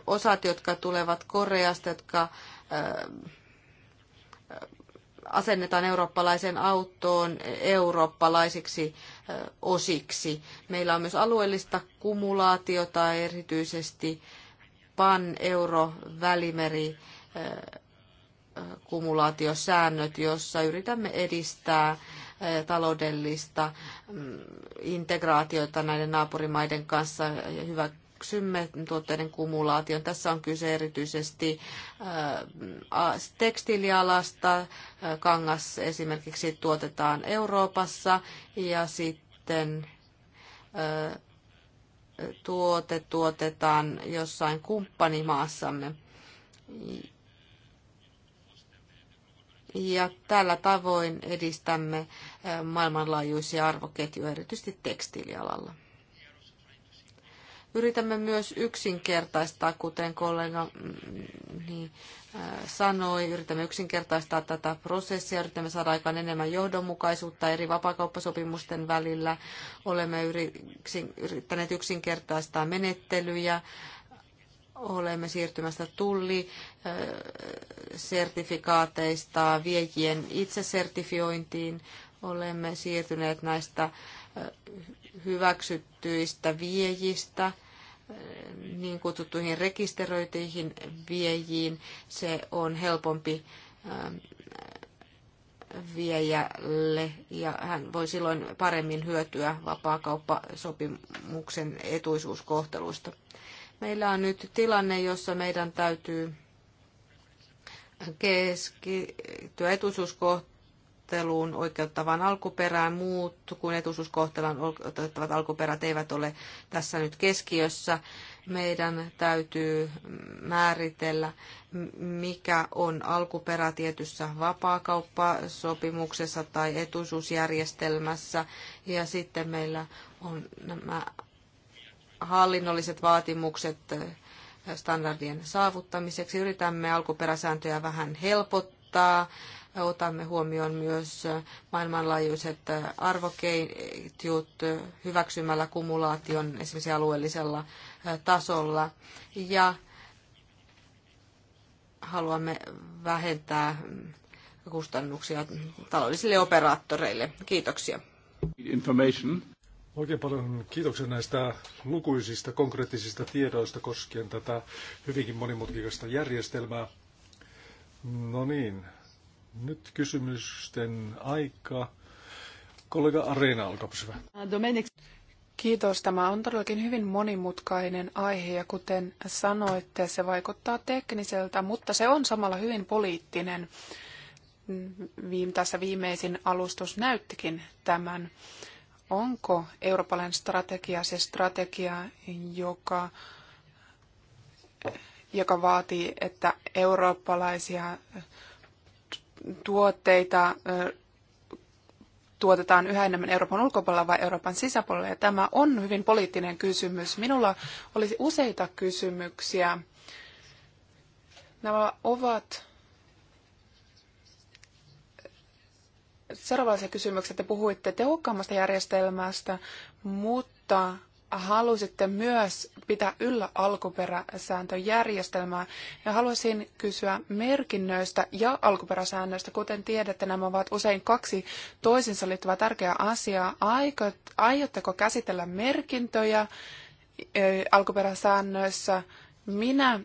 osat, jotka tulevat Koreasta, jotka asennetaan eurooppalaiseen autoon eurooppalaisiksi osiksi. Meillä on myös alueellista kumulaatiota erityisesti pan-euro-välimeri kumulaatiosäännöt, jossa yritämme edistää taloudellista mm, integraatiota näiden naapurimaiden kanssa ja hyvä hyväksymme tuotteiden kumulaation. Tässä on kyse erityisesti äh, tekstiilialasta. Äh, kangas esimerkiksi tuotetaan Euroopassa ja sitten äh, tuote tuotetaan jossain kumppanimaassamme. Ja tällä tavoin edistämme maailmanlaajuisia arvoketjuja erityisesti tekstiilialalla. Yritämme myös yksinkertaistaa, kuten kollega mm, niin, äh, sanoi, yritämme yksinkertaistaa tätä prosessia, yritämme saada aikaan enemmän johdonmukaisuutta eri vapakauppasopimusten välillä. Olemme yrittäneet yksinkertaistaa menettelyjä, olemme siirtymästä tullisertifikaateista äh, viejien itsesertifiointiin, olemme siirtyneet näistä äh, hyväksyttyistä viejistä niin kutsuttuihin rekisteröityihin viejiin. Se on helpompi ähm, viejälle ja hän voi silloin paremmin hyötyä vapaakauppasopimuksen etuisuuskohteluista. Meillä on nyt tilanne, jossa meidän täytyy keskittyä etuisuuskohteluun kohteluun oikeuttavaan alkuperään. Muut kuin etuisuuskohteluun oikeuttavat alkuperät eivät ole tässä nyt keskiössä. Meidän täytyy määritellä, mikä on alkuperä tietyssä vapaakauppasopimuksessa tai etuisuusjärjestelmässä. Ja sitten meillä on nämä hallinnolliset vaatimukset standardien saavuttamiseksi. Yritämme alkuperäsääntöjä vähän helpottaa, Otamme huomioon myös maailmanlaajuiset arvoketjut hyväksymällä kumulaation esimerkiksi alueellisella tasolla. Ja haluamme vähentää kustannuksia taloudellisille operaattoreille. Kiitoksia. Oikein paljon kiitoksia näistä lukuisista konkreettisista tiedoista koskien tätä hyvinkin monimutkikasta järjestelmää. No niin, nyt kysymysten aika. Kollega Areena, olkaa hyvä. Kiitos. Tämä on todellakin hyvin monimutkainen aihe ja kuten sanoitte, se vaikuttaa tekniseltä, mutta se on samalla hyvin poliittinen. Viime, tässä viimeisin alustus näyttikin tämän. Onko eurooppalainen strategia se strategia, joka, joka vaatii, että eurooppalaisia tuotteita tuotetaan yhä enemmän Euroopan ulkopuolella vai Euroopan sisäpuolella. Ja tämä on hyvin poliittinen kysymys. Minulla olisi useita kysymyksiä. Nämä ovat seuraavaisia kysymyksiä. Te puhuitte tehokkaammasta järjestelmästä, mutta halusitte myös pitää yllä alkuperäsääntöjärjestelmää ja haluaisin kysyä merkinnöistä ja alkuperäsäännöistä. Kuten tiedätte, nämä ovat usein kaksi toisinsa liittyvää tärkeää asiaa. aiotteko käsitellä merkintöjä alkuperäsäännöissä? Minä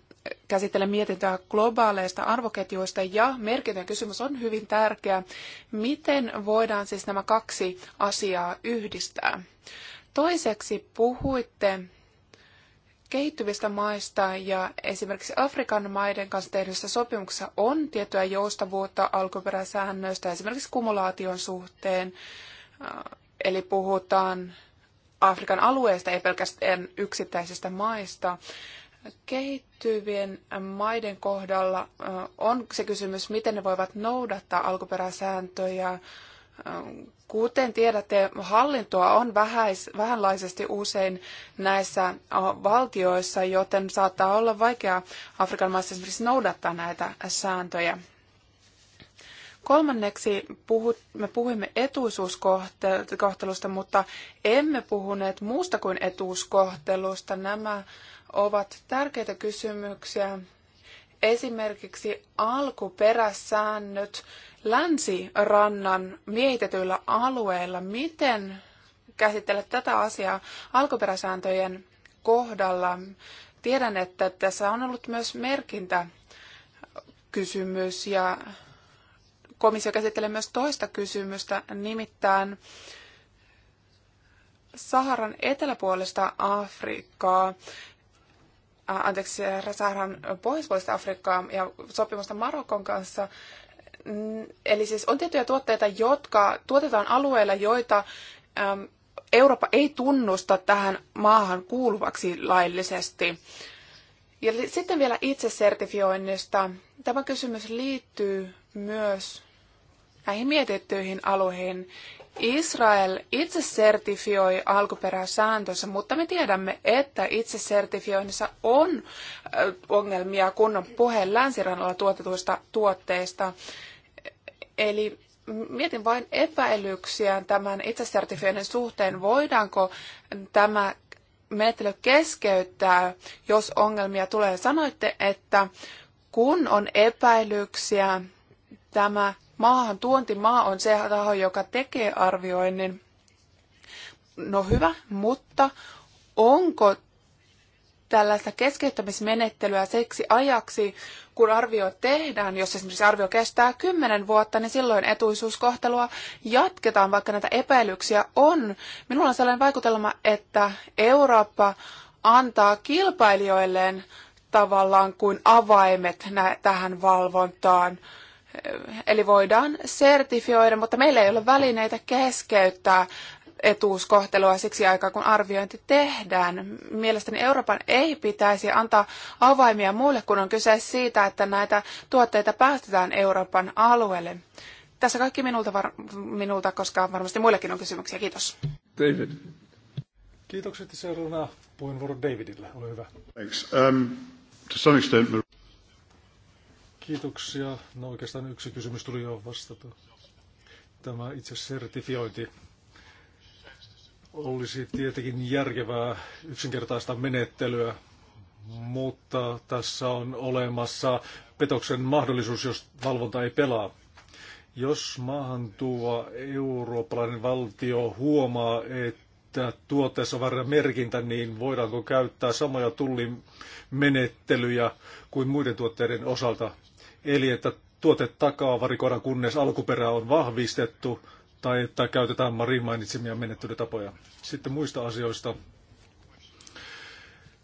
käsittelen mietintöä globaaleista arvoketjuista ja merkintöjen kysymys on hyvin tärkeä. Miten voidaan siis nämä kaksi asiaa yhdistää? Toiseksi puhuitte kehittyvistä maista ja esimerkiksi Afrikan maiden kanssa tehdyissä sopimuksissa on tiettyä joustavuutta alkuperäsäännöistä, esimerkiksi kumulaation suhteen, äh, eli puhutaan Afrikan alueesta, ei pelkästään yksittäisistä maista. Kehittyvien maiden kohdalla äh, on se kysymys, miten ne voivat noudattaa alkuperäsääntöjä, Kuten tiedätte, hallintoa on vähäis, vähänlaisesti usein näissä valtioissa, joten saattaa olla vaikea Afrikan maissa esimerkiksi noudattaa näitä sääntöjä. Kolmanneksi me puhuimme etuisuuskohtelusta, mutta emme puhuneet muusta kuin etuuskohtelusta. Nämä ovat tärkeitä kysymyksiä. Esimerkiksi alkuperäsäännöt länsirannan miehitetyillä alueilla. Miten käsittelet tätä asiaa alkuperäsääntöjen kohdalla? Tiedän, että tässä on ollut myös merkintä kysymys ja komissio käsittelee myös toista kysymystä, nimittäin Saharan eteläpuolesta Afrikkaa, anteeksi, Saharan pohjoispuolesta Afrikkaa ja sopimusta Marokon kanssa. Mm, eli siis on tiettyjä tuotteita, jotka tuotetaan alueilla, joita Eurooppa ei tunnusta tähän maahan kuuluvaksi laillisesti. Ja sitten vielä itsesertifioinnista. Tämä kysymys liittyy myös näihin mietittyihin alueihin. Israel itse sertifioi alkuperäsääntönsä, mutta me tiedämme, että itsesertifioinnissa on ongelmia, kun on puhe länsirannalla tuotetuista tuotteista. Eli mietin vain epäilyksiä tämän itsesertifioinnin suhteen, voidaanko tämä menettely keskeyttää, jos ongelmia tulee. Sanoitte, että kun on epäilyksiä, tämä maahan tuontimaa on se taho, joka tekee arvioinnin. No hyvä, mutta onko tällaista keskeyttämismenettelyä seksi ajaksi, kun arvio tehdään, jos esimerkiksi arvio kestää kymmenen vuotta, niin silloin etuisuuskohtelua jatketaan, vaikka näitä epäilyksiä on. Minulla on sellainen vaikutelma, että Eurooppa antaa kilpailijoilleen tavallaan kuin avaimet tähän valvontaan. Eli voidaan sertifioida, mutta meillä ei ole välineitä keskeyttää etuuskohtelua siksi aikaa, kun arviointi tehdään. Mielestäni Euroopan ei pitäisi antaa avaimia muille, kun on kyse siitä, että näitä tuotteita päästetään Euroopan alueelle. Tässä kaikki minulta, var- minulta koska varmasti muillekin on kysymyksiä. Kiitos. David. Kiitokset ja seuraavana puheenvuoro Davidille. Ole hyvä. Thanks. Um, to some extent... Kiitoksia. No oikeastaan yksi kysymys tuli jo vastata. Tämä itse sertifiointi olisi tietenkin järkevää yksinkertaista menettelyä, mutta tässä on olemassa petoksen mahdollisuus, jos valvonta ei pelaa. Jos maahan tuo eurooppalainen valtio huomaa, että tuotteessa on merkintä, niin voidaanko käyttää samoja tullimenettelyjä kuin muiden tuotteiden osalta? Eli että tuote takaa varikoidaan, kunnes alkuperä on vahvistettu tai että käytetään Marin mainitsemia menettelytapoja. Sitten muista asioista,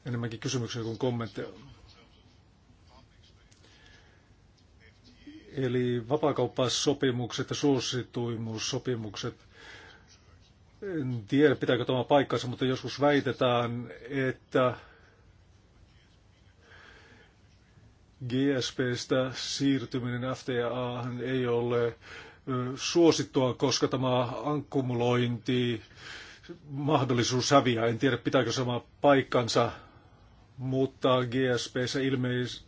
enemmänkin kysymyksiä kuin kommentteja. Eli vapaakauppasopimukset ja suosituimuussopimukset. En tiedä, pitääkö tämä paikkansa, mutta joskus väitetään, että GSPstä siirtyminen FTA ei ole suosittua, koska tämä ankkumulointi, mahdollisuus häviää. En tiedä, pitääkö sama paikkansa, mutta GSPssä ilmeisesti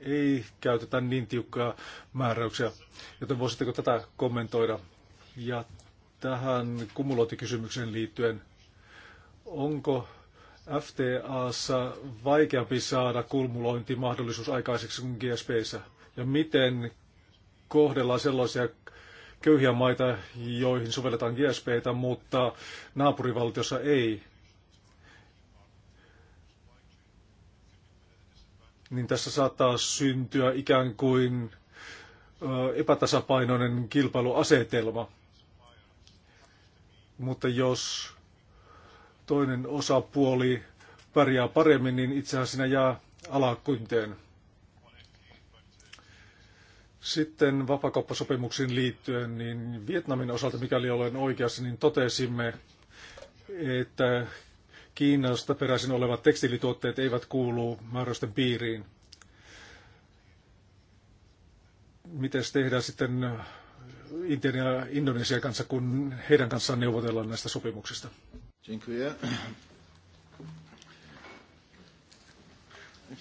ei käytetä niin tiukkaa määräyksiä, joten voisitteko tätä kommentoida? Ja tähän kumulointikysymykseen liittyen, onko FTAssa vaikeampi saada kumulointimahdollisuus aikaiseksi kuin GSPssä? Ja miten kohdellaan sellaisia köyhiä maita, joihin sovelletaan GSPtä, mutta naapurivaltiossa ei. Niin tässä saattaa syntyä ikään kuin epätasapainoinen kilpailuasetelma. Mutta jos toinen osapuoli pärjää paremmin, niin itsehän sinä jää alakunteen. Sitten vapakauppasopimuksiin liittyen, niin Vietnamin osalta, mikäli olen oikeassa, niin totesimme, että Kiinasta peräisin olevat tekstiilituotteet eivät kuulu määräysten piiriin. Miten tehdään sitten Intian ja Indonesian kanssa, kun heidän kanssaan neuvotellaan näistä sopimuksista? Dziękuję.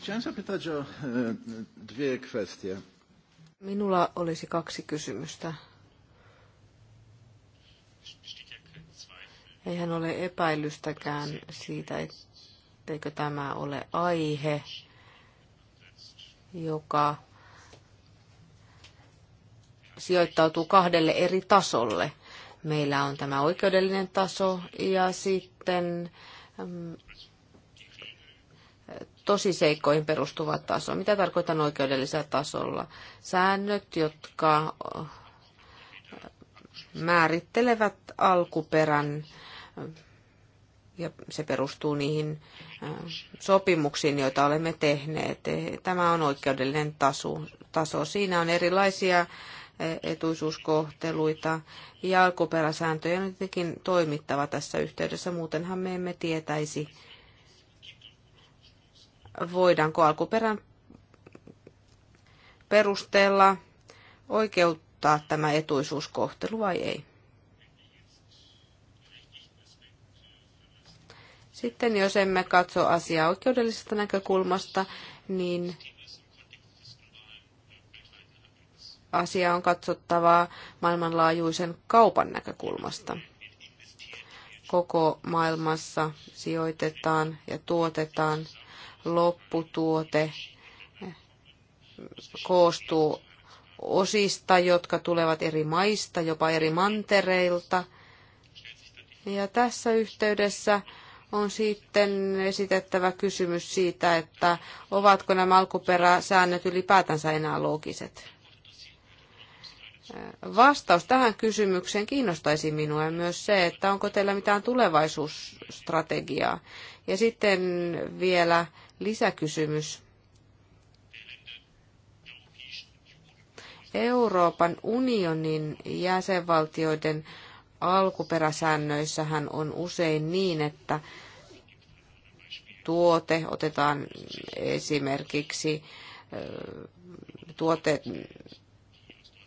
Chciałem zapytać o e, dwie kwestie. Minulla olisi kaksi kysymystä. Eihän ole epäilystäkään siitä, etteikö tämä ole aihe, joka sijoittautuu kahdelle eri tasolle. Meillä on tämä oikeudellinen taso ja sitten mm, Tosi seikkoihin perustuva taso. Mitä tarkoitan oikeudellisella tasolla? Säännöt, jotka määrittelevät alkuperän ja se perustuu niihin sopimuksiin, joita olemme tehneet. E, tämä on oikeudellinen taso. taso. Siinä on erilaisia e, etuisuuskohteluita ja alkuperäsääntöjä on tietenkin toimittava tässä yhteydessä, muutenhan me emme tietäisi, voidaanko alkuperän perusteella oikeuttaa tämä etuisuuskohtelu vai ei. Sitten jos emme katso asiaa oikeudellisesta näkökulmasta, niin asia on katsottava maailmanlaajuisen kaupan näkökulmasta. Koko maailmassa sijoitetaan ja tuotetaan lopputuote koostuu osista, jotka tulevat eri maista, jopa eri mantereilta. Ja tässä yhteydessä on sitten esitettävä kysymys siitä, että ovatko nämä alkuperäsäännöt ylipäätänsä enää loogiset. Vastaus tähän kysymykseen kiinnostaisi minua myös se, että onko teillä mitään tulevaisuusstrategiaa. Ja sitten vielä Lisäkysymys. Euroopan unionin jäsenvaltioiden alkuperäsäännöissähän on usein niin, että tuote otetaan esimerkiksi tuote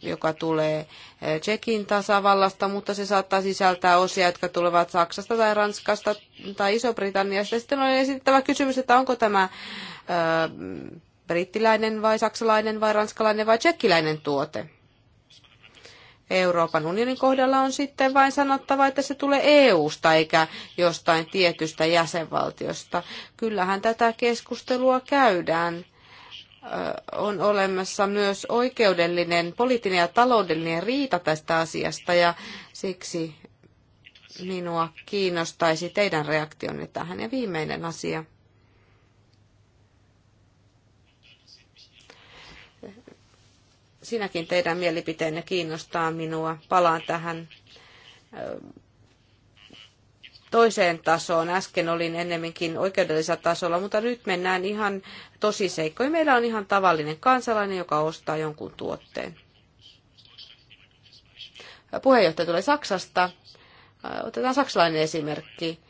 joka tulee eh, Tsekin tasavallasta, mutta se saattaa sisältää osia, jotka tulevat Saksasta tai Ranskasta tai Iso-Britanniasta. Sitten on esittävä kysymys, että onko tämä ö, eh, brittiläinen vai saksalainen vai ranskalainen vai tsekkiläinen tuote. Euroopan unionin kohdalla on sitten vain sanottava, että se tulee EU-sta eikä jostain tietystä jäsenvaltiosta. Kyllähän tätä keskustelua käydään on olemassa myös oikeudellinen, poliittinen ja taloudellinen riita tästä asiasta ja siksi minua kiinnostaisi teidän reaktionne tähän. Ja viimeinen asia. Sinäkin teidän mielipiteenne kiinnostaa minua. Palaan tähän toiseen tasoon. Äsken olin ennemminkin oikeudellisella tasolla, mutta nyt mennään ihan tosiseikkoihin. Meillä on ihan tavallinen kansalainen, joka ostaa jonkun tuotteen. Puheenjohtaja tulee Saksasta. Otetaan saksalainen esimerkki.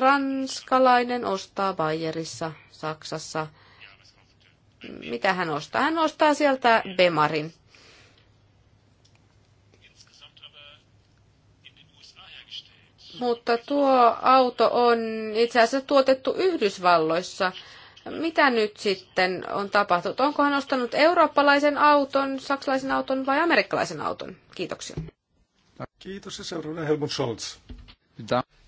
Ranskalainen ostaa Bayerissa Saksassa. Mitä hän ostaa? Hän ostaa sieltä Bemarin. mutta tuo auto on itse asiassa tuotettu Yhdysvalloissa. Mitä nyt sitten on tapahtunut? Onko hän ostanut eurooppalaisen auton, saksalaisen auton vai amerikkalaisen auton? Kiitoksia. Kiitos ja seuraavana Helmut Scholz.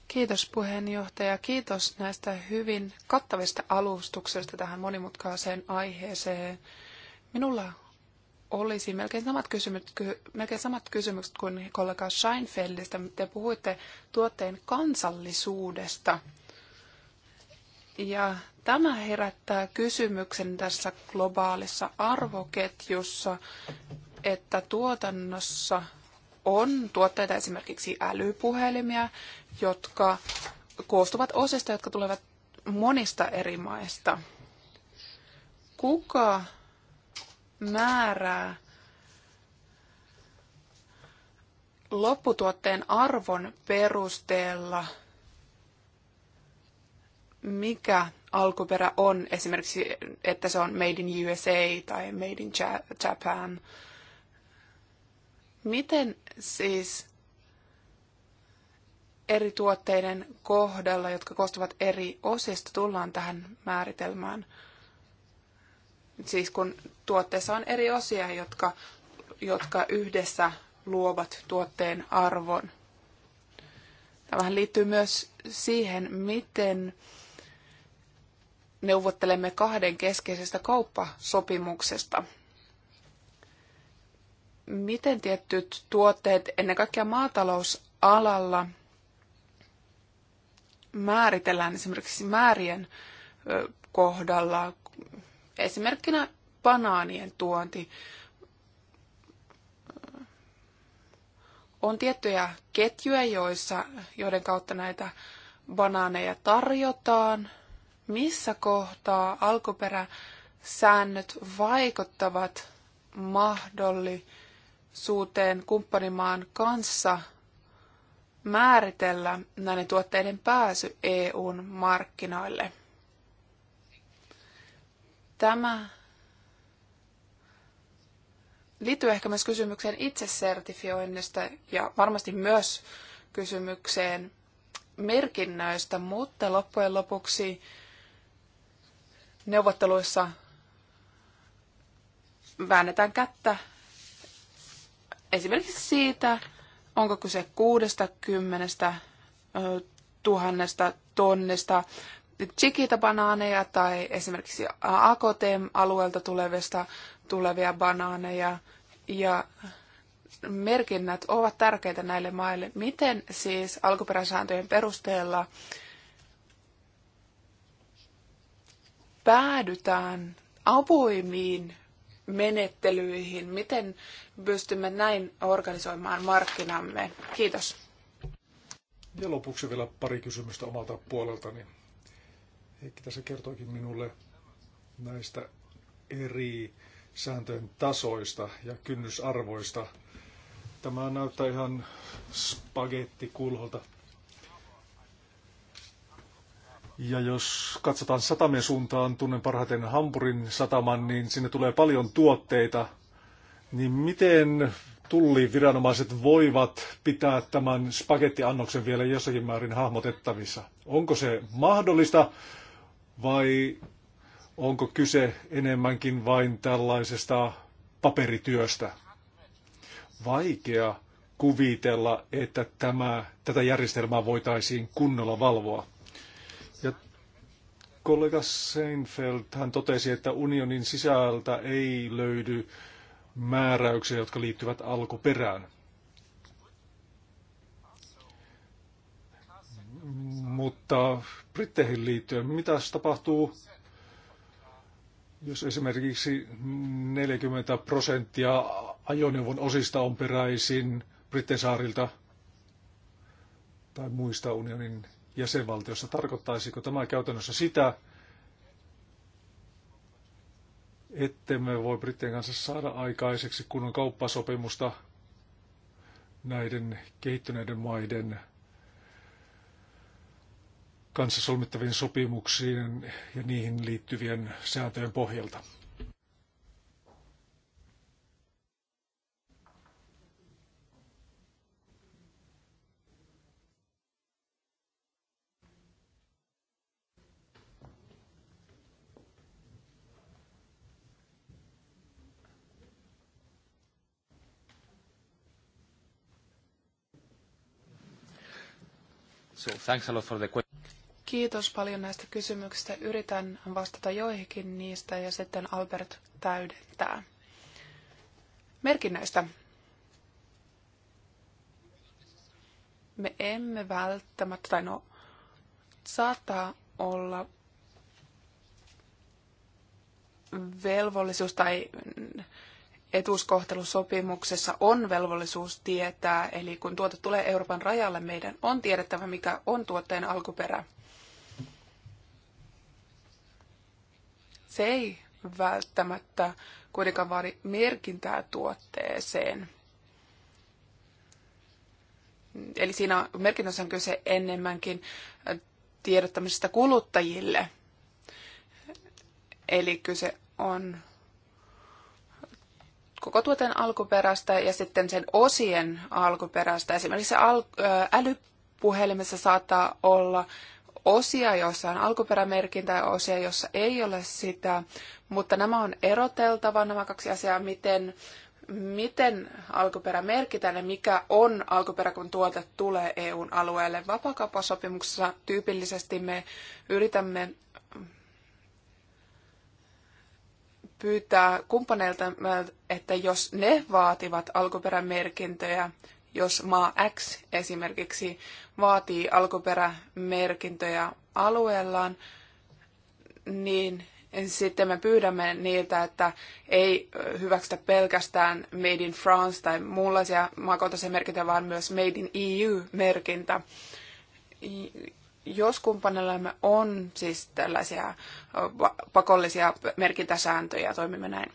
Kiitos puheenjohtaja. Kiitos näistä hyvin kattavista alustuksista tähän monimutkaiseen aiheeseen. Minulla olisi melkein samat, kysymykset, melkein samat kysymykset kuin kollega Scheinfeldistä. Te puhuitte tuotteen kansallisuudesta. Ja tämä herättää kysymyksen tässä globaalissa arvoketjussa, että tuotannossa on tuotteita esimerkiksi älypuhelimia, jotka koostuvat osista, jotka tulevat monista eri maista. Kuka määrää lopputuotteen arvon perusteella, mikä alkuperä on, esimerkiksi että se on made in USA tai made in Japan. Miten siis eri tuotteiden kohdalla, jotka koostuvat eri osista, tullaan tähän määritelmään? Siis kun tuotteessa on eri osia, jotka, jotka yhdessä luovat tuotteen arvon. Tämähän liittyy myös siihen, miten neuvottelemme kahden keskeisestä kauppasopimuksesta. Miten tietyt tuotteet, ennen kaikkea maatalousalalla, määritellään esimerkiksi määrien kohdalla, Esimerkkinä banaanien tuonti. On tiettyjä ketjuja, joissa, joiden kautta näitä banaaneja tarjotaan. Missä kohtaa alkuperäsäännöt vaikuttavat mahdollisuuteen kumppanimaan kanssa määritellä näiden tuotteiden pääsy EUn markkinoille. Tämä liittyy ehkä myös kysymykseen itsesertifioinnista ja varmasti myös kysymykseen merkinnöistä, mutta loppujen lopuksi neuvotteluissa väännetään kättä esimerkiksi siitä, onko kyse 60 tuhannesta tonnista chiquita-banaaneja tai esimerkiksi AKT-alueelta tulevista tulevia banaaneja ja merkinnät ovat tärkeitä näille maille. Miten siis alkuperäsääntöjen perusteella päädytään avoimiin menettelyihin? Miten pystymme näin organisoimaan markkinamme? Kiitos. Ja lopuksi vielä pari kysymystä omalta puoleltani. Heikki tässä kertoikin minulle näistä eri sääntöjen tasoista ja kynnysarvoista. Tämä näyttää ihan spagettikulholta. Ja jos katsotaan satamien suuntaan, tunnen parhaiten Hampurin sataman, niin sinne tulee paljon tuotteita. Niin miten tulliviranomaiset voivat pitää tämän spagettiannoksen vielä jossakin määrin hahmotettavissa? Onko se mahdollista vai onko kyse enemmänkin vain tällaisesta paperityöstä? Vaikea kuvitella, että tämä, tätä järjestelmää voitaisiin kunnolla valvoa. Ja kollega Seinfeld hän totesi, että unionin sisältä ei löydy määräyksiä, jotka liittyvät alkuperään. mutta Britteihin liittyen, mitä tapahtuu, jos esimerkiksi 40 prosenttia ajoneuvon osista on peräisin Brittesaarilta tai muista unionin jäsenvaltioista? Tarkoittaisiko tämä käytännössä sitä, ettemme voi Britteen kanssa saada aikaiseksi kunnon kauppasopimusta näiden kehittyneiden maiden kanssa solmittavien sopimuksiin ja niihin liittyvien sääntöjen pohjalta. So, thanks a lot for the question. Kiitos paljon näistä kysymyksistä. Yritän vastata joihinkin niistä ja sitten Albert täydentää. Merkinnöistä. Me emme välttämättä, tai no, saattaa olla velvollisuus tai etuuskohtelusopimuksessa on velvollisuus tietää, eli kun tuote tulee Euroopan rajalle, meidän on tiedettävä, mikä on tuotteen alkuperä. Se ei välttämättä kuitenkaan vaadi merkintää tuotteeseen. Eli siinä merkinnössä on kyse enemmänkin tiedottamisesta kuluttajille. Eli kyse on koko tuotteen alkuperästä ja sitten sen osien alkuperästä. Esimerkiksi älypuhelimessa saattaa olla osia, joissa on alkuperämerkintä ja osia, joissa ei ole sitä, mutta nämä on eroteltava, nämä kaksi asiaa, miten, miten alkuperä merkitään ja mikä on alkuperä, kun tuote tulee EUn alueelle. Vapakauppasopimuksessa tyypillisesti me yritämme pyytää kumppaneilta, että jos ne vaativat alkuperämerkintöjä, jos maa X esimerkiksi vaatii alkuperämerkintöjä alueellaan, niin sitten me pyydämme niiltä, että ei hyväksytä pelkästään Made in France tai muunlaisia maakohtaisia merkintöjä, vaan myös Made in EU-merkintä. Jos kumppanillamme on siis tällaisia pakollisia merkintäsääntöjä, toimimme näin.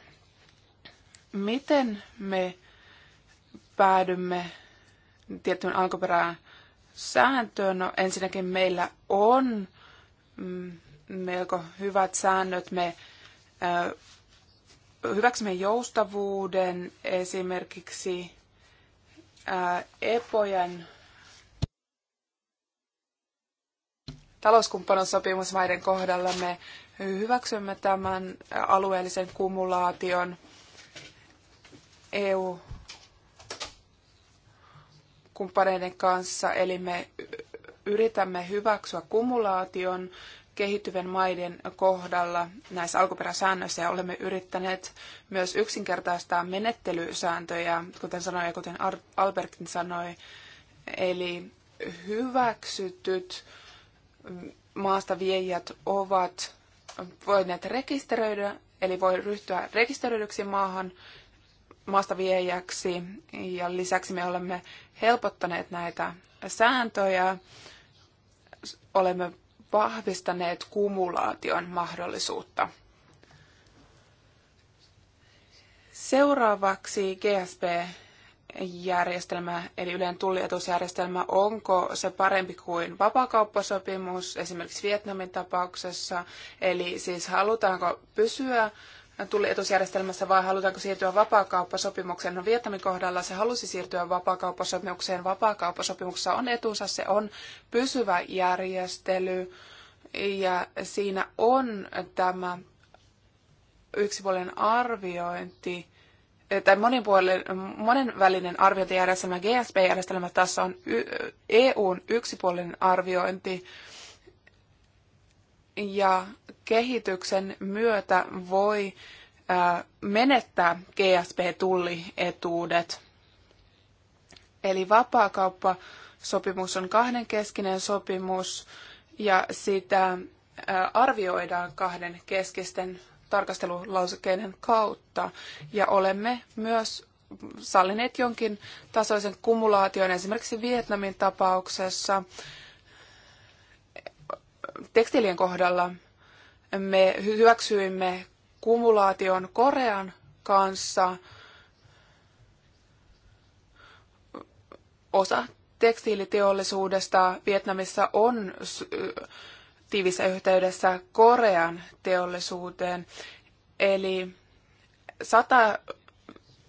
Miten me päädymme tiettyyn alkuperään sääntöön. No, ensinnäkin meillä on mm, melko hyvät säännöt. Me hyväksymme joustavuuden esimerkiksi epojen sopimusmaiden kohdalla me hyväksymme tämän alueellisen kumulaation EU kumppaneiden kanssa, eli me yritämme hyväksyä kumulaation kehittyvien maiden kohdalla näissä alkuperäsäännöissä ja olemme yrittäneet myös yksinkertaistaa menettelysääntöjä, kuten sanoin ja kuten Albertin sanoi, eli hyväksytyt maasta viejät ovat voineet rekisteröidä, eli voi ryhtyä rekisteröidyksi maahan maastaviejäksi ja lisäksi me olemme helpottaneet näitä sääntöjä, olemme vahvistaneet kumulaation mahdollisuutta. Seuraavaksi GSP järjestelmä, eli yleinen tullietusjärjestelmä, onko se parempi kuin vapakauppasopimus esimerkiksi Vietnamin tapauksessa, eli siis halutaanko pysyä tullietusjärjestelmässä vai halutaanko siirtyä vapaakauppasopimukseen? No Vietnamin kohdalla se halusi siirtyä vapaakauppasopimukseen. Vapaakauppasopimuksessa on etunsa, se on pysyvä järjestely ja siinä on tämä yksipuolinen arviointi eh, tai monipuolinen, monenvälinen arviointijärjestelmä, GSP-järjestelmä, tässä on EUn eh, e yksipuolinen arviointi ja kehityksen myötä voi menettää GSP-tullietuudet. Eli vapaakauppasopimus on kahdenkeskinen sopimus ja sitä arvioidaan kahden keskisten tarkastelulausekkeiden kautta. Ja olemme myös sallineet jonkin tasoisen kumulaation esimerkiksi Vietnamin tapauksessa tekstiilien kohdalla me hyväksyimme kumulaation Korean kanssa. Osa tekstiiliteollisuudesta Vietnamissa on tiivissä yhteydessä Korean teollisuuteen. Eli sata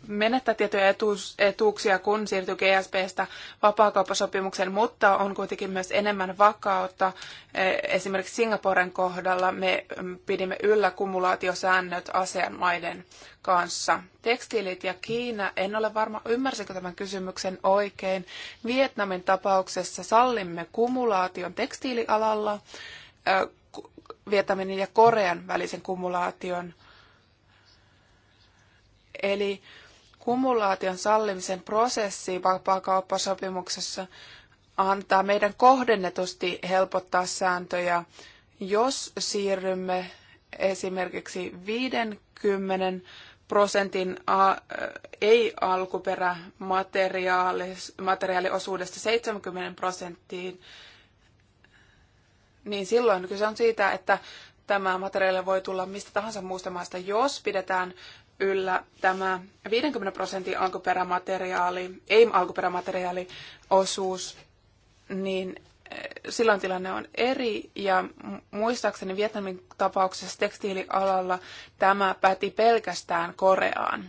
menettää tiettyjä etuus, etuuksia, kun siirtyy GSPstä vapaakauppasopimukseen, mutta on kuitenkin myös enemmän vakautta. E, esimerkiksi Singaporen kohdalla me mm, pidimme yllä kumulaatiosäännöt ASEAN maiden kanssa. Tekstiilit ja Kiina, en ole varma ymmärsikö tämän kysymyksen oikein. Vietnamin tapauksessa sallimme kumulaation tekstiilialalla, e, Vietnamin ja Korean välisen kumulaation. Eli kumulaation sallimisen prosessi vapaakauppasopimuksessa antaa meidän kohdennetusti helpottaa sääntöjä, jos siirrymme esimerkiksi 50 prosentin ei-alkuperämateriaaliosuudesta 70 prosenttiin, niin silloin kyse on siitä, että tämä materiaali voi tulla mistä tahansa muusta maasta, jos pidetään yllä tämä 50 prosentin alkuperämateriaali, ei alkuperämateriaali osuus, niin eh, silloin tilanne on eri ja muistaakseni Vietnamin tapauksessa tekstiilialalla tämä päti pelkästään Koreaan.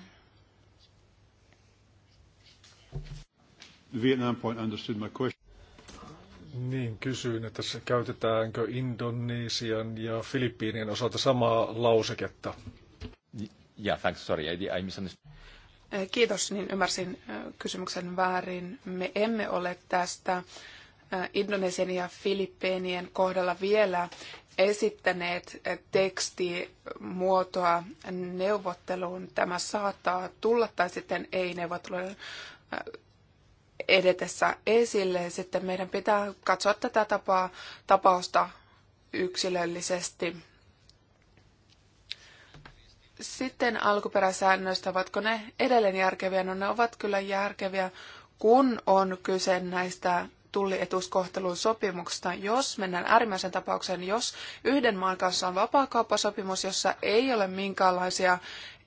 Vietnam point understood my question. Niin, kysyin, että käytetäänkö Indonesian ja Filippiinien osalta samaa lauseketta. Yeah, thanks. Sorry, I, I misunderstood. Kiitos, niin ymmärsin kysymyksen väärin. Me emme ole tästä Indonesian ja Filippiinien kohdalla vielä esittäneet tekstimuotoa neuvotteluun. Tämä saattaa tulla tai sitten ei neuvottelujen edetessä esille. Sitten meidän pitää katsoa tätä tapaa, tapausta yksilöllisesti. Sitten alkuperäsäännöistä, ovatko ne edelleen järkeviä? No ne ovat kyllä järkeviä, kun on kyse näistä tullietuskohtelun sopimuksesta, jos mennään äärimmäisen tapaukseen, jos yhden maan kanssa on vapaakauppasopimus, jossa ei ole minkäänlaisia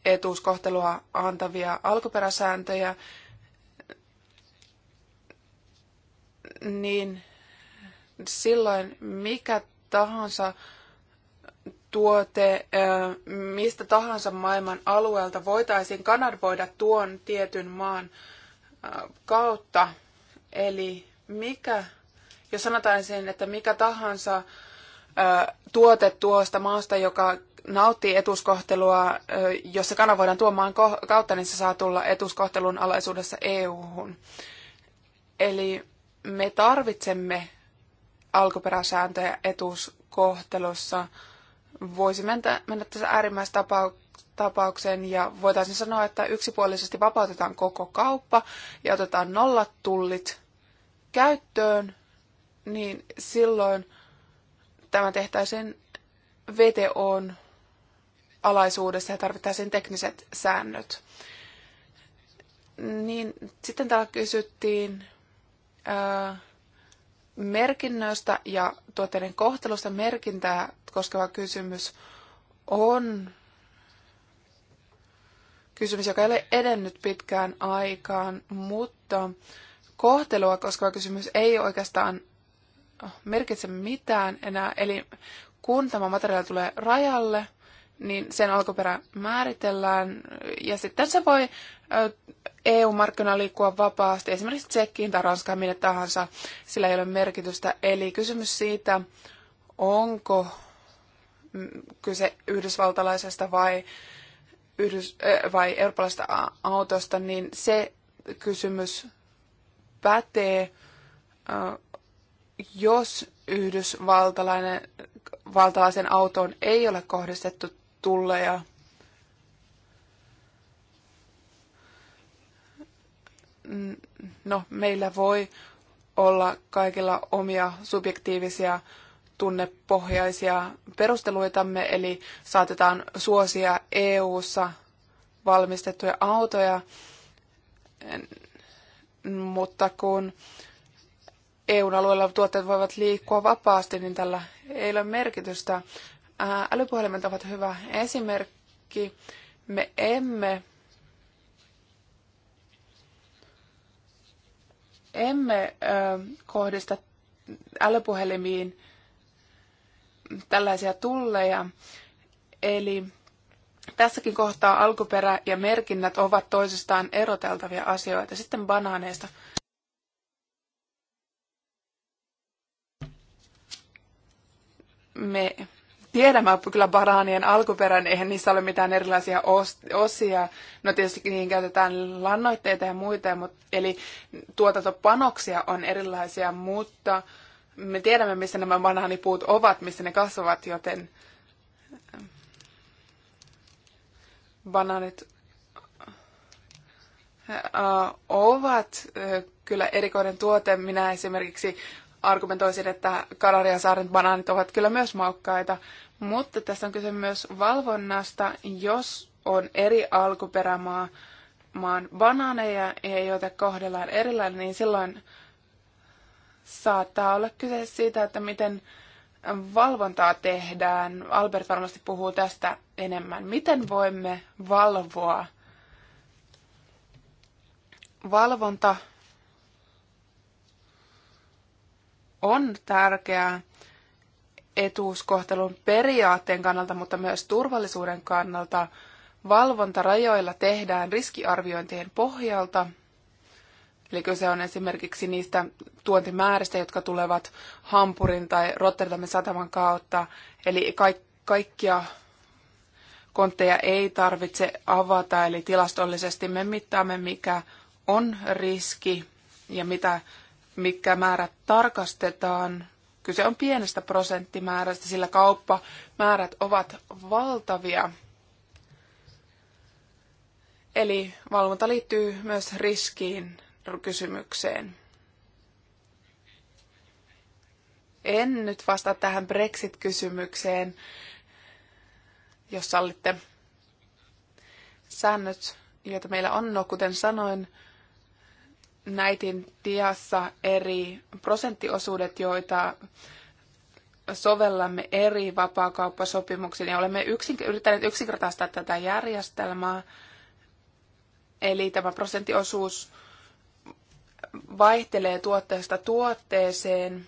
etuuskohtelua antavia alkuperäsääntöjä, niin silloin mikä tahansa tuote mistä tahansa maailman alueelta voitaisiin kanavoida tuon tietyn maan kautta. Eli mikä, jos sanotaan sen, että mikä tahansa tuote tuosta maasta, joka nauttii etuskohtelua, jos se kanavoidaan tuon maan kautta, niin se saa tulla etuskohtelun alaisuudessa EU-hun. Eli me tarvitsemme alkuperäsääntöjä etuskohtelussa voisi mennä, mennä tässä äärimmäistapaukseen ja voitaisiin sanoa, että yksipuolisesti vapautetaan koko kauppa ja otetaan tullit käyttöön, niin silloin tämä tehtäisiin VTOn alaisuudessa ja tarvittaisiin tekniset säännöt. Niin, sitten täällä kysyttiin ää, merkinnöistä ja tuotteiden kohtelusta merkintää koskeva kysymys on kysymys, joka ei ole edennyt pitkään aikaan, mutta kohtelua koskeva kysymys ei oikeastaan merkitse mitään enää. Eli kun tämä materiaali tulee rajalle, niin sen alkuperä määritellään. Ja sitten se voi EU-markkinoilla liikkua vapaasti, esimerkiksi Tsekkiin tai Ranskaan, minne tahansa. Sillä ei ole merkitystä. Eli kysymys siitä, onko mm, kyse yhdysvaltalaisesta vai, yhdys, vai eurooppalaisesta autosta, niin se kysymys pätee, jos yhdysvaltalainen valtalaisen autoon ei ole kohdistettu tulleja. No, meillä voi olla kaikilla omia subjektiivisia tunnepohjaisia perusteluitamme, eli saatetaan suosia EU-ssa valmistettuja autoja, mutta kun EUn alueella tuotteet voivat liikkua vapaasti, niin tällä ei ole merkitystä älypuhelimet ovat hyvä esimerkki. Me emme emme ö, kohdista älypuhelimiin tällaisia tulleja. Eli tässäkin kohtaa alkuperä ja merkinnät ovat toisistaan eroteltavia asioita. Sitten banaaneista. Me tiedämme kyllä baraanien alkuperän, eihän niissä ole mitään erilaisia osia. No tietysti niihin käytetään lannoitteita ja muita, mutta, eli tuotantopanoksia on erilaisia, mutta me tiedämme, missä nämä banaanipuut ovat, missä ne kasvavat, joten ähm, banaanit äh, ovat äh, kyllä erikoinen tuote. Minä esimerkiksi argumentoisin, että Kanariansaaren banaanit ovat kyllä myös maukkaita, mutta tässä on kyse myös valvonnasta, jos on eri alkuperämaa maan banaaneja ja joita kohdellaan erilainen, niin silloin saattaa olla kyse siitä, että miten valvontaa tehdään. Albert varmasti puhuu tästä enemmän. Miten voimme valvoa? Valvonta on tärkeää etuuskohtelun periaatteen kannalta, mutta myös turvallisuuden kannalta. Valvonta rajoilla tehdään riskiarviointien pohjalta, eli kyse on esimerkiksi niistä tuontimääristä, jotka tulevat Hampurin tai Rotterdamin sataman kautta, eli kaikkia kontteja ei tarvitse avata, eli tilastollisesti me mittaamme, mikä on riski ja mitä mikä määrä tarkastetaan. Kyse on pienestä prosenttimäärästä, sillä kauppamäärät ovat valtavia. Eli valvonta liittyy myös riskiin kysymykseen. En nyt vastaa tähän Brexit-kysymykseen, jos sallitte. Säännöt, joita meillä on, no kuten sanoin, näitin tiassa eri prosenttiosuudet, joita sovellamme eri vapaakauppasopimuksiin ja olemme yksin, yrittäneet yksinkertaistaa tätä järjestelmää. Eli tämä prosenttiosuus vaihtelee tuotteesta tuotteeseen,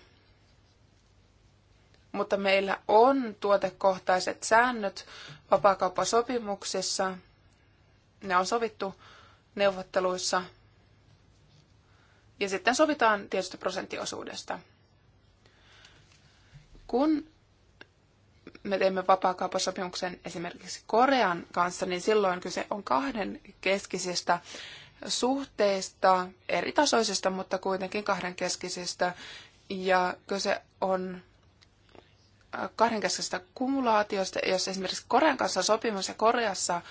mutta meillä on tuotekohtaiset säännöt vapaakauppasopimuksessa. Ne on sovittu neuvotteluissa ja sitten sovitaan tietystä prosenttiosuudesta. Kun me teemme vapaakauppasopimuksen esimerkiksi Korean kanssa, niin silloin kyse on kahden keskisestä suhteista, eri tasoisista, mutta kuitenkin kahden keskisistä. Ja kyse on äh, kahdenkeskisestä kumulaatiosta, jos esimerkiksi Korean kanssa sopimus ja Koreassa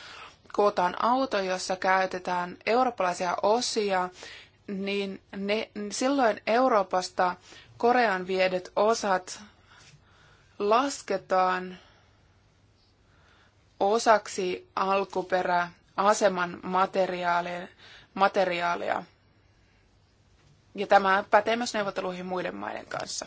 kootaan auto, jossa käytetään eurooppalaisia osia, niin ne, silloin Euroopasta Korean viedet osat lasketaan osaksi alkuperäaseman materiaalia. materiaalia. Ja tämä pätee myös neuvotteluihin muiden maiden kanssa.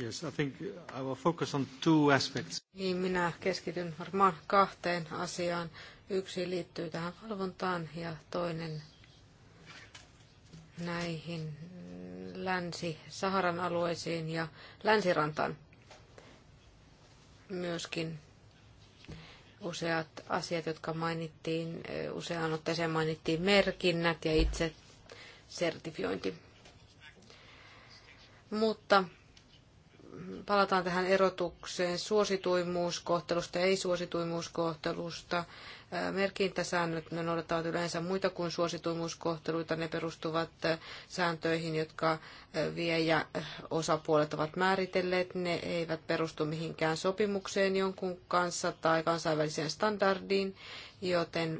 Yes, I think I will focus on two aspects. Niin, minä keskityn varmaan kahteen asiaan. Yksi liittyy tähän valvontaan ja toinen näihin Länsi-Saharan alueisiin ja Länsirantaan myöskin useat asiat, jotka mainittiin, useaan otteeseen mainittiin merkinnät ja itse sertifiointi. Mutta palataan tähän erotukseen suosituimmuuskohtelusta ja ei-suosituimmuuskohtelusta. Äh, merkintäsäännöt ne noudattavat yleensä muita kuin suosituimmuuskohteluita. Ne perustuvat äh, sääntöihin, jotka äh, viejä osapuolet ovat määritelleet. Ne eivät perustu mihinkään sopimukseen jonkun kanssa tai kansainväliseen standardiin, joten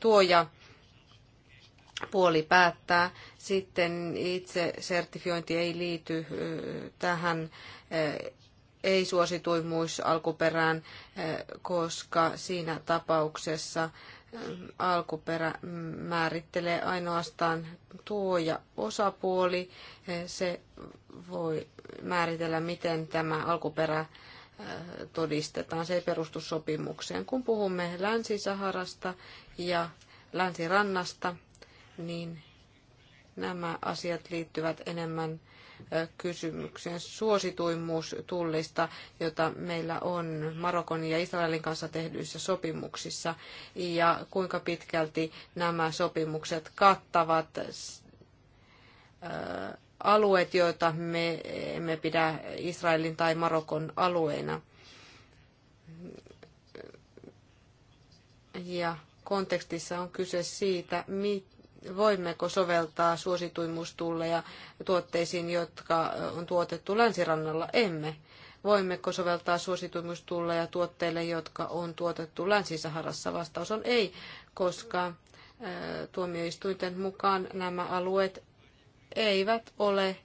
tuoja puoli päättää. Sitten itse sertifiointi ei liity tähän ei-suosituimmuusalkuperään, koska siinä tapauksessa alkuperä määrittelee ainoastaan tuoja osapuoli. Se voi määritellä, miten tämä alkuperä todistetaan. Se ei perustu sopimukseen. Kun puhumme Länsi-Saharasta ja Länsirannasta, niin nämä asiat liittyvät enemmän kysymyksen suosituimmuus tullista, jota meillä on Marokon ja Israelin kanssa tehdyissä sopimuksissa, ja kuinka pitkälti nämä sopimukset kattavat alueet, joita me emme pidä Israelin tai Marokon alueina. Ja kontekstissa on kyse siitä, mitä voimmeko soveltaa suosituimmustulleja tuotteisiin, jotka on tuotettu länsirannalla? Emme. Voimmeko soveltaa suosituimmustulleja tuotteille, jotka on tuotettu Länsi-Saharassa? Vastaus on ei, koska tuomioistuinten mukaan nämä alueet eivät ole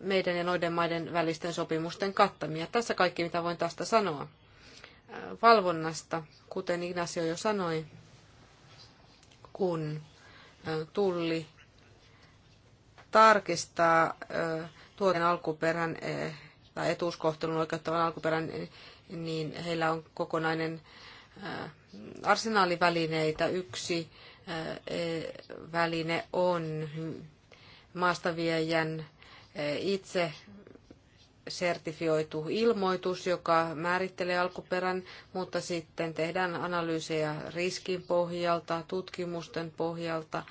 meidän ja noiden maiden välisten sopimusten kattamia. Tässä kaikki, mitä voin tästä sanoa. Valvonnasta, kuten Ignacio jo sanoi, kun tulli tarkistaa tuotteen alkuperän tai etuuskohtelun oikeuttavan alkuperän, niin heillä on kokonainen arsenaalivälineitä. Yksi e, väline on maastaviejän itse sertifioitu ilmoitus, joka määrittelee alkuperän, mutta sitten tehdään analyysejä riskin pohjalta, tutkimusten pohjalta,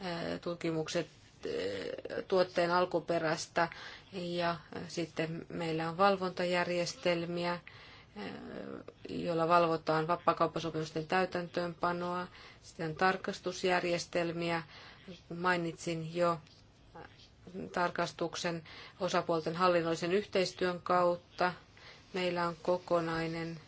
eh, tutkimukset eh, tuotteen alkuperästä ja sitten meillä on valvontajärjestelmiä, eh, joilla valvotaan vapaakauppasopimusten täytäntöönpanoa, sitten on tarkastusjärjestelmiä, mainitsin jo tarkastuksen osapuolten hallinnollisen yhteistyön kautta. Meillä on kokonainen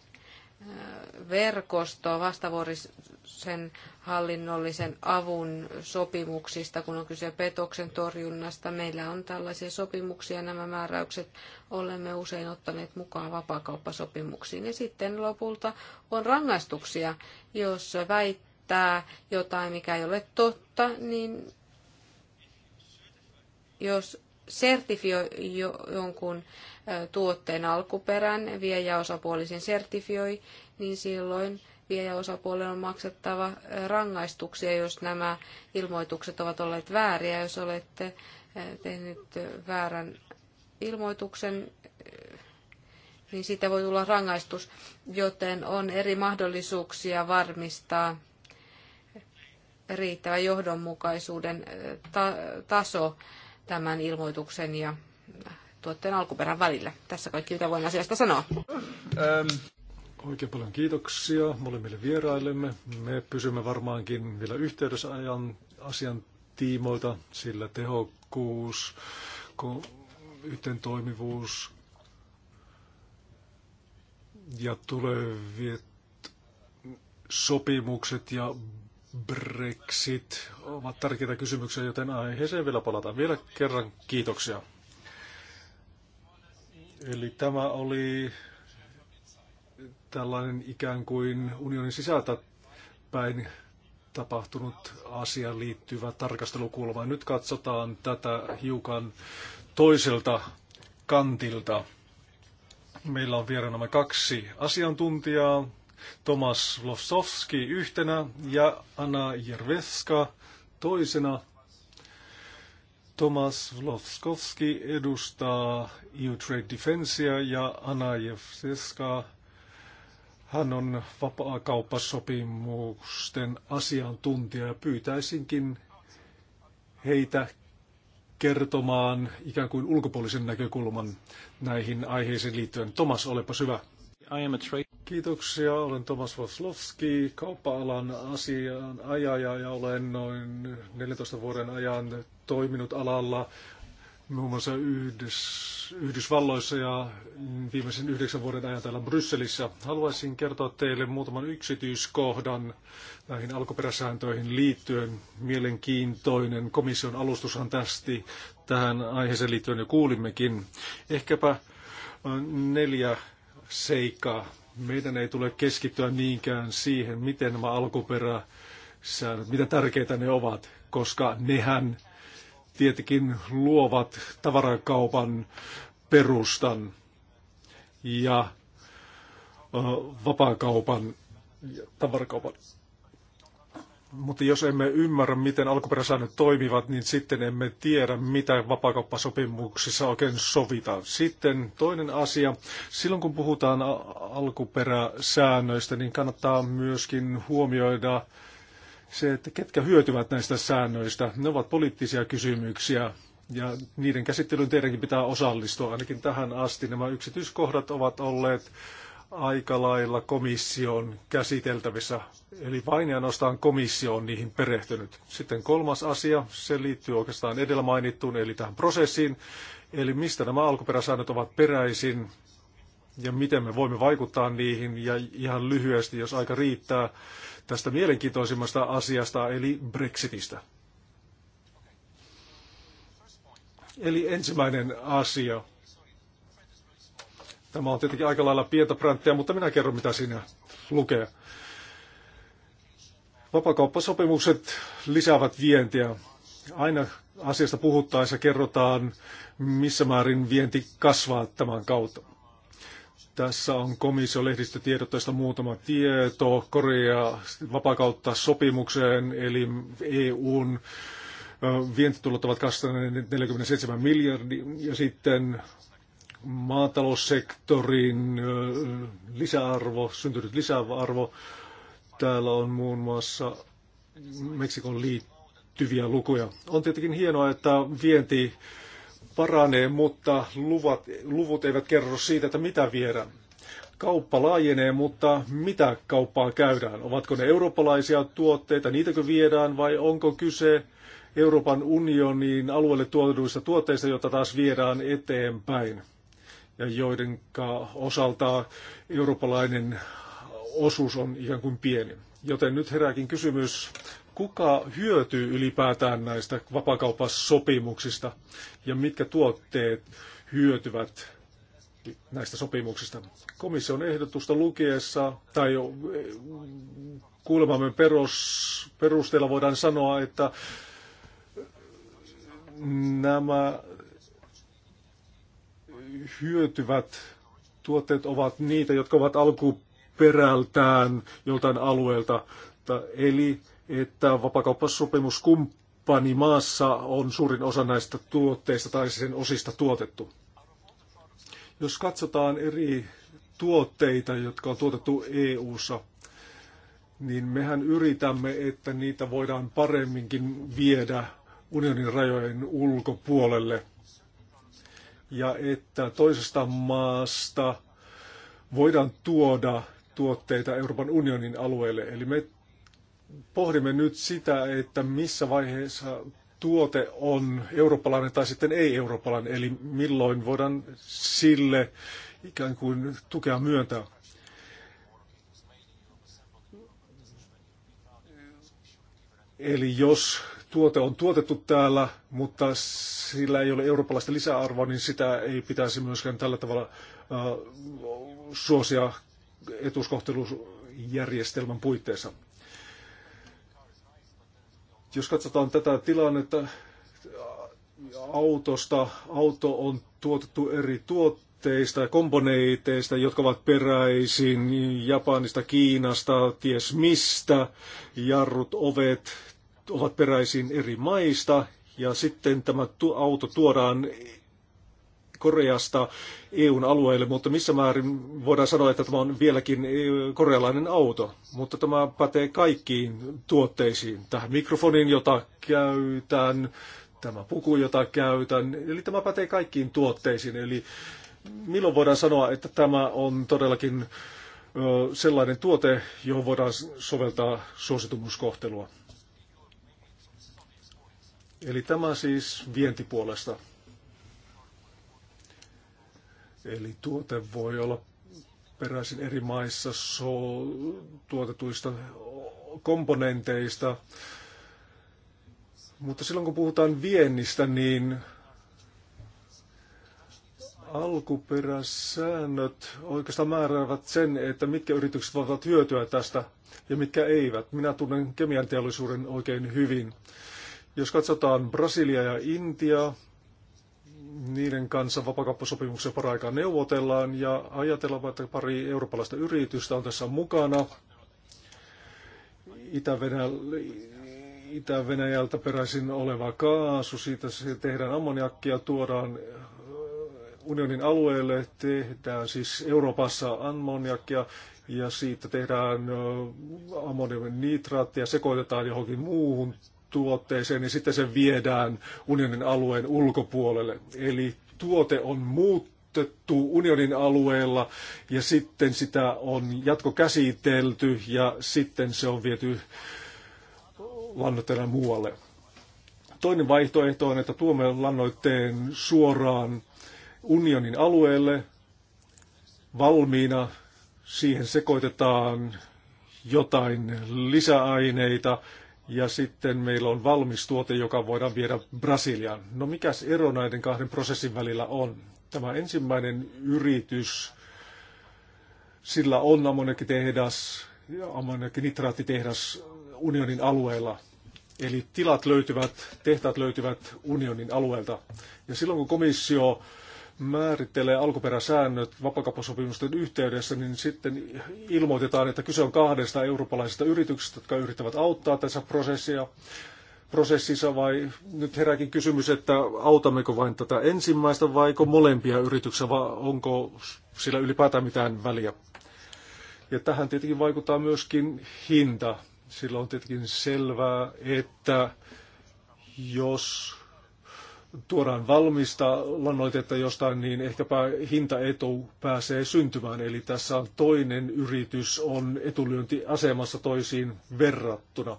verkosto vastavuorisen hallinnollisen avun sopimuksista, kun on kyse petoksen torjunnasta. Meillä on tällaisia sopimuksia, nämä määräykset olemme usein ottaneet mukaan vapaakauppasopimuksiin. Ja sitten lopulta on rangaistuksia, jos väittää jotain, mikä ei ole totta, niin jos sertifioi jonkun tuotteen alkuperän, viejäosapuoli sen sertifioi, niin silloin viejäosapuolen on maksettava rangaistuksia, jos nämä ilmoitukset ovat olleet vääriä. Jos olette tehnyt väärän ilmoituksen, niin siitä voi tulla rangaistus, joten on eri mahdollisuuksia varmistaa riittävä johdonmukaisuuden taso tämän ilmoituksen ja tuotteen alkuperän välillä. Tässä kaikki, mitä voin asiasta sanoa. Ähm. Oikein paljon kiitoksia molemmille vieraillemme. Me pysymme varmaankin vielä yhteydessä ajan, asian tiimoilta, sillä tehokkuus, yhteen toimivuus ja tulevat sopimukset ja Brexit ovat tärkeitä kysymyksiä, joten aiheeseen vielä palataan. Vielä kerran kiitoksia. Eli tämä oli tällainen ikään kuin unionin sisältä päin tapahtunut asiaan liittyvä tarkastelukulma. Nyt katsotaan tätä hiukan toiselta kantilta. Meillä on vieraanamme kaksi asiantuntijaa, Tomas Lovsovski yhtenä ja Anna Jerveska toisena. Tomas Lovskovski edustaa EU Trade Defensea ja Anna Jerveska hän on vapaakauppasopimusten asiantuntija ja pyytäisinkin heitä kertomaan ikään kuin ulkopuolisen näkökulman näihin aiheisiin liittyen. Tomas, olepa hyvä. I am a Kiitoksia. Olen Tomas Voslovski, kauppa-alan asianajaja ja olen noin 14 vuoden ajan toiminut alalla muun muassa Yhdys, Yhdysvalloissa ja viimeisen yhdeksän vuoden ajan täällä Brysselissä. Haluaisin kertoa teille muutaman yksityiskohdan näihin alkuperäsääntöihin liittyen. Mielenkiintoinen komission alustushan tästi tähän aiheeseen liittyen jo kuulimmekin. Ehkäpä neljä seikkaa meidän ei tule keskittyä niinkään siihen, miten nämä alkuperäsäännöt, mitä tärkeitä ne ovat, koska nehän tietenkin luovat tavarakaupan perustan ja vapaakaupan, tavarakaupan mutta jos emme ymmärrä, miten alkuperäsäännöt toimivat, niin sitten emme tiedä, mitä vapaakauppasopimuksissa oikein sovitaan. Sitten toinen asia. Silloin kun puhutaan alkuperäsäännöistä, niin kannattaa myöskin huomioida se, että ketkä hyötyvät näistä säännöistä. Ne ovat poliittisia kysymyksiä ja niiden käsittelyyn teidänkin pitää osallistua. Ainakin tähän asti nämä yksityiskohdat ovat olleet aika lailla komission käsiteltävissä. Eli vain ja ainoastaan komissio on niihin perehtynyt. Sitten kolmas asia, se liittyy oikeastaan edellä mainittuun, eli tähän prosessiin. Eli mistä nämä alkuperäsäännöt ovat peräisin ja miten me voimme vaikuttaa niihin. Ja ihan lyhyesti, jos aika riittää, tästä mielenkiintoisimmasta asiasta, eli Brexitistä. Eli ensimmäinen asia Tämä on tietenkin aika lailla pientä pränttiä, mutta minä kerron mitä siinä lukee. Vapakauppasopimukset lisäävät vientiä. Aina asiasta puhuttaessa kerrotaan, missä määrin vienti kasvaa tämän kautta. Tässä on komissio lehdistötiedotteesta muutama tieto Korea vapakautta sopimukseen, eli EUn vientitulot ovat kasvaneet 47 miljardia, ja sitten maataloussektorin lisäarvo, syntynyt lisäarvo. Täällä on muun muassa Meksikon liittyviä lukuja. On tietenkin hienoa, että vienti paranee, mutta luvat, luvut eivät kerro siitä, että mitä viedään. Kauppa laajenee, mutta mitä kauppaa käydään? Ovatko ne eurooppalaisia tuotteita, niitäkö viedään vai onko kyse Euroopan unionin alueelle tuoduista tuotteista, joita taas viedään eteenpäin? ja joiden osalta eurooppalainen osuus on ikään kuin pieni. Joten nyt herääkin kysymys, kuka hyötyy ylipäätään näistä vapakauppasopimuksista ja mitkä tuotteet hyötyvät näistä sopimuksista. Komission ehdotusta lukiessa tai kuulemamme perus, perusteella voidaan sanoa, että nämä hyötyvät tuotteet ovat niitä, jotka ovat alkuperältään joltain alueelta. Eli että vapakauppasopimuskumppani maassa on suurin osa näistä tuotteista tai sen osista tuotettu. Jos katsotaan eri tuotteita, jotka on tuotettu EU-ssa, niin mehän yritämme, että niitä voidaan paremminkin viedä unionin rajojen ulkopuolelle – ja että toisesta maasta voidaan tuoda tuotteita Euroopan unionin alueelle. Eli me pohdimme nyt sitä, että missä vaiheessa tuote on eurooppalainen tai sitten ei-eurooppalainen, eli milloin voidaan sille ikään kuin tukea myöntää. Eli jos tuote on tuotettu täällä, mutta sillä ei ole eurooppalaista lisäarvoa, niin sitä ei pitäisi myöskään tällä tavalla suosia etuuskohtelujärjestelmän puitteissa. Jos katsotaan tätä tilannetta autosta, auto on tuotettu eri tuotteista ja komponenteista, jotka ovat peräisin Japanista, Kiinasta, ties mistä, jarrut, ovet, ovat peräisin eri maista ja sitten tämä auto tuodaan Koreasta EUn alueelle, mutta missä määrin voidaan sanoa, että tämä on vieläkin e, korealainen auto. Mutta tämä pätee kaikkiin tuotteisiin. Tähän mikrofonin, jota käytän, tämä puku, jota käytän. Eli tämä pätee kaikkiin tuotteisiin. Eli milloin voidaan sanoa, että tämä on todellakin sellainen tuote, johon voidaan soveltaa suositumuskohtelua. Eli tämä siis vientipuolesta. Eli tuote voi olla peräisin eri maissa so, tuotetuista komponenteista. Mutta silloin kun puhutaan viennistä, niin alkuperäsäännöt oikeastaan määräävät sen, että mitkä yritykset voivat hyötyä tästä ja mitkä eivät. Minä tunnen kemian teollisuuden oikein hyvin. Jos katsotaan Brasilia ja Intia, niiden kanssa vapakauppasopimuksia paraikaa neuvotellaan ja ajatellaan, että pari eurooppalaista yritystä on tässä mukana. Itä-Venäjältä peräisin oleva kaasu, siitä se tehdään ammoniakkia, tuodaan äh, unionin alueelle, tehdään siis Euroopassa ammoniakkia ja siitä tehdään äh, ammoniumin nitraattia, sekoitetaan johonkin muuhun tuotteeseen ja sitten se viedään unionin alueen ulkopuolelle. Eli tuote on muutettu unionin alueella ja sitten sitä on jatkokäsitelty ja sitten se on viety lannoitteena muualle. Toinen vaihtoehto on, että tuomme lannoitteen suoraan unionin alueelle valmiina. Siihen sekoitetaan jotain lisäaineita ja sitten meillä on valmis tuote, joka voidaan viedä Brasiliaan. No mikäs ero näiden kahden prosessin välillä on? Tämä ensimmäinen yritys, sillä on tehdas, ja ammoniakkinitraattitehdas unionin alueella. Eli tilat löytyvät, tehtaat löytyvät unionin alueelta. Ja silloin kun komissio määrittelee alkuperäsäännöt vapakauppasopimusten yhteydessä, niin sitten ilmoitetaan, että kyse on kahdesta eurooppalaisesta yrityksestä, jotka yrittävät auttaa tässä prosessia, prosessissa vai nyt herääkin kysymys, että autammeko vain tätä ensimmäistä vaiko molempia yrityksiä, vai onko sillä ylipäätään mitään väliä. Ja tähän tietenkin vaikuttaa myöskin hinta. Sillä on tietenkin selvää, että jos tuodaan valmista lannoitetta jostain, niin ehkäpä hintaetu pääsee syntymään. Eli tässä on toinen yritys on etulyöntiasemassa toisiin verrattuna.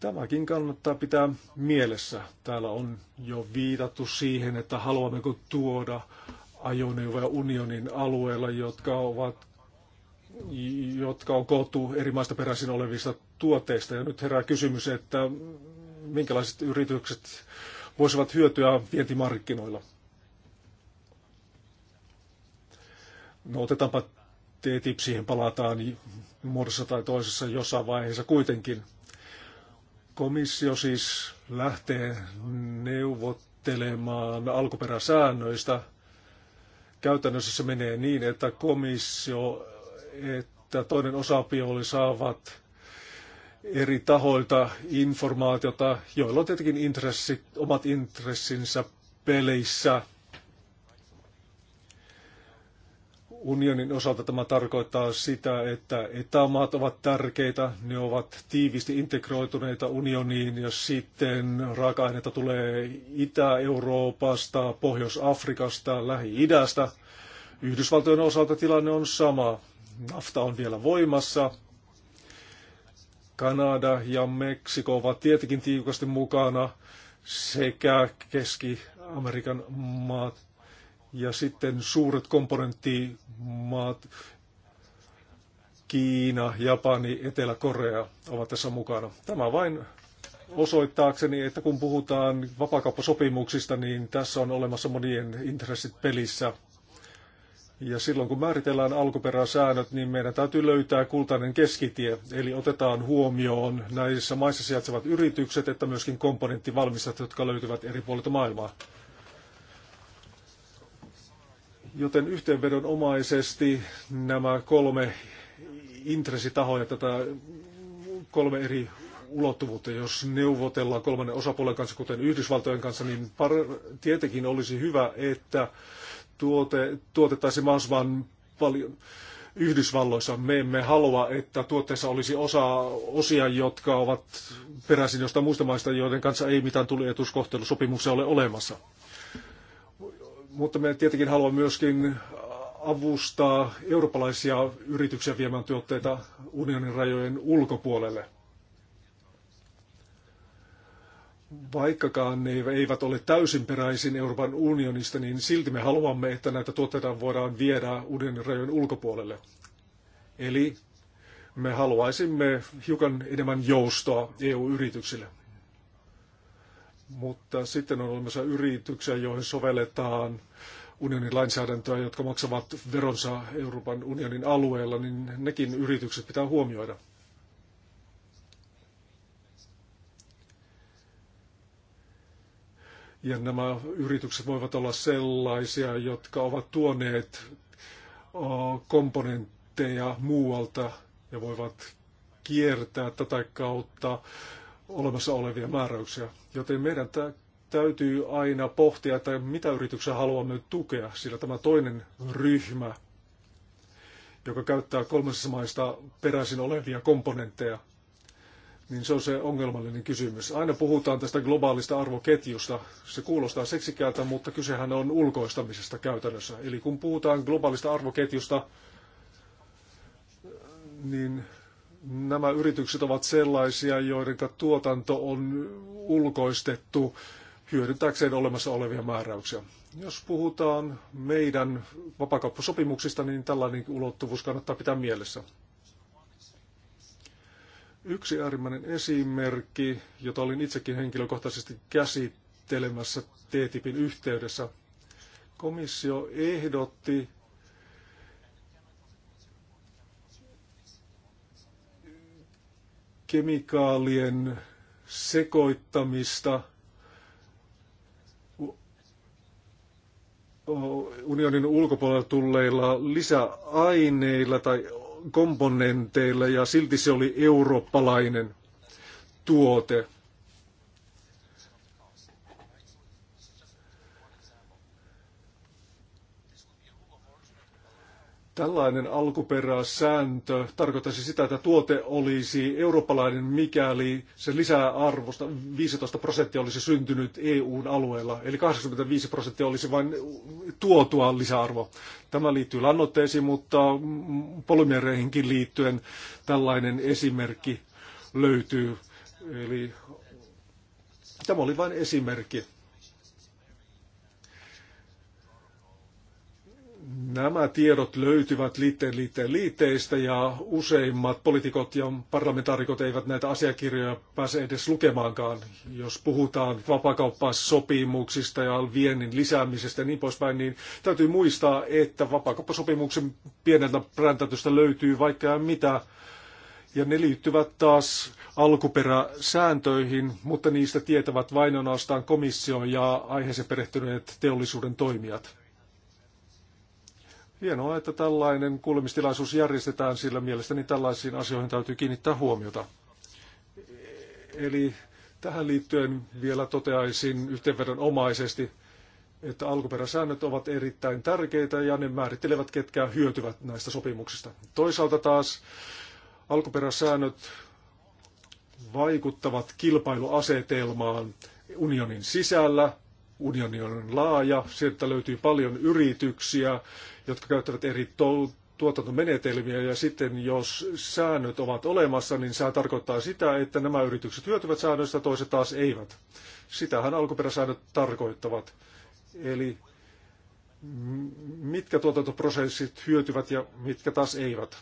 Tämäkin kannattaa pitää mielessä. Täällä on jo viitattu siihen, että haluammeko tuoda ajoneuvoja unionin alueella, jotka ovat jotka on koottu eri maista peräisin olevista tuotteista. Ja nyt herää kysymys, että minkälaiset yritykset voisivat hyötyä vientimarkkinoilla. No otetaanpa TTIP, siihen palataan muodossa tai toisessa jossain vaiheessa kuitenkin. Komissio siis lähtee neuvottelemaan alkuperäsäännöistä. Käytännössä se menee niin, että komissio että toinen osapuoli saavat eri tahoilta informaatiota, joilla on tietenkin intressit, omat intressinsä peleissä. Unionin osalta tämä tarkoittaa sitä, että etämaat ovat tärkeitä, ne ovat tiiviisti integroituneita unioniin ja sitten raaka-aineita tulee Itä-Euroopasta, Pohjois-Afrikasta, Lähi-idästä. Yhdysvaltojen osalta tilanne on sama NAFTA on vielä voimassa. Kanada ja Meksiko ovat tietenkin tiukasti mukana sekä Keski-Amerikan maat ja sitten suuret komponenttimaat Kiina, Japani, Etelä-Korea ovat tässä mukana. Tämä vain osoittaakseni, että kun puhutaan vapakauppasopimuksista, niin tässä on olemassa monien intressit pelissä. Ja silloin kun määritellään alkuperäsäännöt, niin meidän täytyy löytää kultainen keskitie. Eli otetaan huomioon näissä maissa sijaitsevat yritykset, että myöskin komponenttivalmistajat, jotka löytyvät eri puolilta maailmaa. Joten yhteenvedonomaisesti nämä kolme intressitahoja, tätä kolme eri ulottuvuutta. Jos neuvotellaan kolmannen osapuolen kanssa, kuten Yhdysvaltojen kanssa, niin par- tietenkin olisi hyvä, että tuote, tuotettaisiin mahdollisimman paljon Yhdysvalloissa. Me emme halua, että tuotteessa olisi osa, osia, jotka ovat peräisin jostain muista maista, joiden kanssa ei mitään tulietuskohtelusopimuksia ole olemassa. Mutta me tietenkin haluamme myöskin avustaa eurooppalaisia yrityksiä viemään tuotteita unionin rajojen ulkopuolelle. vaikkakaan ne eivät ole täysin peräisin Euroopan unionista, niin silti me haluamme, että näitä tuotteita voidaan viedä uuden rajojen ulkopuolelle. Eli me haluaisimme hiukan enemmän joustoa EU-yrityksille. Mutta sitten on olemassa yrityksiä, joihin sovelletaan unionin lainsäädäntöä, jotka maksavat veronsa Euroopan unionin alueella, niin nekin yritykset pitää huomioida. Ja nämä yritykset voivat olla sellaisia, jotka ovat tuoneet komponentteja muualta ja voivat kiertää tätä kautta olemassa olevia määräyksiä. Joten meidän täytyy aina pohtia, että mitä yrityksiä haluamme tukea, sillä tämä toinen ryhmä, joka käyttää kolmessa maista peräisin olevia komponentteja, niin se on se ongelmallinen kysymys. Aina puhutaan tästä globaalista arvoketjusta. Se kuulostaa seksikäältä, mutta kysehän on ulkoistamisesta käytännössä. Eli kun puhutaan globaalista arvoketjusta, niin nämä yritykset ovat sellaisia, joiden tuotanto on ulkoistettu hyödyntääkseen olemassa olevia määräyksiä. Jos puhutaan meidän vapakauppasopimuksista, niin tällainen ulottuvuus kannattaa pitää mielessä. Yksi äärimmäinen esimerkki, jota olin itsekin henkilökohtaisesti käsittelemässä TTIPin yhteydessä. Komissio ehdotti kemikaalien sekoittamista unionin ulkopuolella tulleilla lisäaineilla tai komponenteilla ja silti se oli eurooppalainen tuote. Tällainen alkuperäsääntö tarkoittaisi sitä, että tuote olisi eurooppalainen, mikäli se lisäarvosta 15 prosenttia olisi syntynyt EUn alueella, eli 85 prosenttia olisi vain tuotua lisäarvo. Tämä liittyy lannoitteisiin, mutta polymereihinkin liittyen tällainen esimerkki löytyy. Eli tämä oli vain esimerkki. Nämä tiedot löytyvät liitteen liitteen liitteistä ja useimmat poliitikot ja parlamentaarikot eivät näitä asiakirjoja pääse edes lukemaankaan. Jos puhutaan vapakauppasopimuksista ja viennin lisäämisestä ja niin poispäin, niin täytyy muistaa, että vapakauppasopimuksen pieneltä präntätystä löytyy vaikka ja mitä. Ja ne liittyvät taas alkuperäsääntöihin, mutta niistä tietävät vain ainoastaan komissio ja aiheeseen perehtyneet teollisuuden toimijat. Hienoa, että tällainen kuulemistilaisuus järjestetään, sillä mielestäni tällaisiin asioihin täytyy kiinnittää huomiota. Eli tähän liittyen vielä toteaisin yhteenvedonomaisesti, että alkuperäsäännöt ovat erittäin tärkeitä ja ne määrittelevät, ketkä hyötyvät näistä sopimuksista. Toisaalta taas alkuperäsäännöt vaikuttavat kilpailuasetelmaan unionin sisällä Unioni on laaja, sieltä löytyy paljon yrityksiä, jotka käyttävät eri tuotantomenetelmiä ja sitten jos säännöt ovat olemassa, niin se tarkoittaa sitä, että nämä yritykset hyötyvät säännöistä, toiset taas eivät. Sitähän alkuperäsäännöt tarkoittavat. Eli mitkä tuotantoprosessit hyötyvät ja mitkä taas eivät.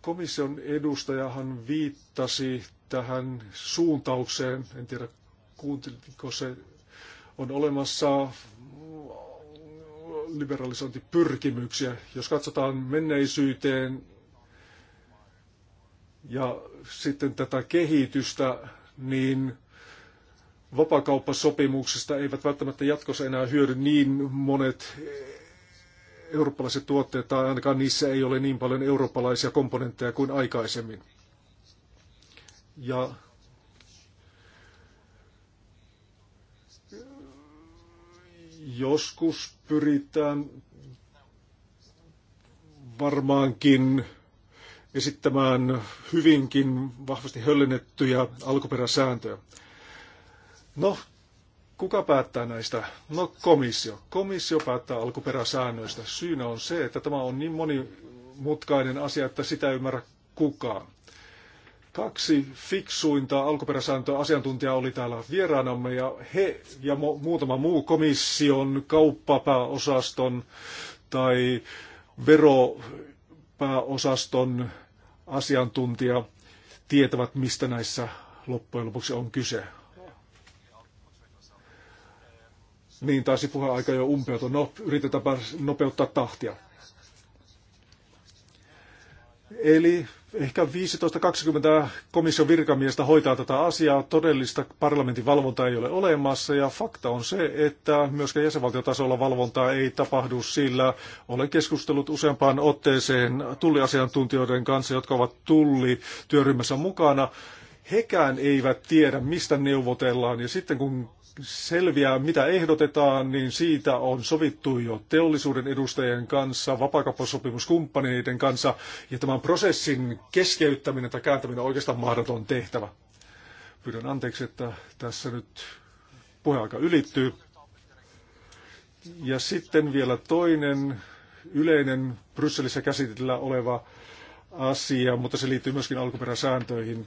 Komission edustajahan viittasi tähän suuntaukseen, en tiedä kuuntelitko se on olemassa liberalisointipyrkimyksiä. Jos katsotaan menneisyyteen ja sitten tätä kehitystä, niin vapakauppasopimuksista eivät välttämättä jatkossa enää hyödy niin monet eurooppalaiset tuotteet, tai ainakaan niissä ei ole niin paljon eurooppalaisia komponentteja kuin aikaisemmin. Ja Joskus pyritään varmaankin esittämään hyvinkin vahvasti höllennettyjä alkuperäsääntöjä. No, kuka päättää näistä? No, komissio. Komissio päättää alkuperäsäännöistä. Syynä on se, että tämä on niin monimutkainen asia, että sitä ei ymmärrä kukaan. Kaksi fiksuinta alkuperäsääntöasiantuntijaa oli täällä vieraanamme ja he ja muutama muu komission kauppapääosaston tai veropääosaston asiantuntija tietävät, mistä näissä loppujen lopuksi on kyse. Niin, taisi puheaika jo umpeutua. No, yritetäänpä nopeuttaa tahtia. Eli ehkä 15-20 komission virkamiestä hoitaa tätä asiaa. Todellista parlamentin valvontaa ei ole olemassa ja fakta on se, että myöskään jäsenvaltiotasolla valvontaa ei tapahdu, sillä olen keskustellut useampaan otteeseen tulliasiantuntijoiden kanssa, jotka ovat tulli työryhmässä mukana. Hekään eivät tiedä, mistä neuvotellaan ja sitten kun selviää, mitä ehdotetaan, niin siitä on sovittu jo teollisuuden edustajien kanssa, vapaakauppasopimuskumppaneiden kanssa, ja tämän prosessin keskeyttäminen tai kääntäminen on oikeastaan mahdoton tehtävä. Pyydän anteeksi, että tässä nyt puheaika ylittyy. Ja sitten vielä toinen yleinen Brysselissä käsitellä oleva asia, mutta se liittyy myöskin alkuperäsääntöihin.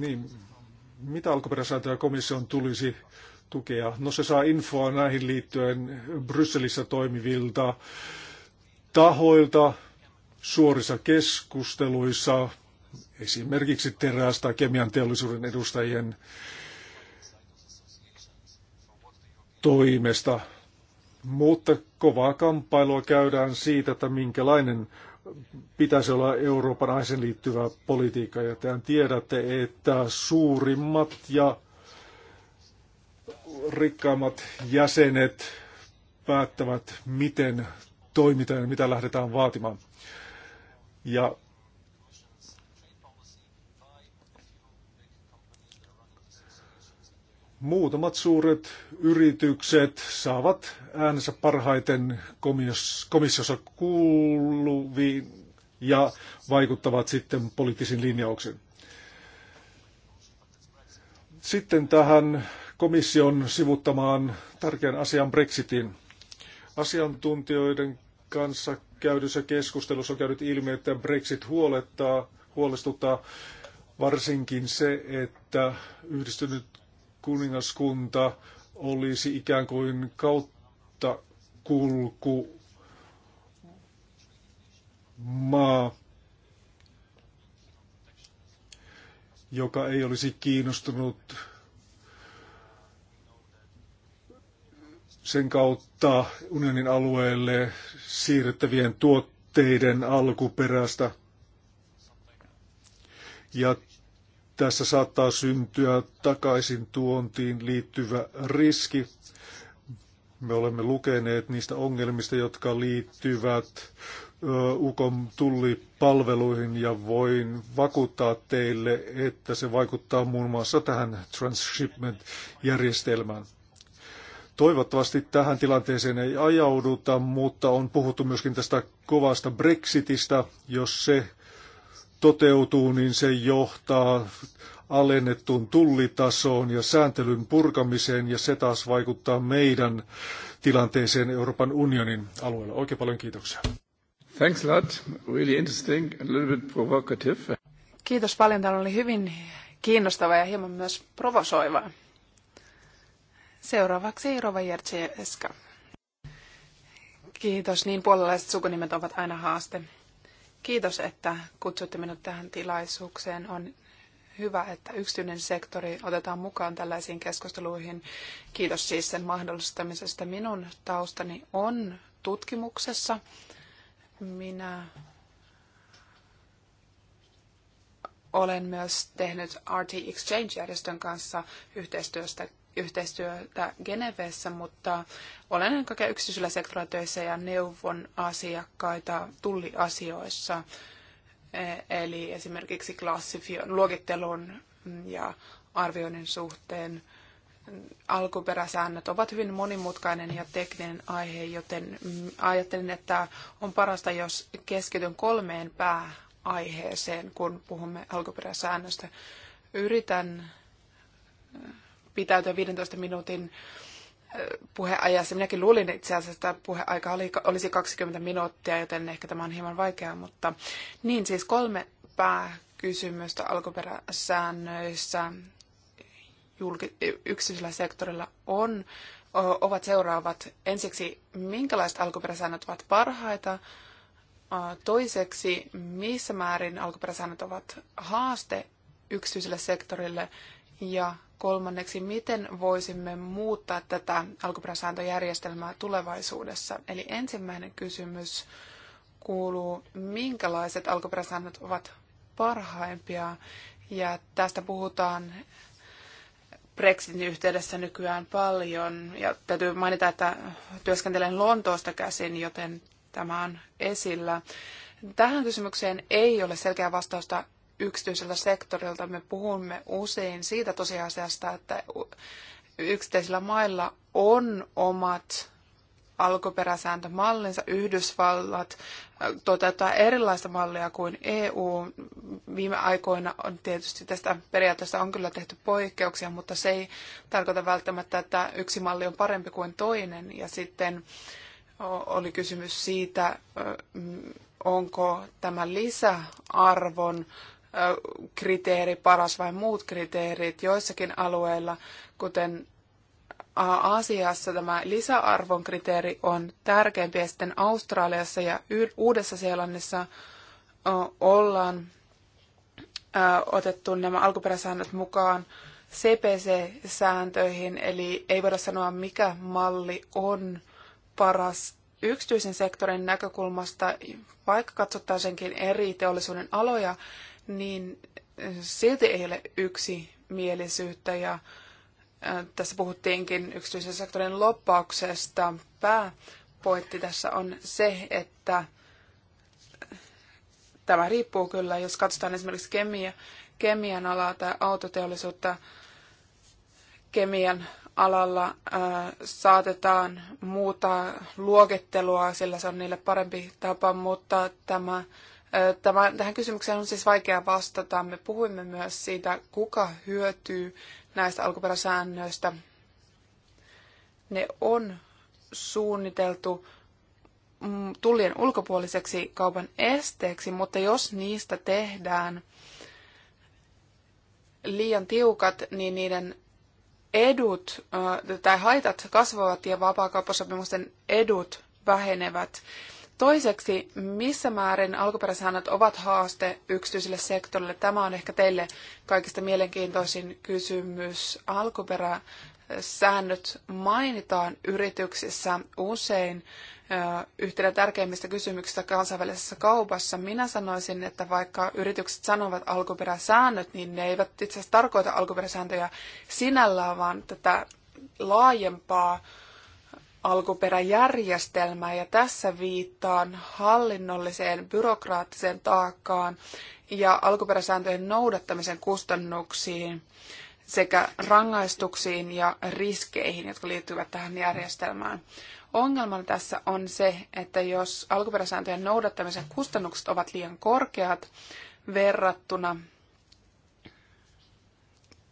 Niin, mitä alkuperäsääntöjä komission tulisi tukea? No se saa infoa näihin liittyen Brysselissä toimivilta tahoilta suorissa keskusteluissa, esimerkiksi teräs- tai kemian teollisuuden edustajien toimesta. Mutta kovaa kamppailua käydään siitä, että minkälainen pitäisi olla Euroopan naisen liittyvä politiikka. Ja tehän tiedätte, että suurimmat ja rikkaimmat jäsenet päättävät, miten toimitaan ja mitä lähdetään vaatimaan. Ja muutamat suuret yritykset saavat äänensä parhaiten komissiossa kuuluviin ja vaikuttavat sitten poliittisiin linjauksiin. Sitten tähän komission sivuttamaan tärkeän asian Brexitin. Asiantuntijoiden kanssa käydyssä keskustelussa on käynyt ilmi, että Brexit huolettaa, huolestuttaa varsinkin se, että yhdistynyt kuningaskunta olisi ikään kuin kautta kulku maa, joka ei olisi kiinnostunut sen kautta unionin alueelle siirrettävien tuotteiden alkuperästä. Ja tässä saattaa syntyä takaisin tuontiin liittyvä riski. Me olemme lukeneet niistä ongelmista, jotka liittyvät Ukon tullipalveluihin ja voin vakuuttaa teille, että se vaikuttaa muun muassa tähän transshipment-järjestelmään. Toivottavasti tähän tilanteeseen ei ajauduta, mutta on puhuttu myöskin tästä kovasta Brexitistä. Jos se toteutuu, niin se johtaa alennettuun tullitasoon ja sääntelyn purkamiseen, ja se taas vaikuttaa meidän tilanteeseen Euroopan unionin alueella. Oikein paljon kiitoksia. Thanks a lot. Really interesting and a little bit provocative. Kiitos paljon. Täällä oli hyvin kiinnostava ja hieman myös provosoiva. Seuraavaksi Rova Jertsieska. Kiitos. Niin puolalaiset sukunimet ovat aina haaste. Kiitos, että kutsuitte minut tähän tilaisuukseen. On hyvä, että yksityinen sektori otetaan mukaan tällaisiin keskusteluihin. Kiitos siis sen mahdollistamisesta. Minun taustani on tutkimuksessa. Minä olen myös tehnyt RT Exchange-järjestön kanssa yhteistyöstä yhteistyötä Genevessä, mutta olen kaiken kaikkea yksityisellä sektorilla töissä ja neuvon asiakkaita tulliasioissa, e, eli esimerkiksi klassifion, luokittelun ja arvioinnin suhteen. Alkuperäsäännöt ovat hyvin monimutkainen ja tekninen aihe, joten mm, ajattelin, että on parasta, jos keskityn kolmeen pääaiheeseen, kun puhumme alkuperäsäännöstä. Yritän pitäytyä 15 minuutin eh, puheajassa. Minäkin luulin itse asiassa, että puheaika oli, olisi 20 minuuttia, joten ehkä tämä on hieman vaikeaa, mutta niin siis kolme pääkysymystä alkuperäsäännöissä julki, yksityisellä sektorilla on, ovat seuraavat. Ensiksi, minkälaiset alkuperäsäännöt ovat parhaita? Toiseksi, missä määrin alkuperäsäännöt ovat haaste yksityiselle sektorille? Ja kolmanneksi, miten voisimme muuttaa tätä alkuperäsääntöjärjestelmää tulevaisuudessa. Eli ensimmäinen kysymys kuuluu, minkälaiset alkuperäsäännöt ovat parhaimpia. Ja tästä puhutaan Brexitin yhteydessä nykyään paljon. Ja täytyy mainita, että työskentelen Lontoosta käsin, joten tämä on esillä. Tähän kysymykseen ei ole selkeää vastausta yksityiseltä sektorilta. Me puhumme usein siitä tosiasiasta, että yksittäisillä mailla on omat alkuperäsääntömallinsa. Yhdysvallat äh, toteuttaa erilaista mallia kuin EU. Viime aikoina on tietysti tästä periaatteesta on kyllä tehty poikkeuksia, mutta se ei tarkoita välttämättä, että yksi malli on parempi kuin toinen. Ja sitten oli kysymys siitä, onko tämä lisäarvon kriteeri paras vai muut kriteerit joissakin alueilla, kuten Aasiassa tämä lisäarvon kriteeri on tärkeämpi ja sitten Australiassa ja Uudessa-Seelannissa ollaan otettu nämä alkuperäsäännöt mukaan CPC-sääntöihin, eli ei voida sanoa, mikä malli on paras yksityisen sektorin näkökulmasta, vaikka katsottaisiinkin eri teollisuuden aloja, niin eh, silti ei ole yksi mielisyyttä ja eh, tässä puhuttiinkin yksityisen sektorin loppauksesta. Pääpointti tässä on se, että eh, tämä riippuu kyllä, jos katsotaan esimerkiksi kemia, kemian alaa tai autoteollisuutta, kemian alalla äh, saatetaan muuta luokittelua, sillä se on niille parempi tapa, mutta tämä Tämä, tähän kysymykseen on siis vaikea vastata. Me puhuimme myös siitä, kuka hyötyy näistä alkuperäsäännöistä. Ne on suunniteltu mm, tullien ulkopuoliseksi kaupan esteeksi, mutta jos niistä tehdään liian tiukat, niin niiden edut tai haitat kasvavat ja vapaakauppasopimusten edut vähenevät. Toiseksi, missä määrin alkuperäisäännöt ovat haaste yksityiselle sektorille? Tämä on ehkä teille kaikista mielenkiintoisin kysymys. Alkuperäsäännöt mainitaan yrityksissä usein yhtenä tärkeimmistä kysymyksistä kansainvälisessä kaupassa. Minä sanoisin, että vaikka yritykset sanovat alkuperäsäännöt, niin ne eivät itse asiassa tarkoita alkuperäsääntöjä sinällään, vaan tätä laajempaa alkuperäjärjestelmää ja tässä viittaan hallinnolliseen byrokraattiseen taakkaan ja alkuperäsääntöjen noudattamisen kustannuksiin sekä rangaistuksiin ja riskeihin, jotka liittyvät tähän järjestelmään. Ongelmana tässä on se, että jos alkuperäsääntöjen noudattamisen kustannukset ovat liian korkeat verrattuna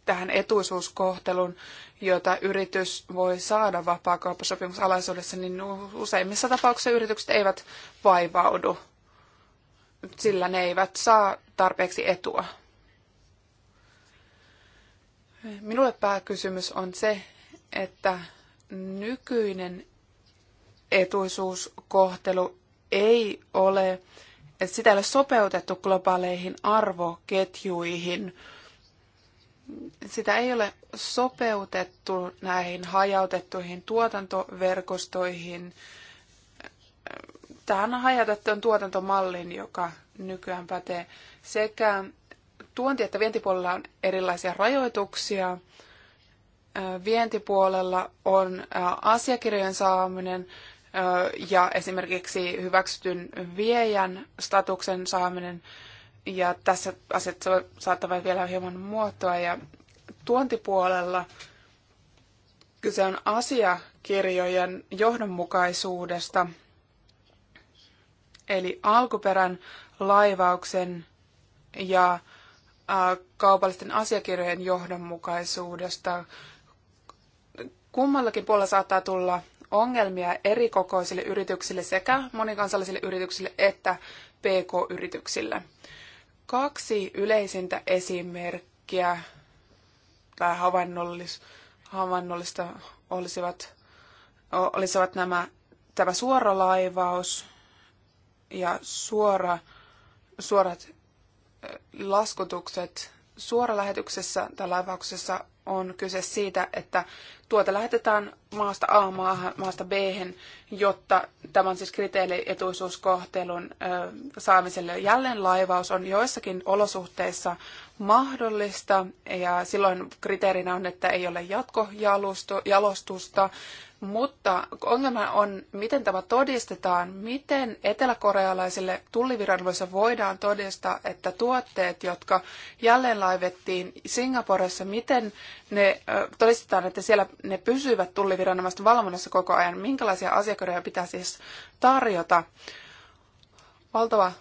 tähän etuisuuskohtelun, jota yritys voi saada vapaakauppasopimuksen alaisuudessa, niin useimmissa tapauksissa yritykset eivät vaivaudu, sillä ne eivät saa tarpeeksi etua. Minulle pääkysymys on se, että nykyinen etuisuuskohtelu ei ole, että sitä ei ole sopeutettu globaaleihin arvoketjuihin – sitä ei ole sopeutettu näihin hajautettuihin tuotantoverkostoihin, tähän hajautettuun tuotantomalliin, joka nykyään pätee. Sekä tuonti- että vientipuolella on erilaisia rajoituksia. Vientipuolella on asiakirjojen saaminen ja esimerkiksi hyväksytyn viejän statuksen saaminen ja tässä asiat saattavat vielä hieman muotoa. Ja tuontipuolella kyse on asiakirjojen johdonmukaisuudesta, eli alkuperän laivauksen ja kaupallisten asiakirjojen johdonmukaisuudesta. Kummallakin puolella saattaa tulla ongelmia eri kokoisille yrityksille sekä monikansallisille yrityksille että pk-yrityksille. Kaksi yleisintä esimerkkiä tai havainnollis, havainnollista olisivat, olisivat nämä, tämä suora laivaus ja suora, suorat laskutukset. Suoralähetyksessä tai laivauksessa on kyse siitä, että Tuota lähetetään maasta A maahan, maasta B, jotta tämän siis kriteeri ö, saamiselle jälleen laivaus on joissakin olosuhteissa mahdollista ja silloin kriteerinä on, että ei ole jatkojalostusta mutta ongelma on, miten tämä todistetaan, miten eteläkorealaisille tulliviranomaisille voidaan todistaa, että tuotteet, jotka jälleen laivettiin Singaporessa, miten ne todistetaan, että siellä ne pysyvät tulliviranomaisten valvonnassa koko ajan, minkälaisia asiakirjoja pitää siis tarjota. Valtava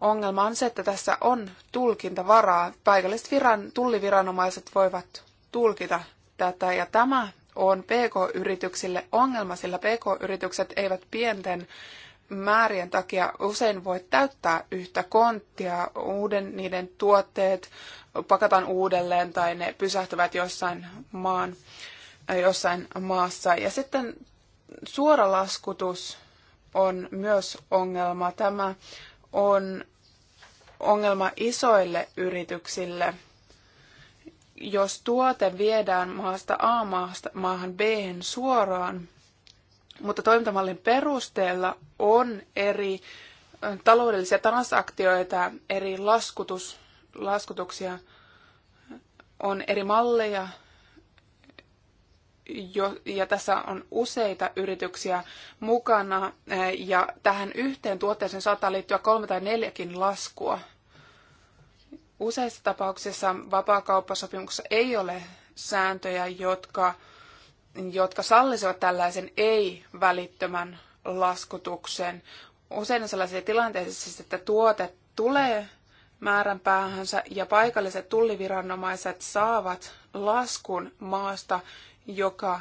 ongelma on se, että tässä on tulkintavaraa. Paikalliset viran, tulliviranomaiset voivat tulkita tätä ja tämä on PK-yrityksille ongelma, sillä PK-yritykset eivät pienten määrien takia usein voi täyttää yhtä konttia. Uuden niiden tuotteet pakataan uudelleen tai ne pysähtyvät jossain, maan, jossain maassa. Ja sitten suora laskutus on myös ongelma. Tämä on ongelma isoille yrityksille – jos tuote viedään maasta A maasta, maahan B suoraan, mutta toimintamallin perusteella on eri taloudellisia transaktioita, eri laskutus, laskutuksia, on eri malleja, jo, ja tässä on useita yrityksiä mukana, ja tähän yhteen tuotteeseen saattaa liittyä kolme tai neljäkin laskua – Useissa tapauksissa vapaakauppasopimuksessa ei ole sääntöjä, jotka, jotka sallisivat tällaisen ei-välittömän laskutuksen. Usein on sellaisia tilanteita siis, että tuote tulee määränpäähänsä ja paikalliset tulliviranomaiset saavat laskun maasta, joka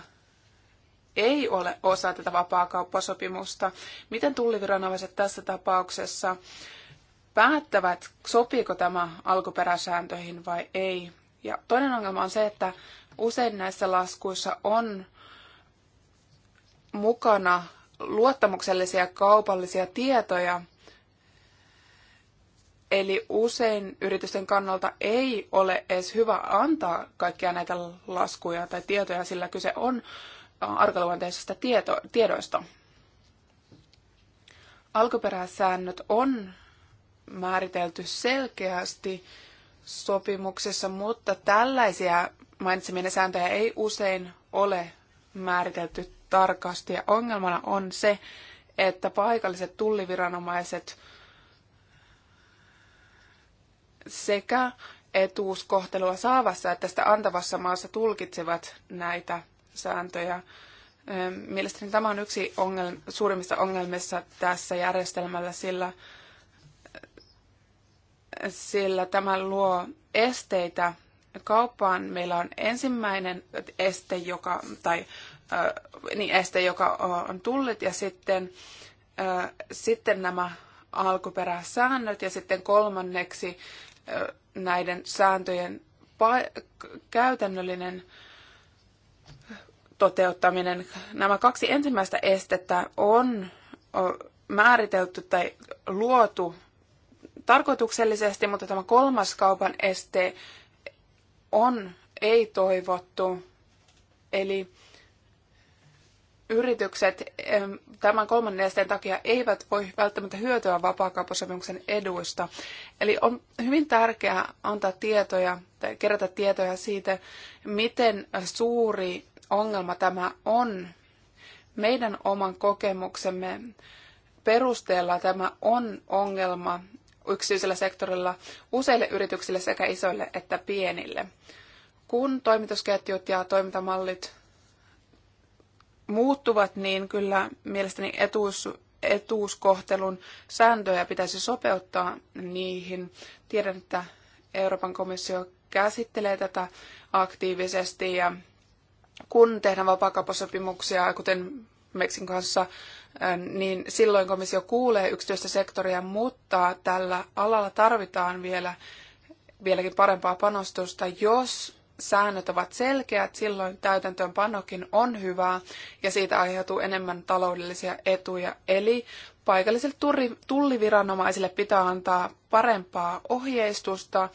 ei ole osa tätä vapaakauppasopimusta. Miten tulliviranomaiset tässä tapauksessa päättävät, sopiiko tämä alkuperäsääntöihin vai ei. Ja toinen ongelma on se, että usein näissä laskuissa on mukana luottamuksellisia kaupallisia tietoja, Eli usein yritysten kannalta ei ole edes hyvä antaa kaikkia näitä laskuja tai tietoja, sillä kyse on äh, arkaluonteisista tiedoista. Alkuperäsäännöt on määritelty selkeästi sopimuksessa, mutta tällaisia mainitsemienne sääntöjä ei usein ole määritelty tarkasti. Ja ongelmana on se, että paikalliset tulliviranomaiset sekä etuuskohtelua saavassa että tästä antavassa maassa tulkitsevat näitä sääntöjä. Mielestäni tämä on yksi ongel- suurimmista ongelmista tässä järjestelmällä, sillä sillä tämä luo esteitä kauppaan. Meillä on ensimmäinen este, joka, tai, äh, niin este, joka on tullut, ja sitten, äh, sitten nämä alkuperäsäännöt, ja sitten kolmanneksi äh, näiden sääntöjen pa- käytännöllinen toteuttaminen. Nämä kaksi ensimmäistä estettä on määritelty tai luotu tarkoituksellisesti, mutta tämä kolmas kaupan este on ei-toivottu. Eli yritykset tämän kolmannen esteen takia eivät voi välttämättä hyötyä vapaakauppasopimuksen eduista. Eli on hyvin tärkeää antaa tietoja tai kerätä tietoja siitä, miten suuri ongelma tämä on. Meidän oman kokemuksemme perusteella tämä on ongelma yksityisellä sektorilla useille yrityksille sekä isoille että pienille. Kun toimitusketjut ja toimintamallit muuttuvat, niin kyllä mielestäni etuus, etuuskohtelun sääntöjä pitäisi sopeuttaa niihin. Tiedän, että Euroopan komissio käsittelee tätä aktiivisesti ja kun tehdään vapaakauppasopimuksia, kuten Meksin kanssa, ähm, niin silloin komissio kuulee yksityistä sektoria, mutta tällä alalla tarvitaan vielä, vieläkin parempaa panostusta, jos säännöt ovat selkeät, silloin täytäntöönpanokin on hyvää ja siitä aiheutuu enemmän taloudellisia etuja. Eli paikallisille tulliviranomaisille pitää antaa parempaa ohjeistusta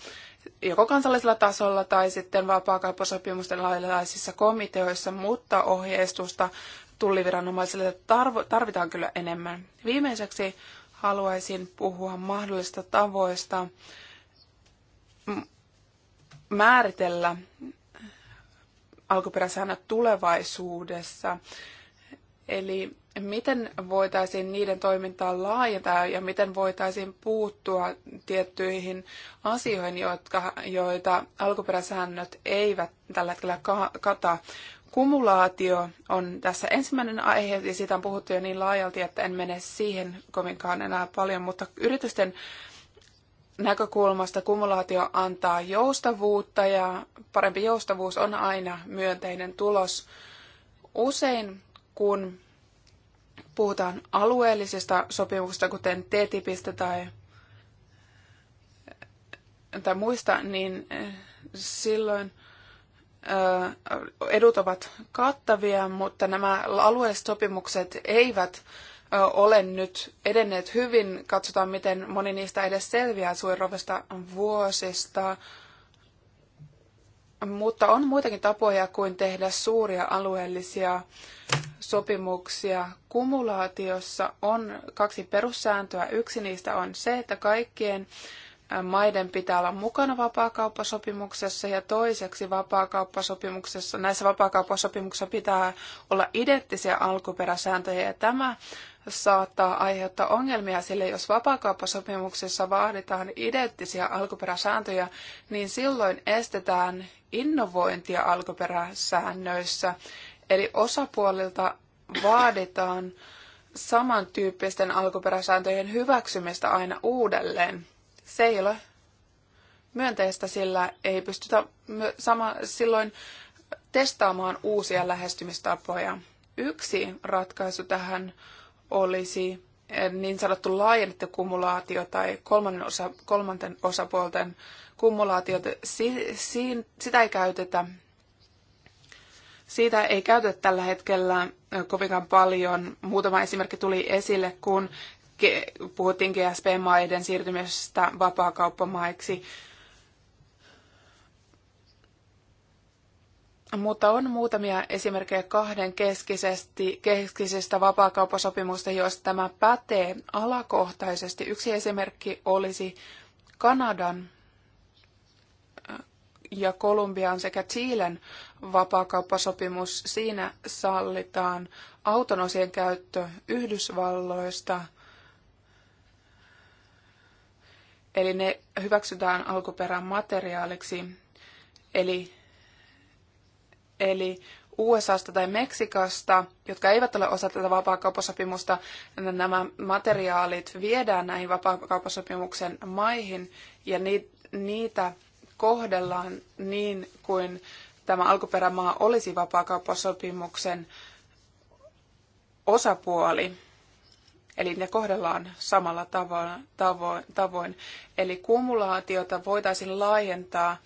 joko kansallisella tasolla tai sitten vapaakauppasopimusten laillalaisissa komiteoissa, mutta ohjeistusta tulliviranomaisille tarvitaan kyllä enemmän. Viimeiseksi haluaisin puhua mahdollisista tavoista määritellä alkuperäsäännöt tulevaisuudessa. Eli miten voitaisiin niiden toimintaa laajentaa ja miten voitaisiin puuttua tiettyihin asioihin, jotka, joita alkuperäsäännöt eivät tällä hetkellä kata. Kumulaatio on tässä ensimmäinen aihe, ja siitä on puhuttu jo niin laajalti, että en mene siihen kovinkaan enää paljon, mutta yritysten näkökulmasta kumulaatio antaa joustavuutta, ja parempi joustavuus on aina myönteinen tulos. Usein, kun puhutaan alueellisista sopimuksista, kuten TTIPistä tai, tai muista, niin eh, silloin edut ovat kattavia, mutta nämä alueelliset sopimukset eivät ole nyt edenneet hyvin. Katsotaan, miten moni niistä edes selviää suojeluovista vuosista. Mutta on muitakin tapoja kuin tehdä suuria alueellisia sopimuksia. Kumulaatiossa on kaksi perussääntöä. Yksi niistä on se, että kaikkien maiden pitää olla mukana vapaakauppasopimuksessa ja toiseksi vapaakauppasopimuksessa, näissä vapaakauppasopimuksissa pitää olla identtisiä alkuperäsääntöjä ja tämä saattaa aiheuttaa ongelmia, sillä jos vapaakauppasopimuksessa vaaditaan identtisiä alkuperäsääntöjä, niin silloin estetään innovointia alkuperäsäännöissä. Eli osapuolilta vaaditaan samantyyppisten alkuperäsääntöjen hyväksymistä aina uudelleen. Se ei ole myönteistä, sillä ei pystytä sama, silloin testaamaan uusia lähestymistapoja. Yksi ratkaisu tähän olisi eh, niin sanottu laajennettu kumulaatio tai kolmannen, osa, kolmanten osapuolten kumulaatio. Si, si, sitä ei käytetä. Siitä ei käytetä tällä hetkellä eh, kovinkaan paljon. Muutama esimerkki tuli esille, kun puhuttiin GSP-maiden siirtymisestä vapaakauppamaiksi. Mutta on muutamia esimerkkejä kahden keskisesti, keskisestä vapaakauppasopimusta, joista tämä pätee alakohtaisesti. Yksi esimerkki olisi Kanadan äh, ja Kolumbian sekä Chilen vapaakauppasopimus. Siinä sallitaan auton osien käyttö Yhdysvalloista – Eli ne hyväksytään alkuperän materiaaliksi. Eli, eli USAsta tai Meksikasta, jotka eivät ole osa tätä vapaakauppasopimusta, nämä materiaalit viedään näihin vapaakauppasopimuksen maihin ja niitä kohdellaan niin kuin tämä alkuperämaa olisi vapaakauppasopimuksen osapuoli. Eli ne kohdellaan samalla tavoin. tavoin, tavoin. Eli kumulaatiota voitaisiin laajentaa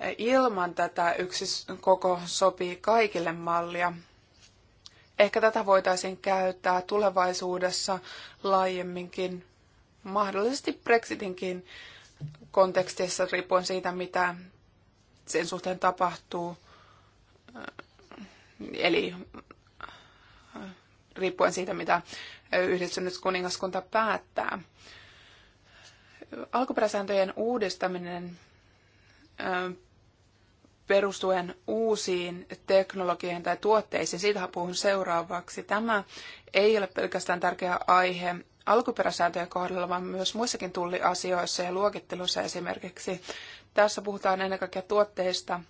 eh, ilman tätä yksi koko sopii kaikille mallia. Ehkä tätä voitaisiin käyttää tulevaisuudessa laajemminkin, mahdollisesti Brexitinkin kontekstissa, riippuen siitä, mitä sen suhteen tapahtuu. Eh, eli eh, riippuen siitä, mitä yhdistynyt kuningaskunta päättää. Alkuperäsääntöjen uudistaminen perustuen uusiin teknologioihin tai tuotteisiin, siitä puhun seuraavaksi. Tämä ei ole pelkästään tärkeä aihe alkuperäsääntöjen kohdalla, vaan myös muissakin tulliasioissa ja luokittelussa esimerkiksi. Tässä puhutaan ennen kaikkea tuotteista,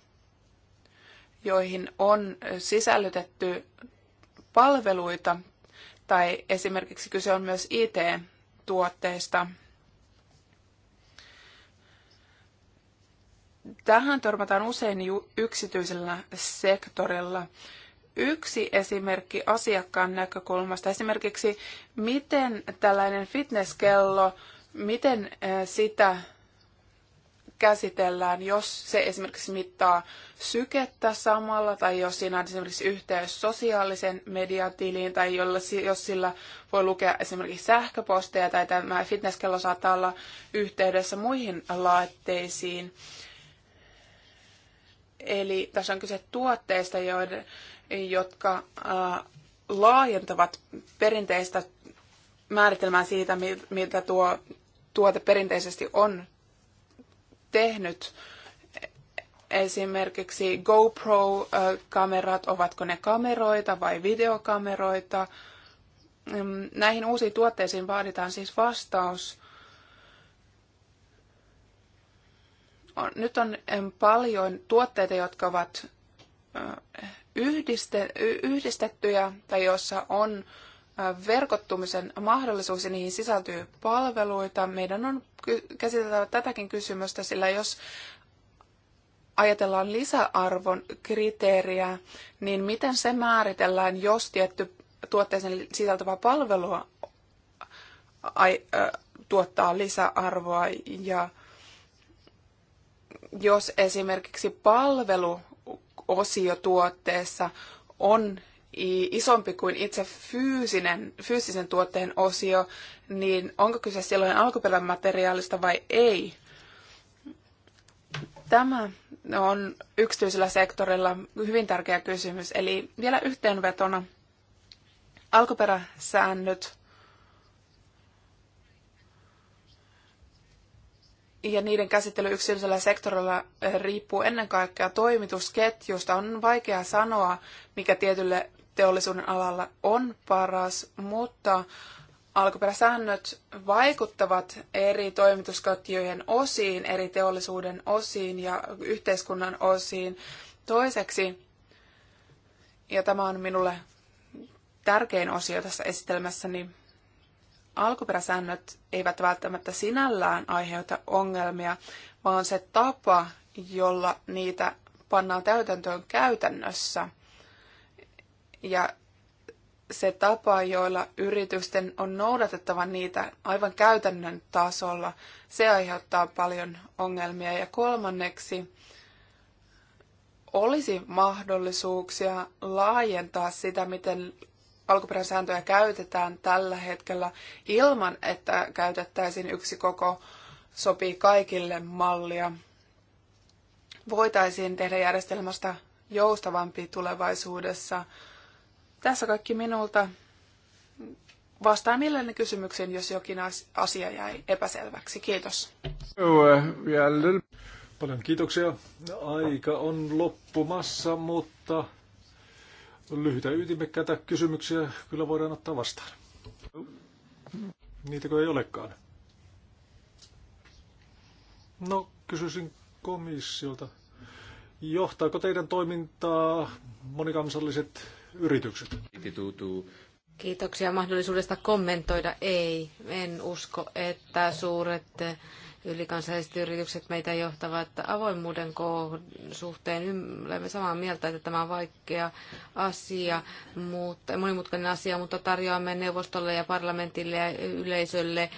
joihin on sisällytetty palveluita tai esimerkiksi kyse on myös IT-tuotteista. Tähän törmätään usein yksityisellä sektorilla. Yksi esimerkki asiakkaan näkökulmasta, esimerkiksi miten tällainen fitnesskello, miten eh, sitä käsitellään, jos se esimerkiksi mittaa sykettä samalla, tai jos siinä on esimerkiksi yhteys sosiaalisen median tiliin, tai jos sillä voi lukea esimerkiksi sähköposteja, tai tämä fitnesskello saattaa olla yhteydessä muihin laitteisiin. Eli tässä on kyse tuotteista, joiden, jotka äh, laajentavat perinteistä määritelmää siitä, miltä tuo tuote perinteisesti on tehnyt esimerkiksi GoPro-kamerat, ovatko ne kameroita vai videokameroita. Mm, näihin uusiin tuotteisiin vaaditaan siis vastaus. Nyt on paljon tuotteita, jotka ovat yhdistettyjä tai joissa on verkottumisen mahdollisuus ja niihin sisältyy palveluita. Meidän on käsiteltävä tätäkin kysymystä, sillä jos ajatellaan lisäarvon kriteeriä, niin miten se määritellään, jos tietty tuotteeseen sisältävä palvelua tuottaa lisäarvoa ja jos esimerkiksi palveluosio tuotteessa on isompi kuin itse fyysinen, fyysisen tuotteen osio, niin onko kyse silloin alkuperämateriaalista vai ei? Tämä on yksityisellä sektorilla hyvin tärkeä kysymys. Eli vielä yhteenvetona alkuperäsäännöt ja niiden käsittely yksityisellä sektorilla eh, riippuu ennen kaikkea toimitusketjusta. On vaikea sanoa, mikä tietylle teollisuuden alalla on paras, mutta alkuperäsäännöt vaikuttavat eri toimitusketjujen osiin, eri teollisuuden osiin ja yhteiskunnan osiin. Toiseksi, ja tämä on minulle tärkein osio tässä esitelmässä, niin alkuperäsäännöt eivät välttämättä sinällään aiheuta ongelmia, vaan se tapa, jolla niitä pannaan täytäntöön käytännössä – ja se tapa, joilla yritysten on noudatettava niitä aivan käytännön tasolla, se aiheuttaa paljon ongelmia. Ja kolmanneksi olisi mahdollisuuksia laajentaa sitä, miten alkuperäisääntöjä käytetään tällä hetkellä ilman, että käytettäisiin yksi koko sopii kaikille mallia. Voitaisiin tehdä järjestelmästä joustavampi tulevaisuudessa – tässä kaikki minulta. vastaa mielelläni kysymykseen, jos jokin asia jäi epäselväksi. Kiitos. Oh, uh, Paljon kiitoksia. Aika on loppumassa, mutta lyhyitä ytimekkäitä kysymyksiä kyllä voidaan ottaa vastaan. Niitäkö ei olekaan? No, kysyisin komissiolta. Johtaako teidän toimintaa monikansalliset yritykset. Kiitoksia mahdollisuudesta kommentoida. Ei, en usko, että suuret ylikansalliset yritykset meitä johtavat avoimuuden suhteen. Olemme samaa mieltä, että tämä on vaikea asia, mutta, monimutkainen asia, mutta tarjoamme neuvostolle ja parlamentille ja yleisölle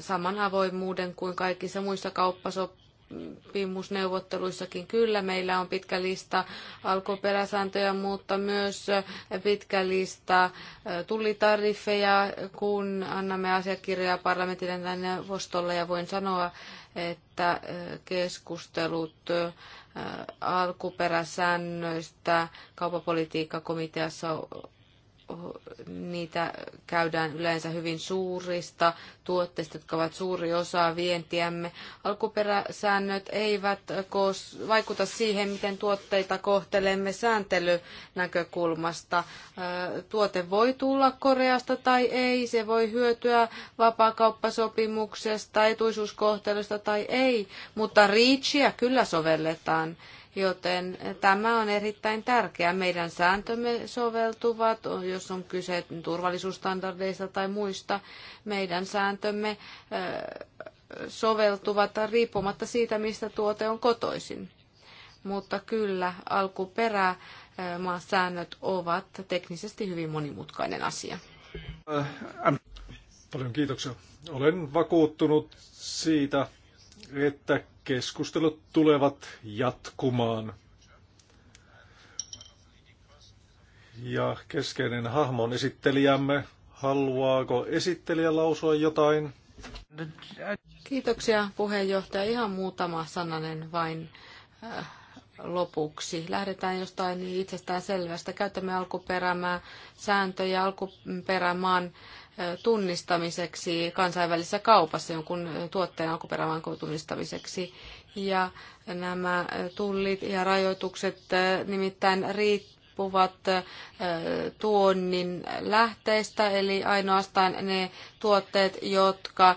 saman avoimuuden kuin kaikissa muissa kauppasopimuksissa sopimusneuvotteluissakin kyllä meillä on pitkä lista alkuperäsääntöjä, mutta myös pitkä lista tullitariffeja, kun annamme asiakirjaa parlamentille tai neuvostolle ja voin sanoa, että keskustelut alkuperäsäännöistä kaupapolitiikkakomiteassa niitä käydään yleensä hyvin suurista tuotteista, jotka ovat suuri osa vientiämme. Alkuperäsäännöt eivät vaikuta siihen, miten tuotteita kohtelemme sääntelynäkökulmasta. Tuote voi tulla Koreasta tai ei, se voi hyötyä vapaakauppasopimuksesta, etuisuuskohtelusta tai ei, mutta riitsiä kyllä sovelletaan joten tämä on erittäin tärkeää. Meidän sääntömme soveltuvat, jos on kyse turvallisuusstandardeista tai muista, meidän sääntömme soveltuvat riippumatta siitä, mistä tuote on kotoisin. Mutta kyllä, alkuperä säännöt ovat teknisesti hyvin monimutkainen asia. Äh, Paljon kiitoksia. Olen vakuuttunut siitä, että keskustelut tulevat jatkumaan. Ja keskeinen hahmon esittelijämme. Haluaako esittelijä lausua jotain? Kiitoksia puheenjohtaja. Ihan muutama sananen vain äh, lopuksi. Lähdetään jostain itsestään selvästä. Käytämme alkuperämää sääntöjä, alkuperämaan tunnistamiseksi kansainvälisessä kaupassa jonkun tuotteen alkuperämaan tunnistamiseksi. Ja nämä tullit ja rajoitukset nimittäin riittävät riippuvat tuonnin lähteistä, eli ainoastaan ne tuotteet, jotka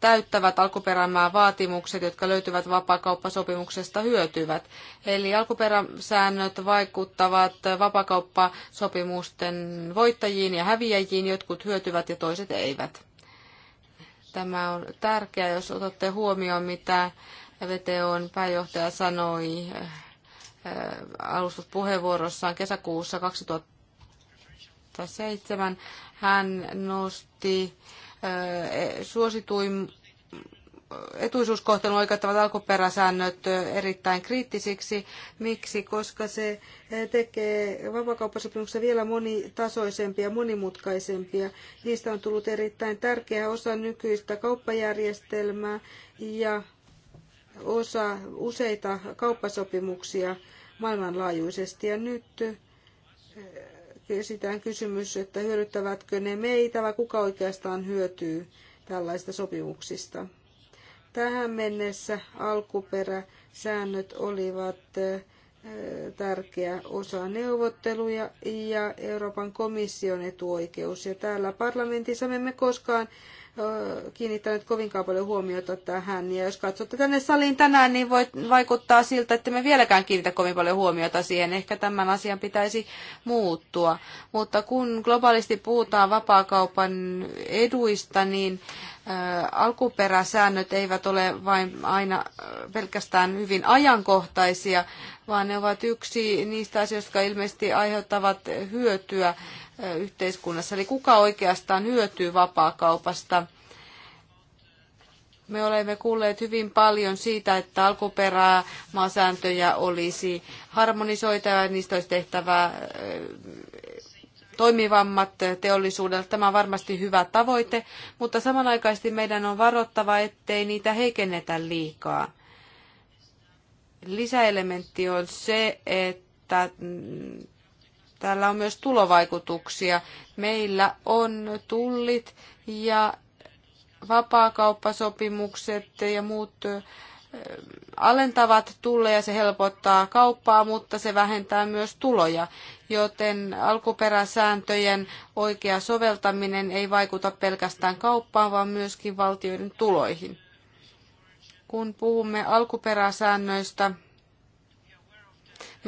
täyttävät alkuperämää vaatimukset, jotka löytyvät vapakauppasopimuksesta hyötyvät. Eli alkuperäsäännöt vaikuttavat vapakauppasopimusten voittajiin ja häviäjiin, jotkut hyötyvät ja toiset eivät. Tämä on tärkeää, jos otatte huomioon, mitä VTOn pääjohtaja sanoi Äh, alustuspuheenvuorossaan kesäkuussa 2007 hän nosti äh, e, suosituin etuisuuskohtelun oikeuttavat alkuperäsäännöt äh, erittäin kriittisiksi. Miksi? Koska se tekee vapakauppasopimuksessa vielä monitasoisempia ja monimutkaisempia. Niistä on tullut erittäin tärkeä osa nykyistä kauppajärjestelmää ja osa useita kauppasopimuksia – maailmanlaajuisesti. Ja nyt kysytään eh, kysymys, että hyödyttävätkö ne meitä vai kuka oikeastaan hyötyy tällaista sopimuksista. Tähän mennessä alkuperäsäännöt olivat eh, tärkeä osa neuvotteluja ja Euroopan komission etuoikeus. Ja täällä parlamentissa me emme koskaan kiinnittänyt kovinkaan paljon huomiota tähän. Ja jos katsotte tänne saliin tänään, niin voi vaikuttaa siltä, että me vieläkään kiinnitä kovin paljon huomiota siihen. Ehkä tämän asian pitäisi muuttua. Mutta kun globaalisti puhutaan vapaakaupan eduista, niin alkuperäsäännöt eivät ole vain aina pelkästään hyvin ajankohtaisia, vaan ne ovat yksi niistä asioista, jotka ilmeisesti aiheuttavat hyötyä yhteiskunnassa. Eli kuka oikeastaan hyötyy vapaakaupasta? Me olemme kuulleet hyvin paljon siitä, että alkuperää maasääntöjä olisi harmonisoitava ja niistä olisi tehtävä toimivammat teollisuudelle. Tämä on varmasti hyvä tavoite, mutta samanaikaisesti meidän on varottava, ettei niitä heikennetä liikaa. Lisäelementti on se, että Tällä on myös tulovaikutuksia. Meillä on tullit ja vapaakauppasopimukset ja muut alentavat tulleja, se helpottaa kauppaa, mutta se vähentää myös tuloja, joten alkuperäsääntöjen oikea soveltaminen ei vaikuta pelkästään kauppaan, vaan myöskin valtioiden tuloihin. Kun puhumme alkuperäsäännöistä,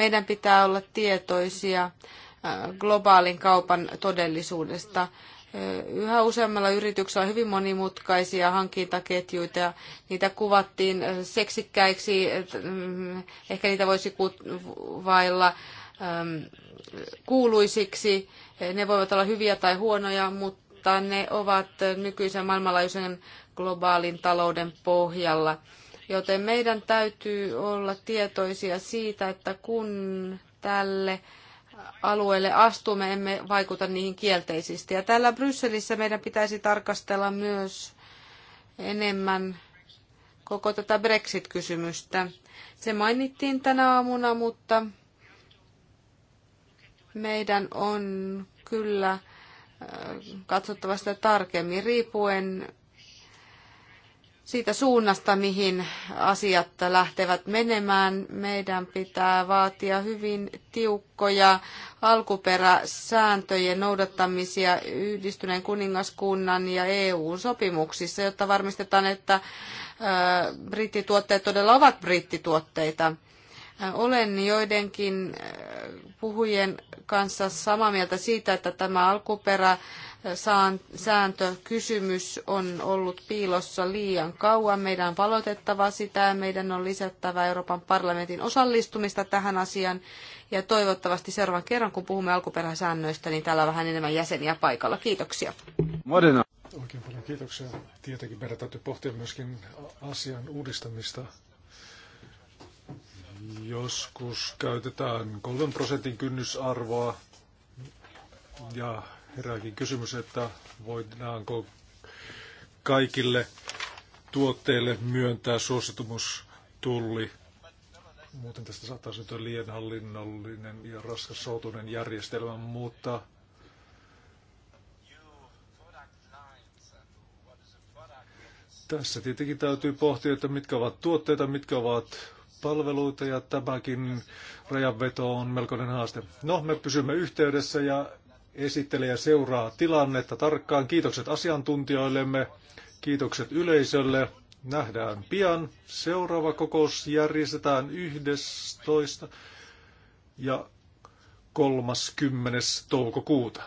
meidän pitää olla tietoisia äh, globaalin kaupan todellisuudesta. Äh, yhä useammalla yrityksellä on hyvin monimutkaisia hankintaketjuita ja niitä kuvattiin äh, seksikkäiksi, mm, ehkä niitä voisi kuvailla ähm, kuuluisiksi. Ne voivat olla hyviä tai huonoja, mutta ne ovat nykyisen maailmanlaajuisen globaalin talouden pohjalla. Joten meidän täytyy olla tietoisia siitä, että kun tälle alueelle astumme, emme vaikuta niihin kielteisesti. Ja täällä Brysselissä meidän pitäisi tarkastella myös enemmän koko tätä Brexit-kysymystä. Se mainittiin tänä aamuna, mutta meidän on kyllä äh, katsottava sitä tarkemmin riippuen siitä suunnasta, mihin asiat lähtevät menemään. Meidän pitää vaatia hyvin tiukkoja alkuperäsääntöjen noudattamisia yhdistyneen kuningaskunnan ja EU-sopimuksissa, jotta varmistetaan, että brittituotteet todella ovat brittituotteita. Olen joidenkin puhujien kanssa samaa mieltä siitä, että tämä alkuperä sääntökysymys on ollut piilossa liian kauan. Meidän on valotettava sitä ja meidän on lisättävä Euroopan parlamentin osallistumista tähän asiaan. Ja toivottavasti seuraavan kerran, kun puhumme alkuperäsäännöistä, niin täällä on vähän enemmän jäseniä paikalla. Kiitoksia. Modena. Oikein paljon kiitoksia. Tietenkin meidän täytyy pohtia myöskin asian uudistamista. Joskus käytetään kolmen prosentin kynnysarvoa ja herääkin kysymys, että voidaanko kaikille tuotteille myöntää suositumustulli. Muuten tästä saattaa syntyä liian hallinnollinen ja raskas soutunen järjestelmä, mutta tässä tietenkin täytyy pohtia, että mitkä ovat tuotteita, mitkä ovat palveluita ja tämäkin rajanveto on melkoinen haaste. No, me pysymme yhteydessä ja Esittelijä seuraa tilannetta tarkkaan. Kiitokset asiantuntijoillemme, kiitokset yleisölle. Nähdään pian. Seuraava kokous järjestetään 11. ja 30. toukokuuta.